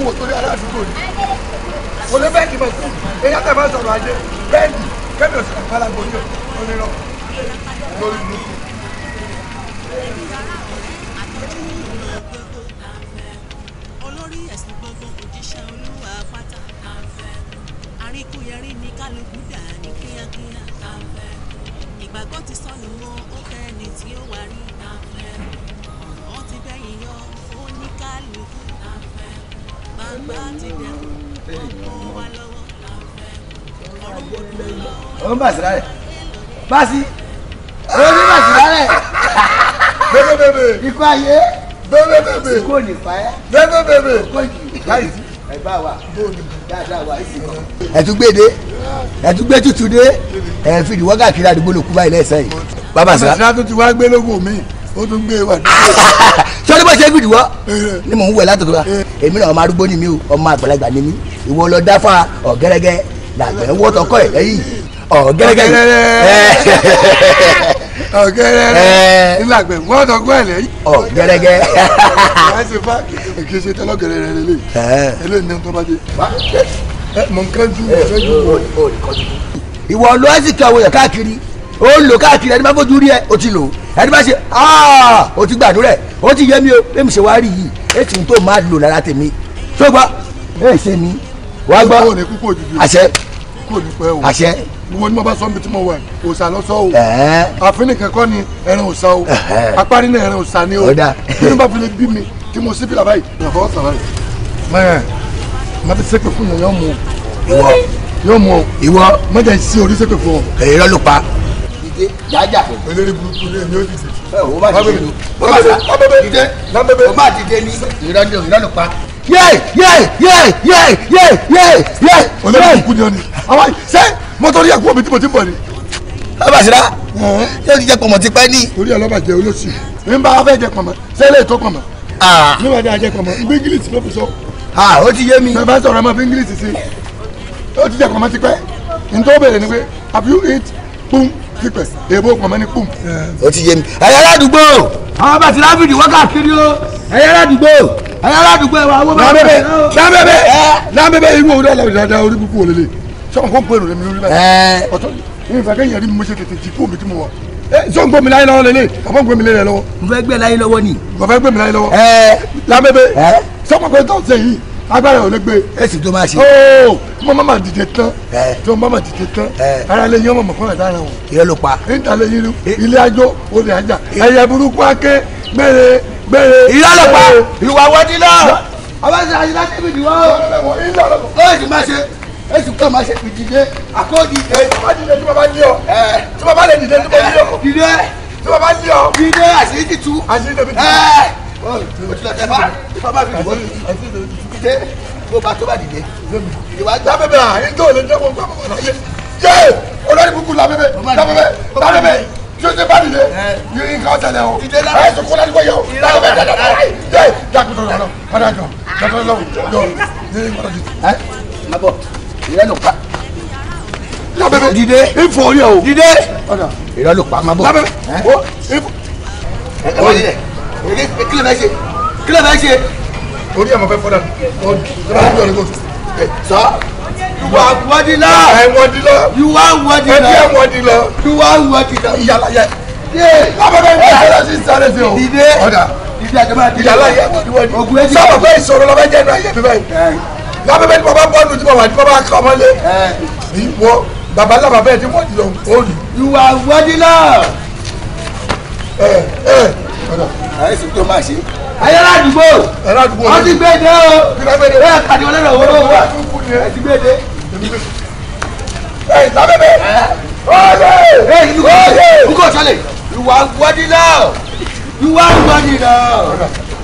ń wò torí ará ni kò lè bẹ́ẹ̀ kí n bá sùn èyí á tẹ̀fẹ́ sọ̀rọ̀ ajé bẹ́ẹ̀ni kẹ́mi ò sì kà palago ní onírọ̀ lórí ìlú. olórí ẹ̀sìn gbọ́ngàn ìgbàgbọ́ ti sọnù wọn ó fẹ́ ni tí ó wà rí ọ̀rọ̀ ti bẹ́yìn yọ ó ní kálukú ó ń bà sí lálẹ́ bá sí ó ń bà sí lálẹ́ ikú ayé ikú ò ní fa ẹ́ kó jù ẹ bá wa dáadáa wa ìsìn kan. ẹ̀túgbèdé ẹ̀túgbètútúdé ẹ̀ fìdí wọ́gà kiri àdúgbò lòkú báyìí lẹ́sẹ̀ yìí. bàbá sira tó ti wá gbé lógún mi ó tún gbé wà. sọ́ni bá ṣe bìdì wá eh, ni mò ń wẹ̀ látọ̀tọ̀ wa èmi náà ọmọ arúgbó ni mi o ọmọ àgbàlagbà ni mi ìwọ lọ dáfà ọ̀gẹ́rẹ́gẹ́ làgbẹ̀ ń wọ́tọ̀ kọ́ ẹ̀ lẹ́yìn ọ̀gẹ́rẹ́gẹ́ ọ̀gẹ́rẹ́gẹ́ eh. làgbẹ̀ ń wọ́tọ̀ kọ́ ẹ̀ lẹ́yìn ọ̀gẹ́rẹ́gẹ́. ẹ ṣe fa kì í ṣe tẹ́lọ̀gẹ̀rẹ́ rẹ lélẹ̀ eh. eléyìí ni tó bá dé mọ̀ nǹkan ju ìwọ lọ́ọ́ sì kí àwọn yàrá káàkiri ó ń lò káàkiri ẹni bá fojú rí ẹ o ti lò ẹni bá ṣe o ah, ti gbàdúrà ẹ o ti yẹ mi o bí mi ṣe wá rí yìí ètò tó máa lò lára tèmi tó gbọ́ ẹ ṣe mi wàá gbọ́ àṣẹ àṣẹ wo ni mo bá sọ mi tí mo wà òòsà lọ sọ o àfin nìkan kọ́ ni ẹran òòsà o apárí náà ẹran òòsà ni o bí mo bá fi lè bí mi tí mo sí fìlà báyìí ìyàfọwọ́ sàrà yìí mẹ́ẹ̀ má fi ṣépè fún yẹn yọ mu o yọ mu o ìwọ mẹ́jẹ̀ sí orí ṣépè fún ọ. èyí lọ́lùpàá dìde jájà. olórí burúkú ni èmi ò dìde. o bá dìde ni o bá dìde o bá dìde ni ìrọ́lù ìrọ́lù pa. yé yé yé yé yé yé yé. olórí burúkú ni o ni àwọn ṣé mọ́tò rí tí mo ti bọ̀ ni. abasira yóò ti jẹ pọmọ ti pẹ ní. orí ọlọ́bàjẹ́ olóṣù ń bá fẹ́ jẹ pọmọ sẹ́lẹ̀ tó pọmọ. níwájú ajẹ́ pọmọ gbẹ́ngìlì tí ló fi sọ. ó ti yé mi. bàbá sọ̀rọ̀ ọmọ gbẹ́ngìlì ti ṣe ó ti jẹ pọmọ ti pẹ́ ntọ́ bẹ̀rẹ̀ ni pé have you eat pum pípẹ èbó pọmọ ní pum. o ti yé mi ẹyẹ ládùúgbò. àwọn bàtí láfíìdì wákàkiri o ẹyẹ ládùúgbò ẹyẹ ládùúgbò ẹwà owó bàtí. lábẹ́bẹ́ lábẹ́bẹ́ lábẹ́bẹ́ irú òwúrọ̀ ẹ̀lẹ́ dáadáa orí kúkú òlele sọ̀rọ̀ kó ń pèrò lẹ́mi lórí báyìí ọ̀tọ̀ ní ìfẹ́ kẹ́yìn rí mi mo ṣe tètè jí fóònù tí mo wà so n gbomi láyé lọ́wọ́ lele àbọ̀ n gbomi lele lọ́wọ́. n fẹ́ gbé láyé lọ́wọ́ ni. n fẹ́ gbé mi láyé lọ́wọ́. ẹẹ lábẹ́bẹ́ sọ́kọ̀ pé tó ń sẹ́yìn agbára ò lè gbé. ẹ sì tó máa ṣe. ooo mo máa ma dìde tán. tó máa ma dìde tán. ara lè yan mọ̀mọ́ fún ẹ̀dára wọn. ìyẹn ló pa. níta lè yin ilé ajó olè ajá ẹ̀yẹ burúkú akẹ́ gbére gbére. ìyá ló pa ìwà wọ́dí náà. ọba ṣe àyíká tẹ́bi ìwà o. lóye ti máa ṣe e sì kọ́ máa ṣe ìdílé àkóòdì. ẹ tí bàbá dìde tí bàbá ní ọ. tí bàbá lè dìde tí bàbá ní ọ. dìde tí bàbá ní ọ. dìde àṣírí ti tú. àṣírí tẹ̀bi tú. ẹ ọ̀ tí bàbá fi dìbò dìde gbogbo àtọ́ba dìde ìwà já bẹ́bẹ́ àárín tó lè dẹ́kun gbà bọ̀ láyé jẹ́ olórí kúkú la bẹ́bẹ́ la bẹ́bẹ́ la bẹ́bẹ́ tí o ṣe bá dìde ní nǹkan ọ̀tẹ̀lẹ̀ o ẹ̀ sọ kó láti wáyé o la bẹ́bẹ́ dada dada jẹ́ jákòtò lọ́rọ̀ padà jọ jákòtò lọ́wọ́ jọ ní ìmọ̀ràn dìde. ẹ má bọ̀ ìrẹ́lù pa la bẹ́bẹ́ dìde ìfọ̀ orí o dìde ìrẹ́lù pa má bọ̀ la bẹ́bẹ́ o ìfọ̀. kílẹ̀ bẹ́ẹ̀ ṣe kílẹ̀ bẹ́ẹ̀ ṣe torí ẹ̀ mọ̀ fẹ́ fọ́dà sá. Ìwà wọ́dìlá. Ẹ wọ́dìlá. Ìwà wọ́dìlá. Ẹ wọ́dìlá. Ìwà wọ́dìlá. Ìyàlá yẹ. Lábẹ́bẹ́ ní ìṣẹ̀lẹ̀ sí sáré sí o. Dìde. Ọ̀dà. Dìde àjọba àti ìyàlá yẹ. Ògùn ẹ̀jẹ̀. Sábà fẹ́ ìṣòro lọ́bẹ̀ jẹ́ inú ayé bíbẹ́ yìí. Lábẹ́bẹ́ ní tí bàbá ti wọ́dìlá òòlù. Ìwà wọ́dìlá. Ẹ ẹ àyẹ̀sì tó máa ṣe. ayọ́lá àdúgbò wọ́n ti gbé dé o bẹ́ẹ̀ kàdé wọn lọ́dọ̀ owó wa ẹ ti gbé dé. ẹ ìsàbẹ̀bẹ̀ ọ̀yẹ́ ẹ ìlú kò sọlẹ̀ ìwà wọ́dí náà ìwà wọ́dí náà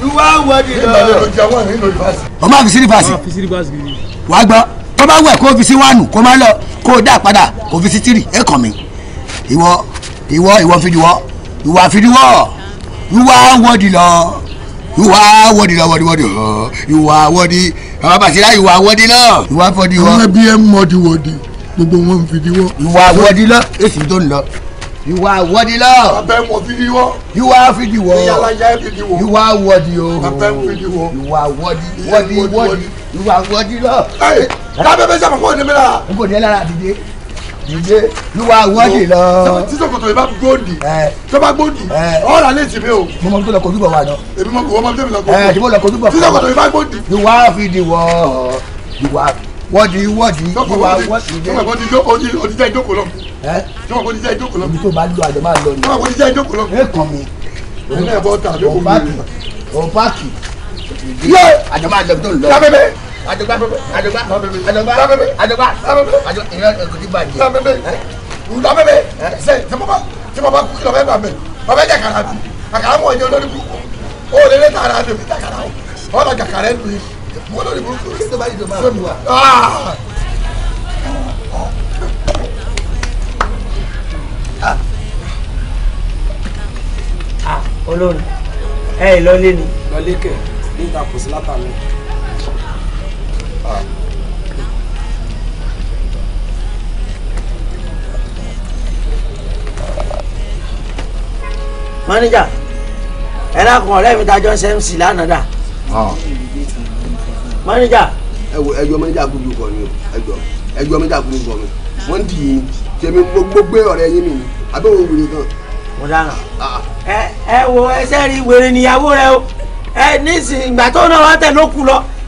ìwà wọ́dí náà. ọmọ àfisiri fàásì wàá gbọ́ tó bá wẹ̀ kó fi sí wánù kó má lọ kó dà padà kó fi sí tìrì ẹ̀ kàn mí ìwọ ìwọ ìwọ fìdíwọ ìwọ àfìdíwọ you are worthy Lord you are worthy Lord worthy worthy oh you are worthy bàbá bàṣírà you are worthy Lord you are worthy Lord. àwọn ẹbí ẹ mọ di wọ́ọ̀dì gbogbo wọn ń fi di wọ́. you are worthy Lord èsì tó ń lọ you are worthy Lord. bàbá ẹ mọ fi di wọ́. you are fi di wọ́. ìyàrá ìyá ẹ fi di wọ́. you are worthy o. bàbá ẹ fi di wọ́. you are worthy worthy worthy you are worthy Lord. ẹ dábẹ́ bẹ́sẹ̀ mọ̀ kó o ní mi n kò ní lára àdìde dìde lúwa wọn kì lọ. tí sọkòtò yìí bá gbòdì tó bá gbòdì ọ̀rọ̀ alẹ́ ti mi o. mo mọ tó lọ kojú bọ̀ wa náà. èmi mọ kò wọ́n tó mi lọ kojú ẹ ti mo lọ kojú bọ̀. tí sọkòtò yìí bá gbòdì. ìwà fi di wọ ìwà wọ́ọ̀dì wọ́ọ̀dì ìwà wọ́ọ̀dì dé. sọkòtò ti jẹ́ ìjókòó lọ. sọkòtò ti jẹ́ ìjókòó lọ. ibi tó bá lọ àjọ máa lọ ni. sọkòtò ti jẹ́ ìjókòó lọ. ẹ kàn mí. ẹ àjọgbá àjọgbá àjọgbá àjọgbá àjọgbá ìyá ẹ̀kọ́ ti bàjẹ́. ǹdọ́ bẹ́ẹ̀ bẹ́ẹ̀ ṣe tí mo bá kú kí lọ bẹ́ẹ̀ bà mẹ́ bàbá ẹ̀ jàkàrà mi àkàrà mọ̀ ẹ̀jẹ̀ olórí burúkú ó lè lé tààrà mi òbí jàkàrà o ọ̀nà jàkàrà ẹ̀ lùyẹ mo lórí burúkú kí ló bá yìí ló bá wà. Ah. Ah. Ah, olórí ẹ ẹ ni. lọ kẹ níta kò sí látàlẹ́ mọ́níjà ẹ dákun ọ̀rẹ́ mi tajọ́ ṣe ń sì lánàá dà. mọ́níjà. ẹ wo ẹjọ́ mọ́níjà kọ mi o ẹjọ́ ẹjọ́ mọ́níjà kúrú kọ mi wọ́n ń dì tèmi gbogbo gbé ọ̀rẹ́ yín mi ni àbẹ́ wèrè kan. mo dáná ah, ah. ẹ ẹ wo ẹsẹ rí wèrè níyàwó rẹ o ẹ nísìnyí ìgbà tó náà wà tẹ ló kú lọ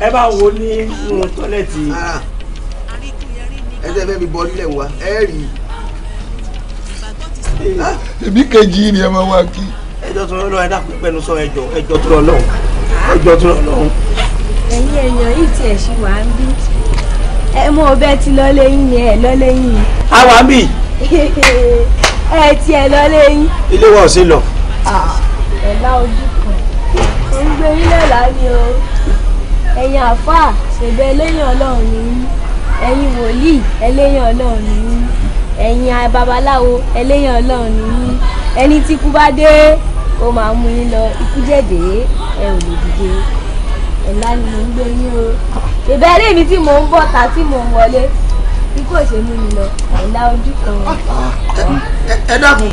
ẹ bá wo ní tọ́lẹ̀tì. Ah. ẹsẹ̀ fẹ́ mi bọ nílẹ̀ wa ẹ rí i. èmi kejì ni ẹ máa wá kí. ẹjọ́ tó lọ́wọ́ ẹ dákun pẹ́nu sọ ẹjọ́ ẹjọ́ tó lọ́wọ́ ẹjọ́ tó lọ́wọ́. ẹ̀yin èèyàn yìí tiẹ̀ ṣì wá ń bí ẹ mú ọbẹ̀ tí lọ́lẹ́yìn ni ẹ lọ́lẹ́yìn a wà ń bì. ẹ tiẹ̀ lọ́lẹ́yìn. ilé wa ò sí lọ. Ah, ẹ̀la ojú kan ò ń gbé ilé lánìí o ẹ̀yin àfáà ṣègbè ẹlẹ́yìn ọlọ́run ni yín ẹ̀yin wòlíì ẹlẹ́yìn ọlọ́run ni yín ẹ̀yin babaláwo ẹlẹ́yìn ọlọ́run ni yín ẹni tí kú bá dé ó máa mú yín lọ ikú jẹ̀dẹ̀ ẹ ò lè dìde ẹ̀la ni mò ń gbé yín o ìbẹ̀rẹ̀ mi tí mò ń bọ̀ ta tí mò ń wọlé bí kò ṣe mú mi lọ ẹ̀la ojú kan. ẹ dákun.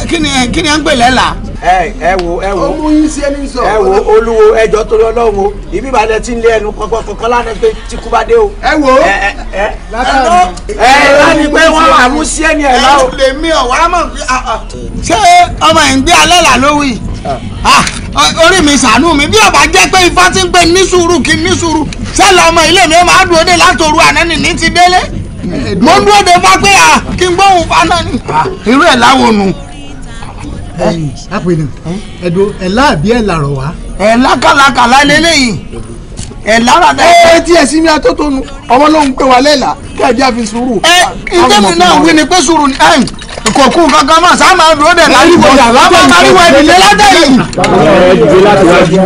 kíni kíni à ń pè lẹ́la. ẹ ẹ wo ẹ wo ọmọ yín sí ẹni sọ. ẹ wo olúwo ẹjọ torí Ọlọ́run ibi ìbàdàn ti ń lé ẹnu kọkọ lánàá pé tí kú bá dé o. ẹ wo ẹ ẹ pé wọn sí ẹni ẹ ẹ lè ọ wàá mọ ṣé ọmọ yìí ń gbé alẹ́ là lówì ah. ah, orí mi ti ń pè ní sùúrù kí ní sùúrù ọmọ ilé mi máa látòru ti délé mo dúró pé ah, kí ni ẹyìn àpènà ẹdùn ẹlá àbí ẹlà rọ wá. ẹlá kàlàkàlà lélẹyìn ẹlá ràdá. ẹ tí ẹ sinmi atótónu ọmọ ló ń pè wá lẹ́la kí ẹ jẹ́ àfi sùúrù. ẹ ìjẹ́mi náà wí ni pé sùúrù ni kò kú kankan mọ̀ sáà máa dúró dẹ̀ láríwọ̀ yàrá máa láríwọ̀ ẹ̀dínlẹ̀ látẹ̀yìn. ẹ dìde láti wájú.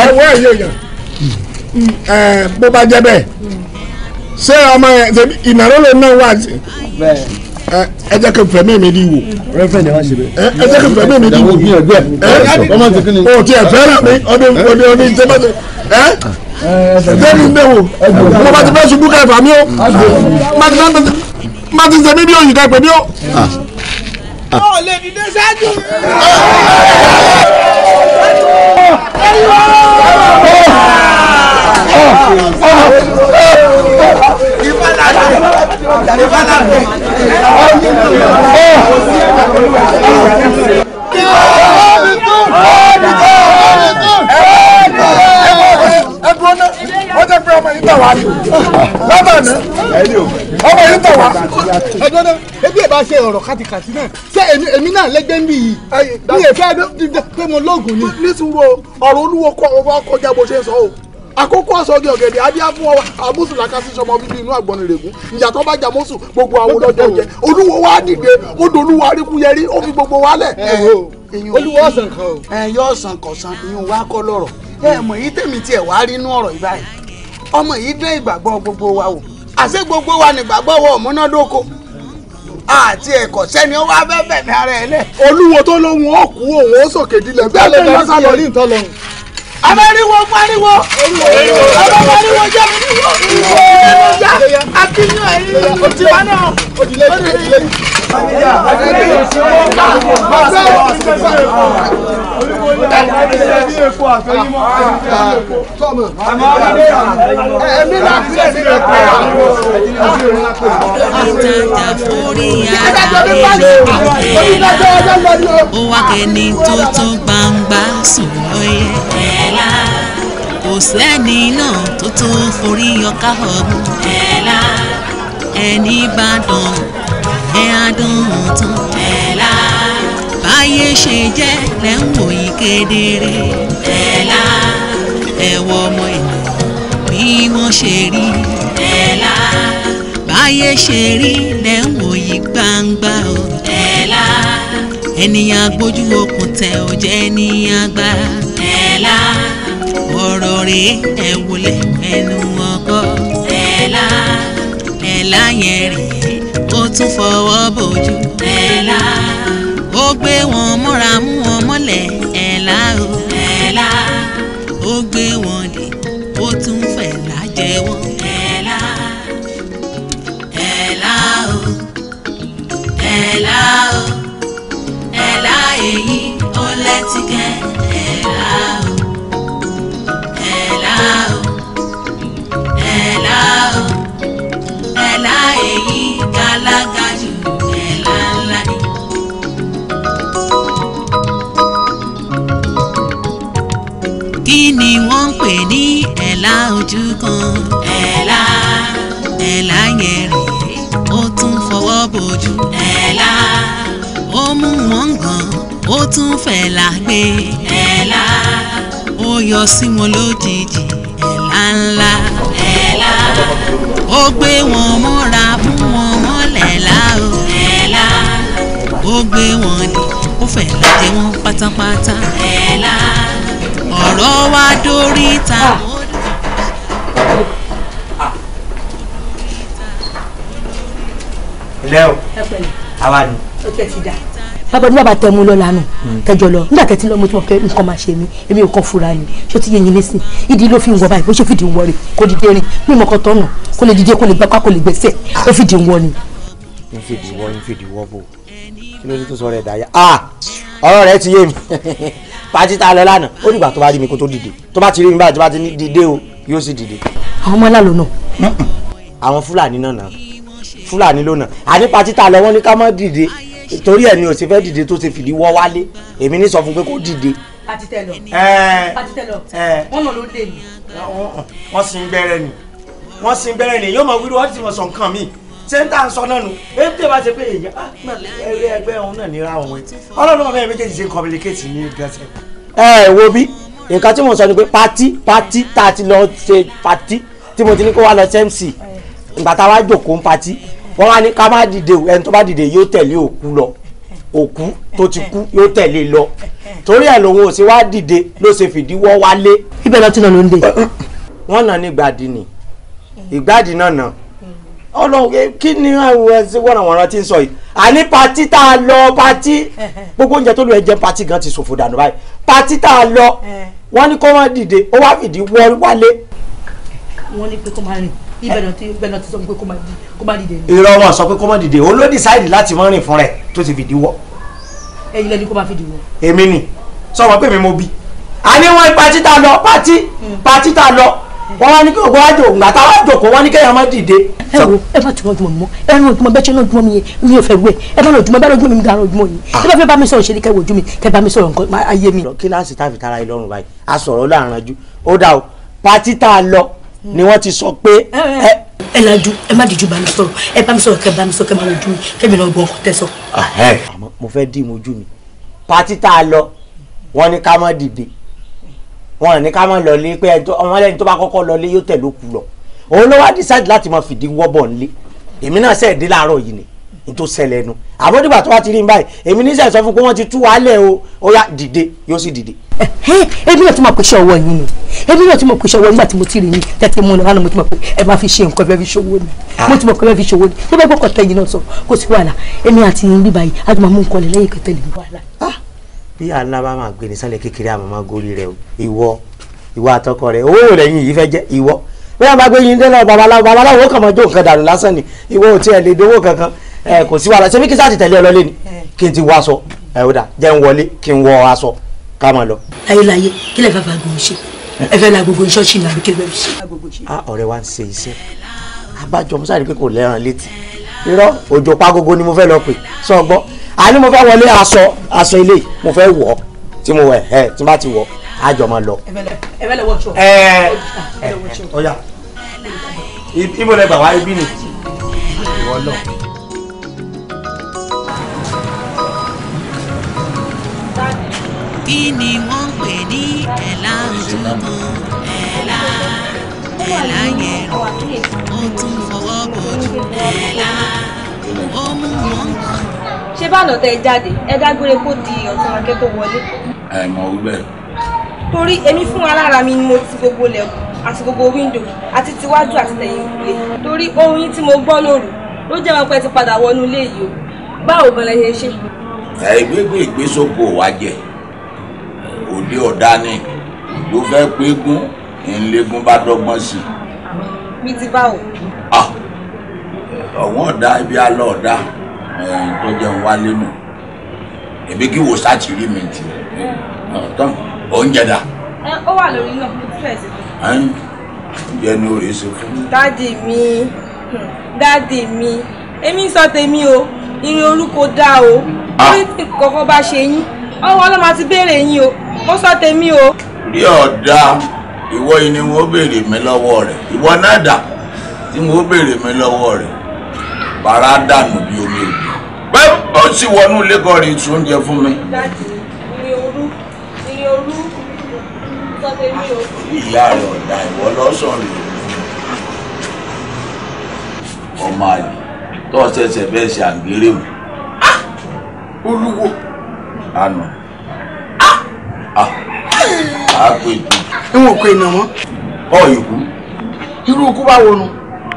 ẹ wọ ẹyẹ yẹn ẹ bó bá jẹ bẹ́ẹ̀ ṣé ọmọ yẹn ìnáwó ló náà wà ẹ jẹ́ kí n fẹ́ mẹ́mi di wò. ẹ jẹ́ kí n fẹ́ mẹ́mi di wò. o ti ẹ fẹ́ràn mi ọdún ọdún ọdún ìjẹ́bẹ̀tẹ̀ ẹ jẹ́ni ndé wò mo bá ti fẹ́ ṣubú ká ẹ̀fà mi o má ti sẹ́mi bí òyìnká ẹ̀pẹ̀ mi o. ọ̀ lè dìde ṣáájú. Oh! ebi ẹ bá ṣe ọ̀rọ̀ kàtìkàtì náà ṣé èmi náà lẹ́gbẹ̀ẹ́ ń bì yìí mi ò fẹ́ pé mo lóògùn ni. nítorí ọ̀rọ̀ olúwo kọ́ ọ bá kọjá bó ṣe sọ o. akụkọ ọsọ gị ọ̀gẹ̀dẹ̀ adíá fún kasi làkàsí sọmọ inu inú àgbọnrìnrègún gbogbo àwọn ọlọ́jọ́ jẹ oluwo wa dìde ó gbogbo wa kan o. ẹ̀yin ọ̀sán kọ̀sán ìyún wa gbogbo wa o àṣé gbogbo wa nìgbàgbọ́ wọ ọ̀múnádóko àti ẹ̀kọ́ sẹ́ni ó wá bẹ́ẹ̀ bẹ̀mí ara ẹ̀ lẹ̀. olúwo tó abẹ́rìwò pariwo ọmọ pariwo jẹ́ ìwọ ìwọ ìwọ ìjà akínyàn ẹ̀yìn òtí wa náà òtí lẹ́yìn ẹ̀mí làkúrẹ́ sí ẹ̀kọ́. àtàtà forí ara rẹ̀ yá ó wá kẹ́ni tó tún gbangba sùn lóye. kò sẹ́ni náà tó tún forí ọkà ọ̀hún. ẹni bá dán ẹ adùn tán. ẹ̀la. báyé ṣe jẹ́ lẹ́ ń wò yí kedere. ẹ̀la. ẹ̀wọ̀ ọmọ ẹ̀ bí wọ́n ṣe rí. ẹ̀la. báyé ṣe rí lẹ́ ń wò yí gbangba o. ẹ̀la. ènìyàn gbójú okùn tẹ ò jẹ́ ní àgbà. ẹ̀la. ọ̀rọ̀ rèé ẹ̀ wọlé ẹnu ọkọ. ẹ̀la. ẹ̀la yẹn rèé ó tún fọwọ́ bójú. ẹ̀la. ó gbé wọn mọ́ra mú wọn mọ́lẹ̀ ẹ̀la o. ẹ̀la. ó gbé wọn dè ó tún fẹ̀ lájẹ wọn. ẹ̀la. ẹ̀la o. ẹ̀la o. ẹ̀la èyí ó lẹ́tìkẹ́. ẹ̀là ojú kan. ẹ̀là. ẹ̀là yẹn rèé ó tún fọwọ́ bojú. ẹ̀là. ó mú wọn gan ó tún fẹ̀là gbé. ẹ̀là. ó yọ sí wọn lójijì ẹ̀là ńlá. ẹ̀là. ó gbé wọn mọ́ra fún wọn mọ́lẹ̀ lá ẹ̀là. ó gbé wọn ni ó fẹ̀là jẹ wọn pátápátá. ẹ̀là ọ̀rọ̀ wa dórí ta. lẹ o àwa ni. bàbá ní bàbá tẹmu lọ lánàá hmm. tẹjọ lọ nígbà tẹtí lọ mo ti mọ pé nǹkan máa ṣe mí èmi ò kàn fura ni ṣó ti yé yín nísìn ìdí ló fi ń wọ báyìí bó ṣe fìdí ń wọ rè kó dìde rìn mí mọ̀kàn tọ̀nà kó lè dìde kó lè gbapá kó lè gbẹ́sẹ̀ ó fìdí ń wọ ni. n fìdí wọ n fìdí wọ bò kí ló dé tó sọ rẹ dáyà ah ọ̀rọ̀ rẹ ti yé mi pàtí tá a lọ lánàá ó dìgbà tó bá rí mi kó tó dìde tó bá ti rí mi báyìí tó bá ti dìde o yóò sì dìde. àwọn ọmọ aláàlú náà. àwọn fúlàní náà náà fúlàní lónà ànípa títà lọ wọ́n ní ká má dìde torí ẹ̀ ni ò ṣe dìde tó ṣe fìdí wọ́ wálé èmi ní sọ fún pé kó dìde. àti tẹlọ wọn nà ló dé mi. sì ń gbẹ́rẹ́ ni wọ́n sì ń gbẹ́rẹ́ ni yóò mọ wíwọ́ wọ́n ti sọ nǹkan míì sẹ́ńtà ń sọ náà nù ebi tí o ṣe pé èyí ah, ẹgbẹ́ ẹgbẹ́ òun náà nira òun ọlọ́run ọmọ ẹ̀ méjèèjì ṣe communicate ní gẹ̀ẹ́sẹ̀. ẹ wo bí nǹkan tí mo sọ ni pé pati pati tá a ti lọ ṣe pati tí mo ti ní kó wá lọ ṣe ìgbà tá jòkó ń pati wọ́n wá ní ká má dìde ẹni tó bá dìde yóò tẹ̀lé òkú lọ òkú tó ti kú yóò tẹ̀lé lọ torí ẹ̀ lòun ò sí wá dìde ló ṣe fìdíwọ́ wálé. ibẹ̀ lọ ti lọ ló ń dè. wọ́n nà ní gbàdí ni ìgbàdí náà nà ọlọ́run kí ni wọ́nàwọ́nà ti ń sọ yìí àní patí tá a lọ patí gbogbo oúnjẹ tó lù ẹ jẹ patí gan ti ṣòfò dànù báyìí patí tá a lọ wọ́n ní kó má dìde ó wá fìdí wálé. wọ́n ní pé kó má rìn ibẹ̀ náà ti sọ pé kó má dìde. irọ́ wọn sọ pé kó má dìde òun ló decide láti mọ́ rìn fún rẹ̀ tó ti fìdí wọ́. ẹyin lẹni kó máa fìdí wọ́. èmi ni sọ wọn pé mi mo bí. a ní wọn pati ta lọ pati hmm. pati ta lọ wọn wá ní kí ògbó wájú ògbà tá a wá jòkó wọn ní kéèyàn má dìde. ẹ wo ẹ má tún ọdún mọ ẹ ràn ojúmọ bẹ́ẹ̀ ṣe náà ojúmọ mi yẹn mi ò fẹ́ wẹ ẹ bá lọjúmọ bá lọjúmọ mi dára ojúmọ yìí ah. ẹ bá fẹ́ bá mi sọ̀rọ̀ ṣe ni ojú mi kẹ bá mi sọ̀rọ̀ nǹkan ayé mi. kíláàsì tá a fi tara ẹ lọ́rùn báyìí a sọ̀rọ̀ láàrin ju ó dà o pati lọ ni wọ́n ti sọ pé ẹ. ẹ lajú ẹ má dìjú bá mi sọ̀rọ̀ ẹ bá mi sọ̀rọ̀ kẹ bá mi sọ kẹ má wojú mi kẹmi náà gbọ́ ọkọ tẹ sọ. àmọ́ mo fẹ́ dì mojú mi pati tá a lọ wọ́n ní ká má dìde wọ́n ní ká má lọlé pé ọmọlẹ́ni tó bá kọ́kọ́ lọlé yóò tẹ̀ ló kú lọ òun ló wá decide láti máa fìdí wọ́bọ̀ nílé èmi náà sẹ́ẹ̀ dé láàárọ̀ yìí ni tó ṣẹlẹ̀ nu àmọ́ nígbà tó wá ti rí n báyìí èmi níṣẹ́ sọ fún pé wọ́n ti tú wálẹ̀ o ó yá dìde yóò sì dìde. ẹbí náà tí mo pè ṣe ọwọ́ ni ẹbí náà tí mo pè ṣe ọwọ́ nígbà tí mo ti rí yín tẹ́tí mú lọ́nà mo ti mọ̀ pé ẹ máa fi ṣe nǹkan bẹ́ẹ̀ fi ṣòwò ni ah. mo ti mọ̀ pé bẹ́ẹ̀ fi ṣòwò ni tó bẹ́ẹ̀ gbọ́kọ̀ tẹ́yìn náà sọ kò sí wàhálà èmi àti yín bíbá yìí a ti máa mú nǹkan ah, lẹ̀ bí wọn bá gbé yín dẹ́nà babaláwo babaláwo ó kàn mọ́ jó nǹkan dànù lásán ni ìwọ ò tiẹ̀ lè dowó kankan ẹ kò sí wàhálà ṣebí kí sáà ti tẹ̀lé ẹ lọ́lé ni kí n ti wọ aṣọ ẹ ó dà jẹ́ ń wọlé kí n wọ aṣọ ká máa lọ. láyéláyé kí lè fẹ́ fà gbogbo ṣe ẹ fẹ́ la gbogbo ṣọ́ọ̀ṣì ní àbíkẹ́ bẹ́ẹ̀ ṣe. a ọ̀rẹ́ wa ń ṣe iṣẹ́ abájọ musa rí pé kò lẹ́ràn létí irọ́ òjò pagogo ni mo fẹ́ lọ pè sọ àní mo fẹ́ wọlé aṣọ aṣọ ilé mo fẹ́ wọ̀ tí mo wẹ̀ ẹ̀ tí n bá ti wọ̀ àjọ máa lọ. ẹ fẹ́ lọ wọ́ṣọ. ẹ ẹ ọya ibo lẹ gbà wá ibi ni ìwọ lọ. kí ni wọ́n pè ní ẹ̀là ojúmọ́ ẹ̀là ẹ̀là yẹn ó tún fọwọ́ bójú ẹ̀là ó mú wọn kàn. ṣé bá lọ́tẹ̀ jáde ẹ dágbére kó di ọ̀sán akẹ́kọ̀ọ́ wọlé. ẹ mọ orí bẹ́ẹ̀ torí èmi fún alára mi ni mo ti gbogbo lẹ̀kùn àti gbogbo wíńdò àti tiwájú àti tẹ̀yìn ìwé torí ohun yín tí mo gbọ́ lóru ló jẹ́ wọn pé ti padà wọnú ilé yìí o báwo gan lẹ ṣe ṣe. ẹgbẹ́gbẹ́ ìgbésókò wa jẹ òde ọ̀dá ni ló fẹ́ pégun ńlẹ́gun bá dọ́gbọ́n sí i. mi ti báwo. ọ̀wọ́n ọ̀dá ibi alọ́ ọ̀dá tó jẹun wálé nù èmi kí wò sá ti rí mi jù tán oúnjẹ dà. ó wà lórí náà mo ti fẹ́ sí. oúnjẹ ni ó rè é ṣe fún. dáàdì mi dáàdì mi èmi sọ tèmi o ìrìn orúkọ dá o orí ah. tí kọ̀ọ̀kan bá ṣe yín ọwọ́ ọlọ́mọ ti béèrè yín o ó sọ tèmi o. rí ọ̀dà ìwọ yìí ni wọ́n béèrè mi lọ́wọ́ rẹ̀ ìwọ náà dà tí wọ́n béèrè mi lọ́wọ́ rẹ̀ bàrà dànù bí omi òbí bẹ́ẹ̀ bó sì wọnú lẹ́kọ̀ọ́ rí ìtúnjẹ fún mi. dáàdì ìyá rẹ̀ ọ̀dà ìwọ lọ́sọ̀rọ̀ ọmọ àlè tó ṣẹ̀ṣẹ̀ bẹ́ẹ̀ ṣe àgbèrè mu. Ah! olúwo. àná àpò ètò. ìwọ̀n òkú èèyàn mọ́. ọ ìkú. irú ikú bá wọnú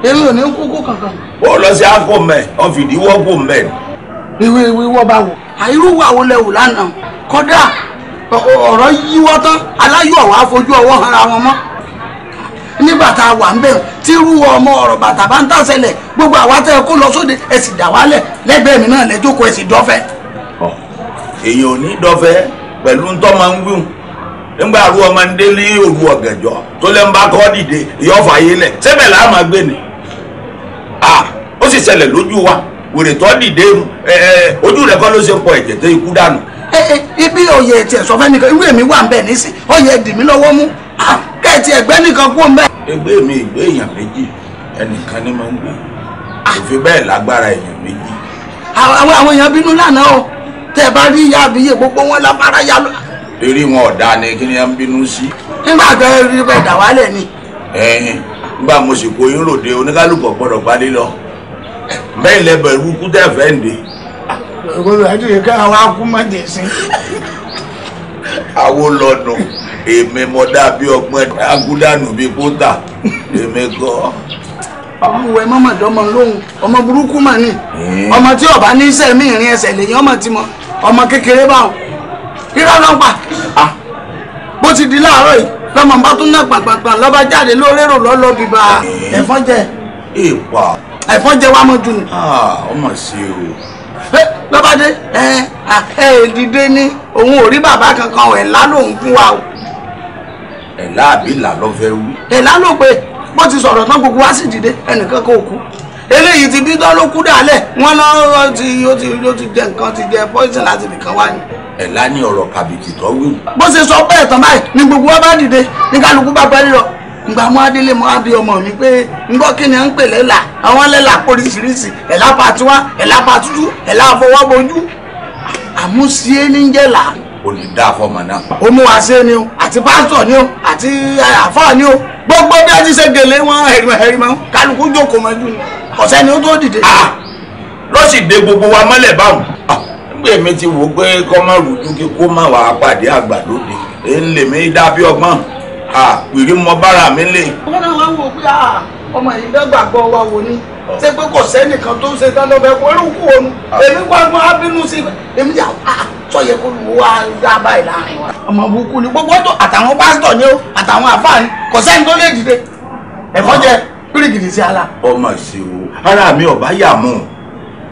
èmi ò ní kókó kankan. ó lọ sí àpò mẹ ọfìdíwọ́ pò mẹ. ìwé ìwé wọ́n bá wọ̀ àìrúwọ̀ àwọn lẹ́wù lánàá kọ́dà ọ̀rọ̀ ọrọ aláyọ̀ wàá fojú ọwọ́ ara wọn mọ́ nígbà tá a wà ń bẹ̀ tí irú ọmọ ọ̀rọ̀ bàtà bá ń tàṣẹlẹ̀ gbogbo àwa tẹ́ ẹ kó lọ sóde ẹ sì dà wálẹ̀ lẹ́gbẹ̀ẹ́ mi náà lẹ́jọ́kọ̀ ẹ sì dọ́fẹ́. èèyàn ò ní dọ́fẹ́ pẹ̀lú máa ń nígbà àrùn ọmọ ń délé òru tó lẹ́ ń bá kọ́ dìde lójú wa wèrè tó dìde ojú rẹ̀ kọ́ Eh, eh, ibi oyè ètì ẹ̀sọ́ fẹ́nìkan irú èmi wà ń bẹ̀ nísìn oyè èdè mi lọ́wọ́ mú ah, kẹ́ẹ̀tì ẹ̀gbẹ́ nìkan kú ń bẹ̀. ẹgbẹ́ mi ìgbé èèyàn méjì ẹnìkan ni máa ń gbé ah. òfin bẹ́ẹ̀ lágbára èèyàn méjì. àwọn àwọn èèyàn bínú lánàá o tẹ ẹ bá rí ìyá àbíyè gbogbo wọn lábára yá lọ. eré wọn ọ̀dà ni kí ni ẹ ń bínú sí. nígbà tó ẹ rí bẹ́ẹ̀ dà wálẹ̀ ni. nígbà mo sì kó yín lòdì oníkálùkù gbọ́dọ̀ gbálé lọ bẹ́ẹ̀ lẹ bẹ̀rù kú tẹ̀ fẹ́ ǹdẹ́ olùwádìí ká àwọn akúmọ̀dé sí. àwo lọ́nà èmi mọ dàbí ọgbọ́n agúdànù bíi pótà èmi kọ́. ọmọ ìwẹ̀ mọ́mọ́dọ́mọ lóhùn ọmọ burúkú mà ní eh. ọmọ tí ọba ní iṣẹ́ mi ìrìn ẹsẹ̀ lèyìn ọmọ tí mo ọmọ kékeré báwọn irọ́ ló ń pa ah. bó ti di láàárọ̀ yìí lọ́mọ bá tún náà pàpàpà lọ́ba jáde lórérò lọ́lọ́ bíbá eh. ẹ̀fọ́ jẹ. èèpà ẹ̀fọ́ jẹ wá mọ́jú ni. ó ah, mà ṣe o lọ́bàdé ẹ ẹ dìde ní òun ò rí bàbá kankan ẹ̀ lá lòun fún wa o. ẹ̀ láàbí là lọ fẹ́ wí. ẹ̀ lá ló pé bó ti sọ̀rọ̀ tán gbogbo wa sì dìde ẹnìkan kò kú eléyìí ti dídán ló kú dálẹ̀ wọ́n lọ ti ó ti ó ti jẹ nǹkan ti jẹ poison láti nìkan wá ni. ẹ̀ lá ní ọ̀rọ̀ kàbìkì tó wí. bó ṣe sọ bẹ́ẹ̀ tán báyìí ni gbogbo wa bá dìde ní kálukú bá pẹ́ lọ ngba mú adélé mú abí ọmọ mi pé ngbọ́ kí ni à ń pè lẹ́là àwọn lẹ́là oríṣiríṣi ẹ̀là pàtiwá ẹ̀là pàtútù ẹ̀là àfọwọ́bojú àmúṣe ní jẹ́là. olùdá àfọmọ náà. omuwase ni o àti pásítọ̀ ni o àti eh, àfáà ni o gbogbo bí a ti ṣe gèlè wọn hẹrìmọ hẹrìmọ kálukú jókòó mọ́jú ni ọ̀sẹ̀ ni ó tó dìde. Ah! ló sì de gbogbo wa mọ́lẹ̀ báwọn. Ah! nígbà èmi ti wò pé kọ́ máa rùjú kí kó má wàá pàdé àgbà wiri mọ mi lè. wọ́n náà wọ́n wò pé ọmọ yìí dọ́gbàgbọ́ wa wò ni ṣé pé kò sẹ́nìkan tó ń ṣe èmi á bínú sí èmi yà sọyẹ kó lu láàrin wa. ọmọ burúkú ni gbogbo tó àtàwọn pásítọ̀ ni ó àtàwọn kò sẹ́ni tó lè ọba yà mọ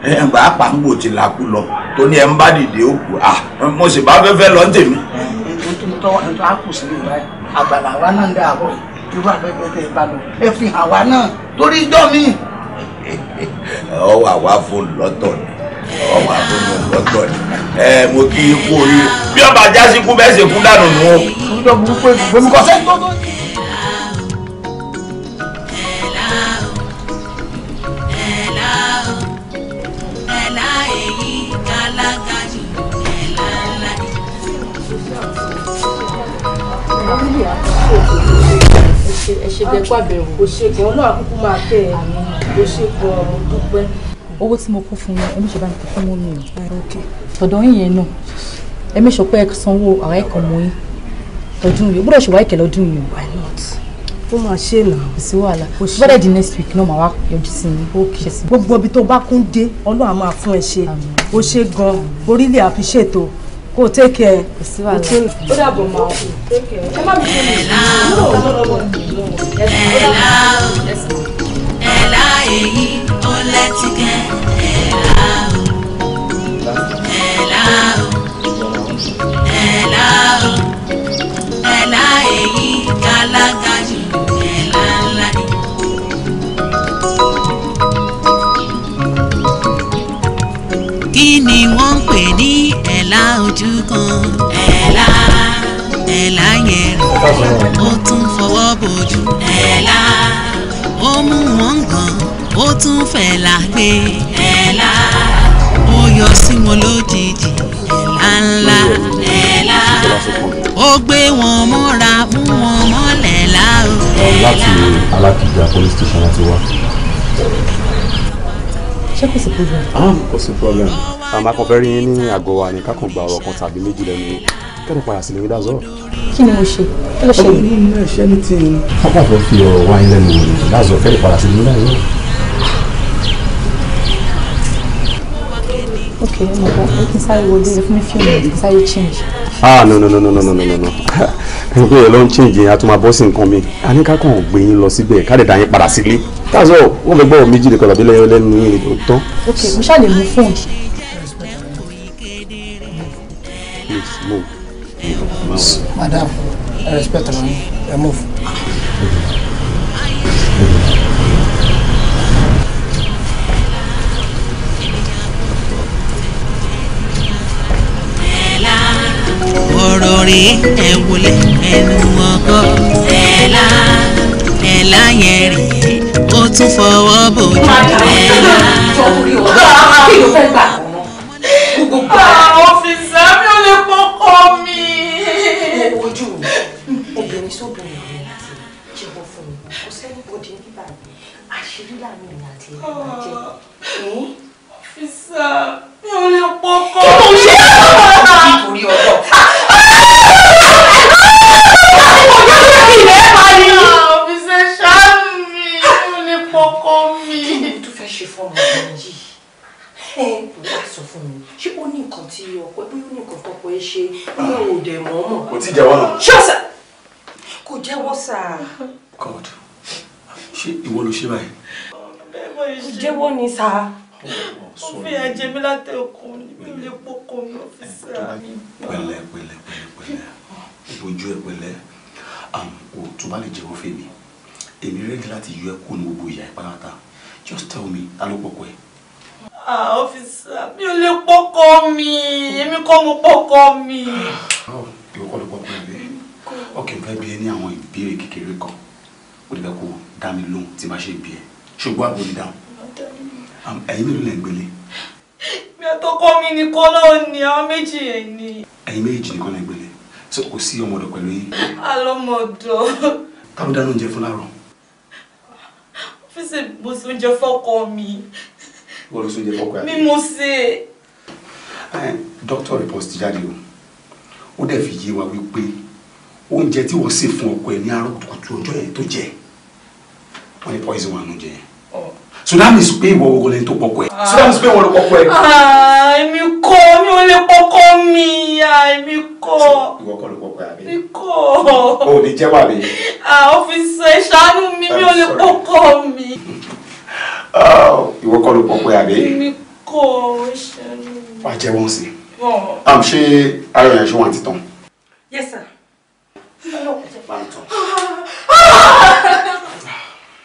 ń pàǹgbò ti làkú lọ tó ní ẹ ń bá dìde ó kù mo sì bá fẹ́fẹ́ lọ àgbàlá wa náà ń dá àbọ̀ irú àgbẹ̀gbẹ̀ tẹ̀ bá lọ ẹ fi hàn wá náà torí ijọ́ mi. ọwọ́ àwa fún lọ́tọ̀ ni ọwọ́ àfún lọ́tọ̀ ni ẹ mo kí ikú orí bí ọba jásí kú bẹ́ẹ̀ ṣe kú dànù nù. ìjọba burúkú èkó bomi kọ́ sẹ́ńtọ́tọ́ yìí. owó tí mo kó fún yín ẹmí ṣe bá mi kó fún mọ́ mi o tọ̀dọ̀ yín yẹn náà ẹmí ṣe pé sanwó àwọn ẹ̀kọ́ mọ́ yín ọdún yìí gbọ́dọ̀ ṣe wá ọdún yìí o ó máa ṣe nà. kò sí wàhálà bọ́dẹ̀ di next week náà màá wá yọjú sí mi. òkè gbogbo ibi tó bá kún dé ọlọ́run á máa fún ẹ ṣe o ṣe gan-an orílẹ̀ àfiṣètò kò take care kò sí wàhálà. ó dàbọ̀ mọ́ ọ́n take care. ẹ má bí kí ni ẹ̀la ẹ̀la èyí ó lẹ́tìkẹ́ ẹ̀la ẹ̀la ẹ̀la ẹ̀la èyí kálákà jù ẹ̀la ńlá ni. kí ni wọ́n ń pè ní ẹ̀là ojú kan ẹ̀là ẹ̀là yẹn rẹ̀ ó tún fọwọ́ bojú ẹ̀là ó mú wọn gan ó tún fẹ̀là gbé ẹ̀là ó yọ sí wọn lójijì ẹ̀là ńlá ẹ̀là ó gbé wọn mọ́ra mú wọn mọ́lẹ̀ láò ẹ̀là. láti Alákìjà police station láti wá. ṣé kò sí problem. Ah, kò sí problem àmọ́ akọ̀fẹ́ rí yín ní àgọ́ wa ní kákan gba ọ̀rọ̀ kan tàbí méjì lẹ́nu kẹ́ni padà sí lórí dazọ́. kí ni mo ṣe kí ló ṣe. ọmọ mi náà ṣe ní tí pápá fẹ́ fi ọ̀rọ̀ wá yín lẹ́nu dazọ́ kẹ́ni padà sí lórí dazọ́. ok mo bọ ẹ kí n sáré wo díẹ̀ fún mi fíìmù ẹ kí sáré change. ah no no no no no no no no no pé ẹ lọ ń change yẹn a tún máa bọ́ sí nǹkan mi a ní ká kàn yín lọ síbẹ̀ ká lè dá yín padà sílé. dazọ́ wọ́n fẹ́ gbọ́ méjì nìkan tàbí lẹ́yìn lẹ́nu yín tó tán. ok mo ṣáà mú fóònù. madam I respect am I move. ọ̀rọ̀ rè é wọlé ẹnu ọkọ. ẹ̀la ẹ̀la yẹn rè é ó tún fọwọ́ bòjú. ẹ̀la kí ló nígbà yìí àṣírí làmì ìrìn àti ìrìn àjẹ́ ah, ọ́fíìsà mi ò lè pọkọ. kí ló é nítorí ọjọ́. ọfíìsà ṣáàmì mi ò lè pọkọ mi. kí ni tó fẹ́ ṣe fún ọmọ yìí ẹ wá sọ fún mi ṣé ó ní nǹkan tí ọpẹ bí ó ní nǹkan tọpọ kò jẹ́wọ́ náà. kò jẹ́wọ́ sáà. god ṣé ìwọ ló ṣe báyìí. ó jẹ́wọ́ ni sá ó fi ẹ̀jẹ̀ mi látẹ̀ ọkàn mi lè pọkọ mi ó fi sára mi gbà. pẹ̀lẹ́ pẹ̀lẹ́ pẹ̀lẹ́ ìbojú ẹ pẹ̀lẹ́ o tó bá lè jẹ́wọ́ fèmí èmi rẹ́dí láti yọ ẹ ní gbogbo ìyá ìpárata just tell me ta ló pọkọ ẹ. ah ọ́fíìsà mi ò lè pọkọ mi èmi kọ́ mo pọkọ mi. ìwọ kọ́ ló pọkọ ẹ bẹ́ẹ̀ ọkẹ́ ń fẹ́ bí ẹ ní àwọn ìbéèrè kékeré kan ó lè fẹ́ kó wọn dá mi lóhùn tí bá ṣe bí ẹ ṣùgbọ́n àbò ní dáhùn ẹ̀yin mélòó lẹ̀ ń gbélé. mi ò tó kọ́ mi nìkan náà ni àwọn méjì yẹn ni. ẹ̀yin méjì nìkan lẹ̀ ń gbélé ṣé kò sí ọmọdọ̀ pẹ̀lú yín. alọ́mọdọ̀. ta ló dáná oúnjẹ fún láàárọ̀. ọ́fíìsì mo ṣe oúnjẹ fọ́kọ mi. wọ́n ló ṣe oúnjẹ fọ́kọ mi. mi mo ṣe. dókítà report ti jáde o ó dẹ̀ fi yé wa wípé oúnjẹ tí wọ́n sè fún ọkọ ẹ̀ ní àárọ̀ kùtùkùtù ọjọ́ yẹn tó jẹ́ wọ́n ní poison wà nù jẹ yẹn oh. pé ìwọ ogun tó pọkọ ẹ so that means pé ìwọ ló pọkọ ẹ. Ah, èmi kọ́ mi ò lè pọkọ mi èmi kọ́. ìwọ kọ́ ló pọkọ ẹ mi kọ́. o ò ní jẹ́wọ́ àbí. ọ̀fíìsì ah, ẹ ṣàánú mi mi ò lè pọkọ mi. Ah, ìwọ kọ́ ló pọkọ ẹ èmi kọ́ ṣàánú mi. wàá jẹ́ wọ́n sí. àm ṣe ara ẹ̀ ṣe wọ́n àti um, tán. yes sir.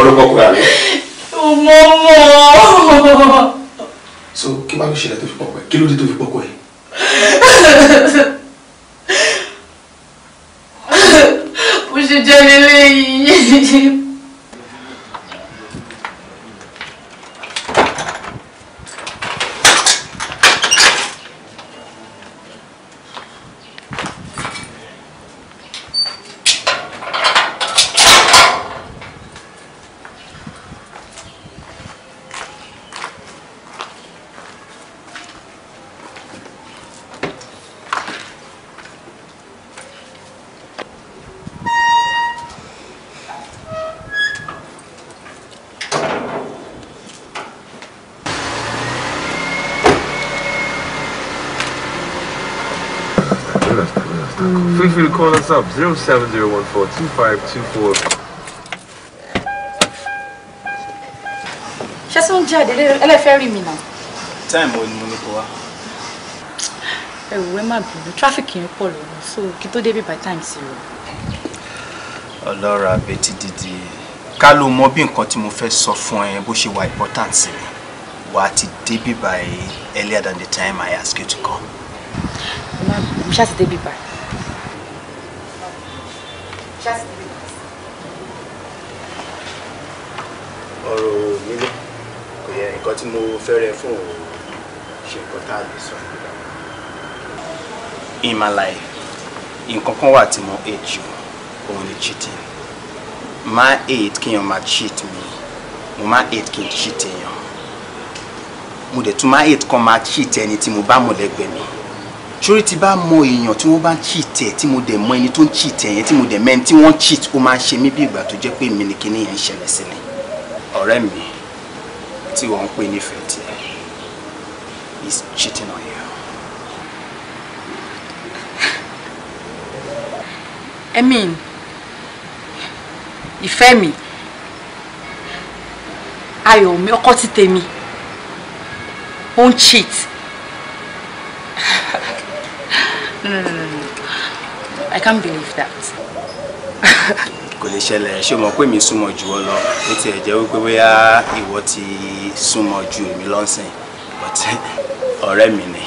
wọ́n ló kọ́ kúrò àlẹ́. mo mọ̀. so kí wàá ṣẹlẹ̀ tó fi pọ̀kọ ẹ̀ kí ló dé tó fi pọ̀kọ ẹ̀. mo ṣe jẹ́ WhatsApp 070142524. Ṣé sọ ń jẹ́ àdélé ẹlẹ́fẹ́ rí mi náà? Táìmù wo ni mo ní kó wá? Ẹ wò ẹ má bínú, tráfíkì yẹn pọ̀ lọ́nà, so kí tó débí by time zero. rẹ̀. Ọlọ́run abẹ ti dídì. Ká ló mọ bí nǹkan tí mo fẹ́ so fún ẹ bó ṣe wà important sí mi. Wà ti débí by earlier than the time I ask you to come. Ẹ má bínú, mo by. fẹ́rẹ̀ fún òun ṣe nǹkan tá a lè sọ. in my life nǹkan kan wà tí mo hate jù òun ni cheating máa hate kéèyàn máa cheat mi mo máa hate kí n cheat èèyàn mo dẹ̀ tún máa hate kan máa cheat ẹni tí mo bá mọ̀ mi sórí ti bá mọ èèyàn tí wọ́n bá ń cheat ẹ̀ tí mo dẹ̀ mọ ẹni tó ń cheat ẹ̀ yẹn tí mo dẹ̀ mẹ́ni tí wọ́n cheat ó máa ń ṣe mí bí ìgbà tó jẹ́ pé mi ni kíní yẹn ń ṣẹlẹ̀ sí ni ọ̀rẹ́ mi tí wọ́n ń pè nífẹ̀ẹ́ tiẹ̀ is cheating on you. I mean ìfẹ́ mi ayọ̀ mi ọkọ ti tèmi ó ń cheat no no no no I can't believe that. kò lè ṣẹlẹ̀ ṣé o mọ̀ pé mi súnmọ́ jù ọ lọ ó tiẹ̀ jẹ́ wípé bóyá ìwọ ti súnmọ́ ju èmi lọ́sìn but ọ̀rẹ́ mi ni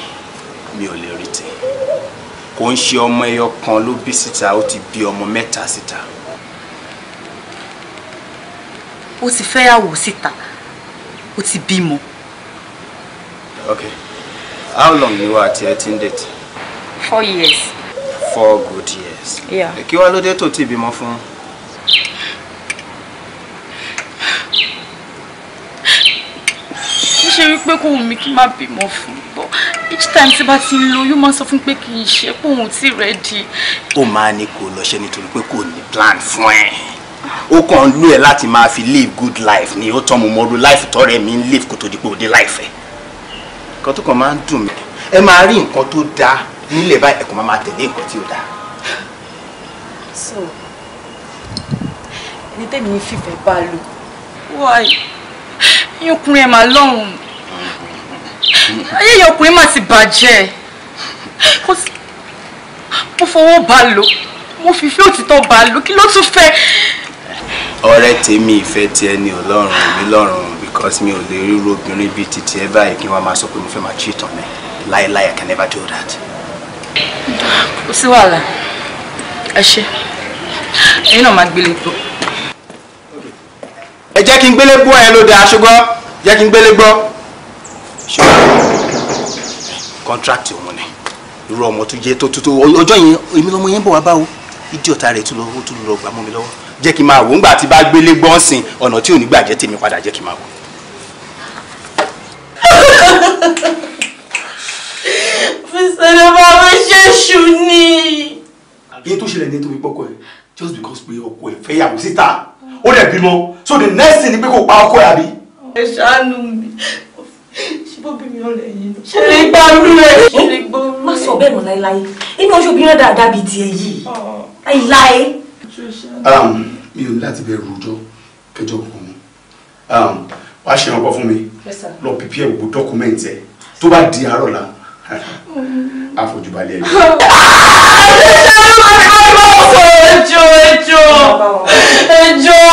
mi ò lè rí kò ń ṣe ọmọ ẹyọ kan ló bí síta ó ti bí ọmọ mẹ́ta síta. ó ti fẹ́yàwó síta ó ti bímọ. ok how long ni wàá tiẹ̀ ti ń date. four years. four good years. kí wàá ló dé tó ti bímọ fún ṣe wípé kò mí kí má bímọ fún bọ́ each time tí bá ti ń lo yóò máa sọ fún pé kì í ṣe pé òun ti ready. ó máa ní kó lọ ṣe nítorí pé kò ní plan fún ẹ ó kàn ń lò ẹ láti máa fi live good life ni ó tọ́ mo mọ́rú life tọ́rẹ́ mi ń live kó tó di pé ó dé life ẹ̀ nǹkan tó kàn máa ń dùn mí ẹ máa rí nǹkan tó dáa nílẹ̀ báyìí ẹ̀kọ́ máa máa tẹ̀lé nǹkan tí ó dáa. so ẹni tẹ́mi ní fífẹ́ bá lò. wáyé yín ọkùnrin ẹ̀ máa lọ́hùn-ún ayé ìyá ọkùnrin mà ti bàjẹ́ mo fọwọ́ bá lò mo fi òtítọ́ bá lò kí ló tún fẹ́. ọ̀rẹ́ tèmi ìfẹ́ tiẹ̀ ni ọlọ́run mi lọ́rùn because mi ò lè ríro obìnrin bíi titi ẹ báyìí kí wọ́n máa sọ pé mo fẹ́ máa cheat on me láéláé I can never do that. kò sí wàhálà ẹ ṣe ẹ̀yin náà máa gbélé tó. ẹ jẹ́ kí n gbélé bú ẹ lóde aṣọ́gbọ́ jẹ́ kí n gbélé gbọ́ ṣé kọ́ńtrákìtì ni irú ọmọ tó jẹ́ tó tó ọjọ́ yẹn èmi lọ́mọ yẹn bọ̀ wá báwo ìdí ọ̀tá rẹ̀ tún lọ ó tún lọ gbà mọ́ mi lọ́wọ́ jẹ́ kí n máa wò ńgbà tí bá gbélé gbọ́n sìn ọ̀nà tí ò ní gbà tèmi padà jẹ́ kí n máa wò. fẹsẹ̀lẹ̀ máa fẹ́ ṣe ṣù ni. àbíyẹn tó ṣẹlẹ̀ ní ètò ìpọ́kọ ẹ̀ just because pé ọkọ ẹ̀ fẹ́yàwó síta ó dẹ̀ bímọ so the next thing ni pé kò pa ọkọ ẹ̀ àbí. ẹ ṣàánú ṣùgbọ́n ṣe lè gba orú rẹ̀. má sọ bẹ́ẹ̀ mọ̀ láéláé inú oṣù obìnrin lady. dàbí tiẹ̀ yìí láéláé. mi ò ní láti bẹ̀rù ọjọ́ kẹjọ kọ̀ọ̀kan mi wá ṣe ìrànwọ́ fún mi lọ pípí ẹ̀ gbogbo dọ́kúmẹ́ǹtì ẹ̀ tó bá di àárọ̀ la àfojúbalẹ̀ ẹ̀. ẹjọ́ ẹjọ́ ẹjọ́ ẹjọ́.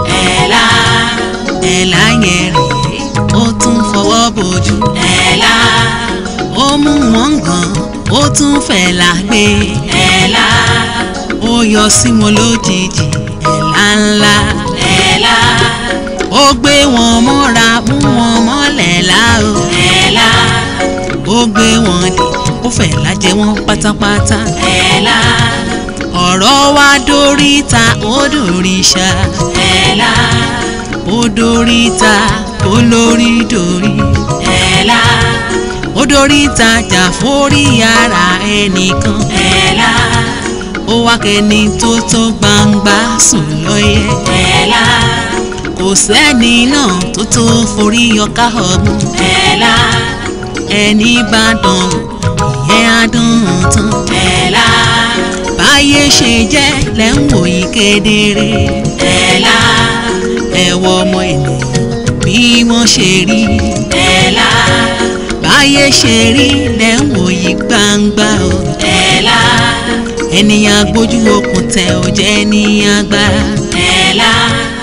ẹ̀là yẹn rèé ó tún fọwọ́ bojú. ẹ̀là. ó mú wọn gan ó tún fẹ̀là gbé. ẹ̀là. ó yọ sí wọn lójijì ẹ̀là ńlá. ẹ̀là. ó gbé wọn mọ́ra mú wọn mọ́lẹ̀ láàrú. ẹ̀là. ó gbé wọn dì ó fẹ̀là jẹ wọ́n pátápátá. ẹ̀là ọ̀rọ̀ wa dóríta ó dòrìṣà. ẹ̀la odoríta Olori dorí ẹ̀la odoríta jà forí ara ẹnìkan ẹ̀la ó wá kẹni tó tó gbangba sùn lóye ẹ̀la kò sẹ́ni náà tó tó forí ọkà ọ̀gbun ẹ̀la ẹni bá dán ìyẹn á dán tán ẹ̀la báyé ṣe jẹ́ lẹ́ wòye kedere ẹ̀la àwọn ọmọ ènìyàn bí wọ́n ṣe rí. ẹ̀la. báyé ṣe rí lẹ́ ń wò yí gbangba o. ẹ̀la. ènìyàn gbójú okùn tẹ ò jẹ́ ní àgbà. ẹ̀la.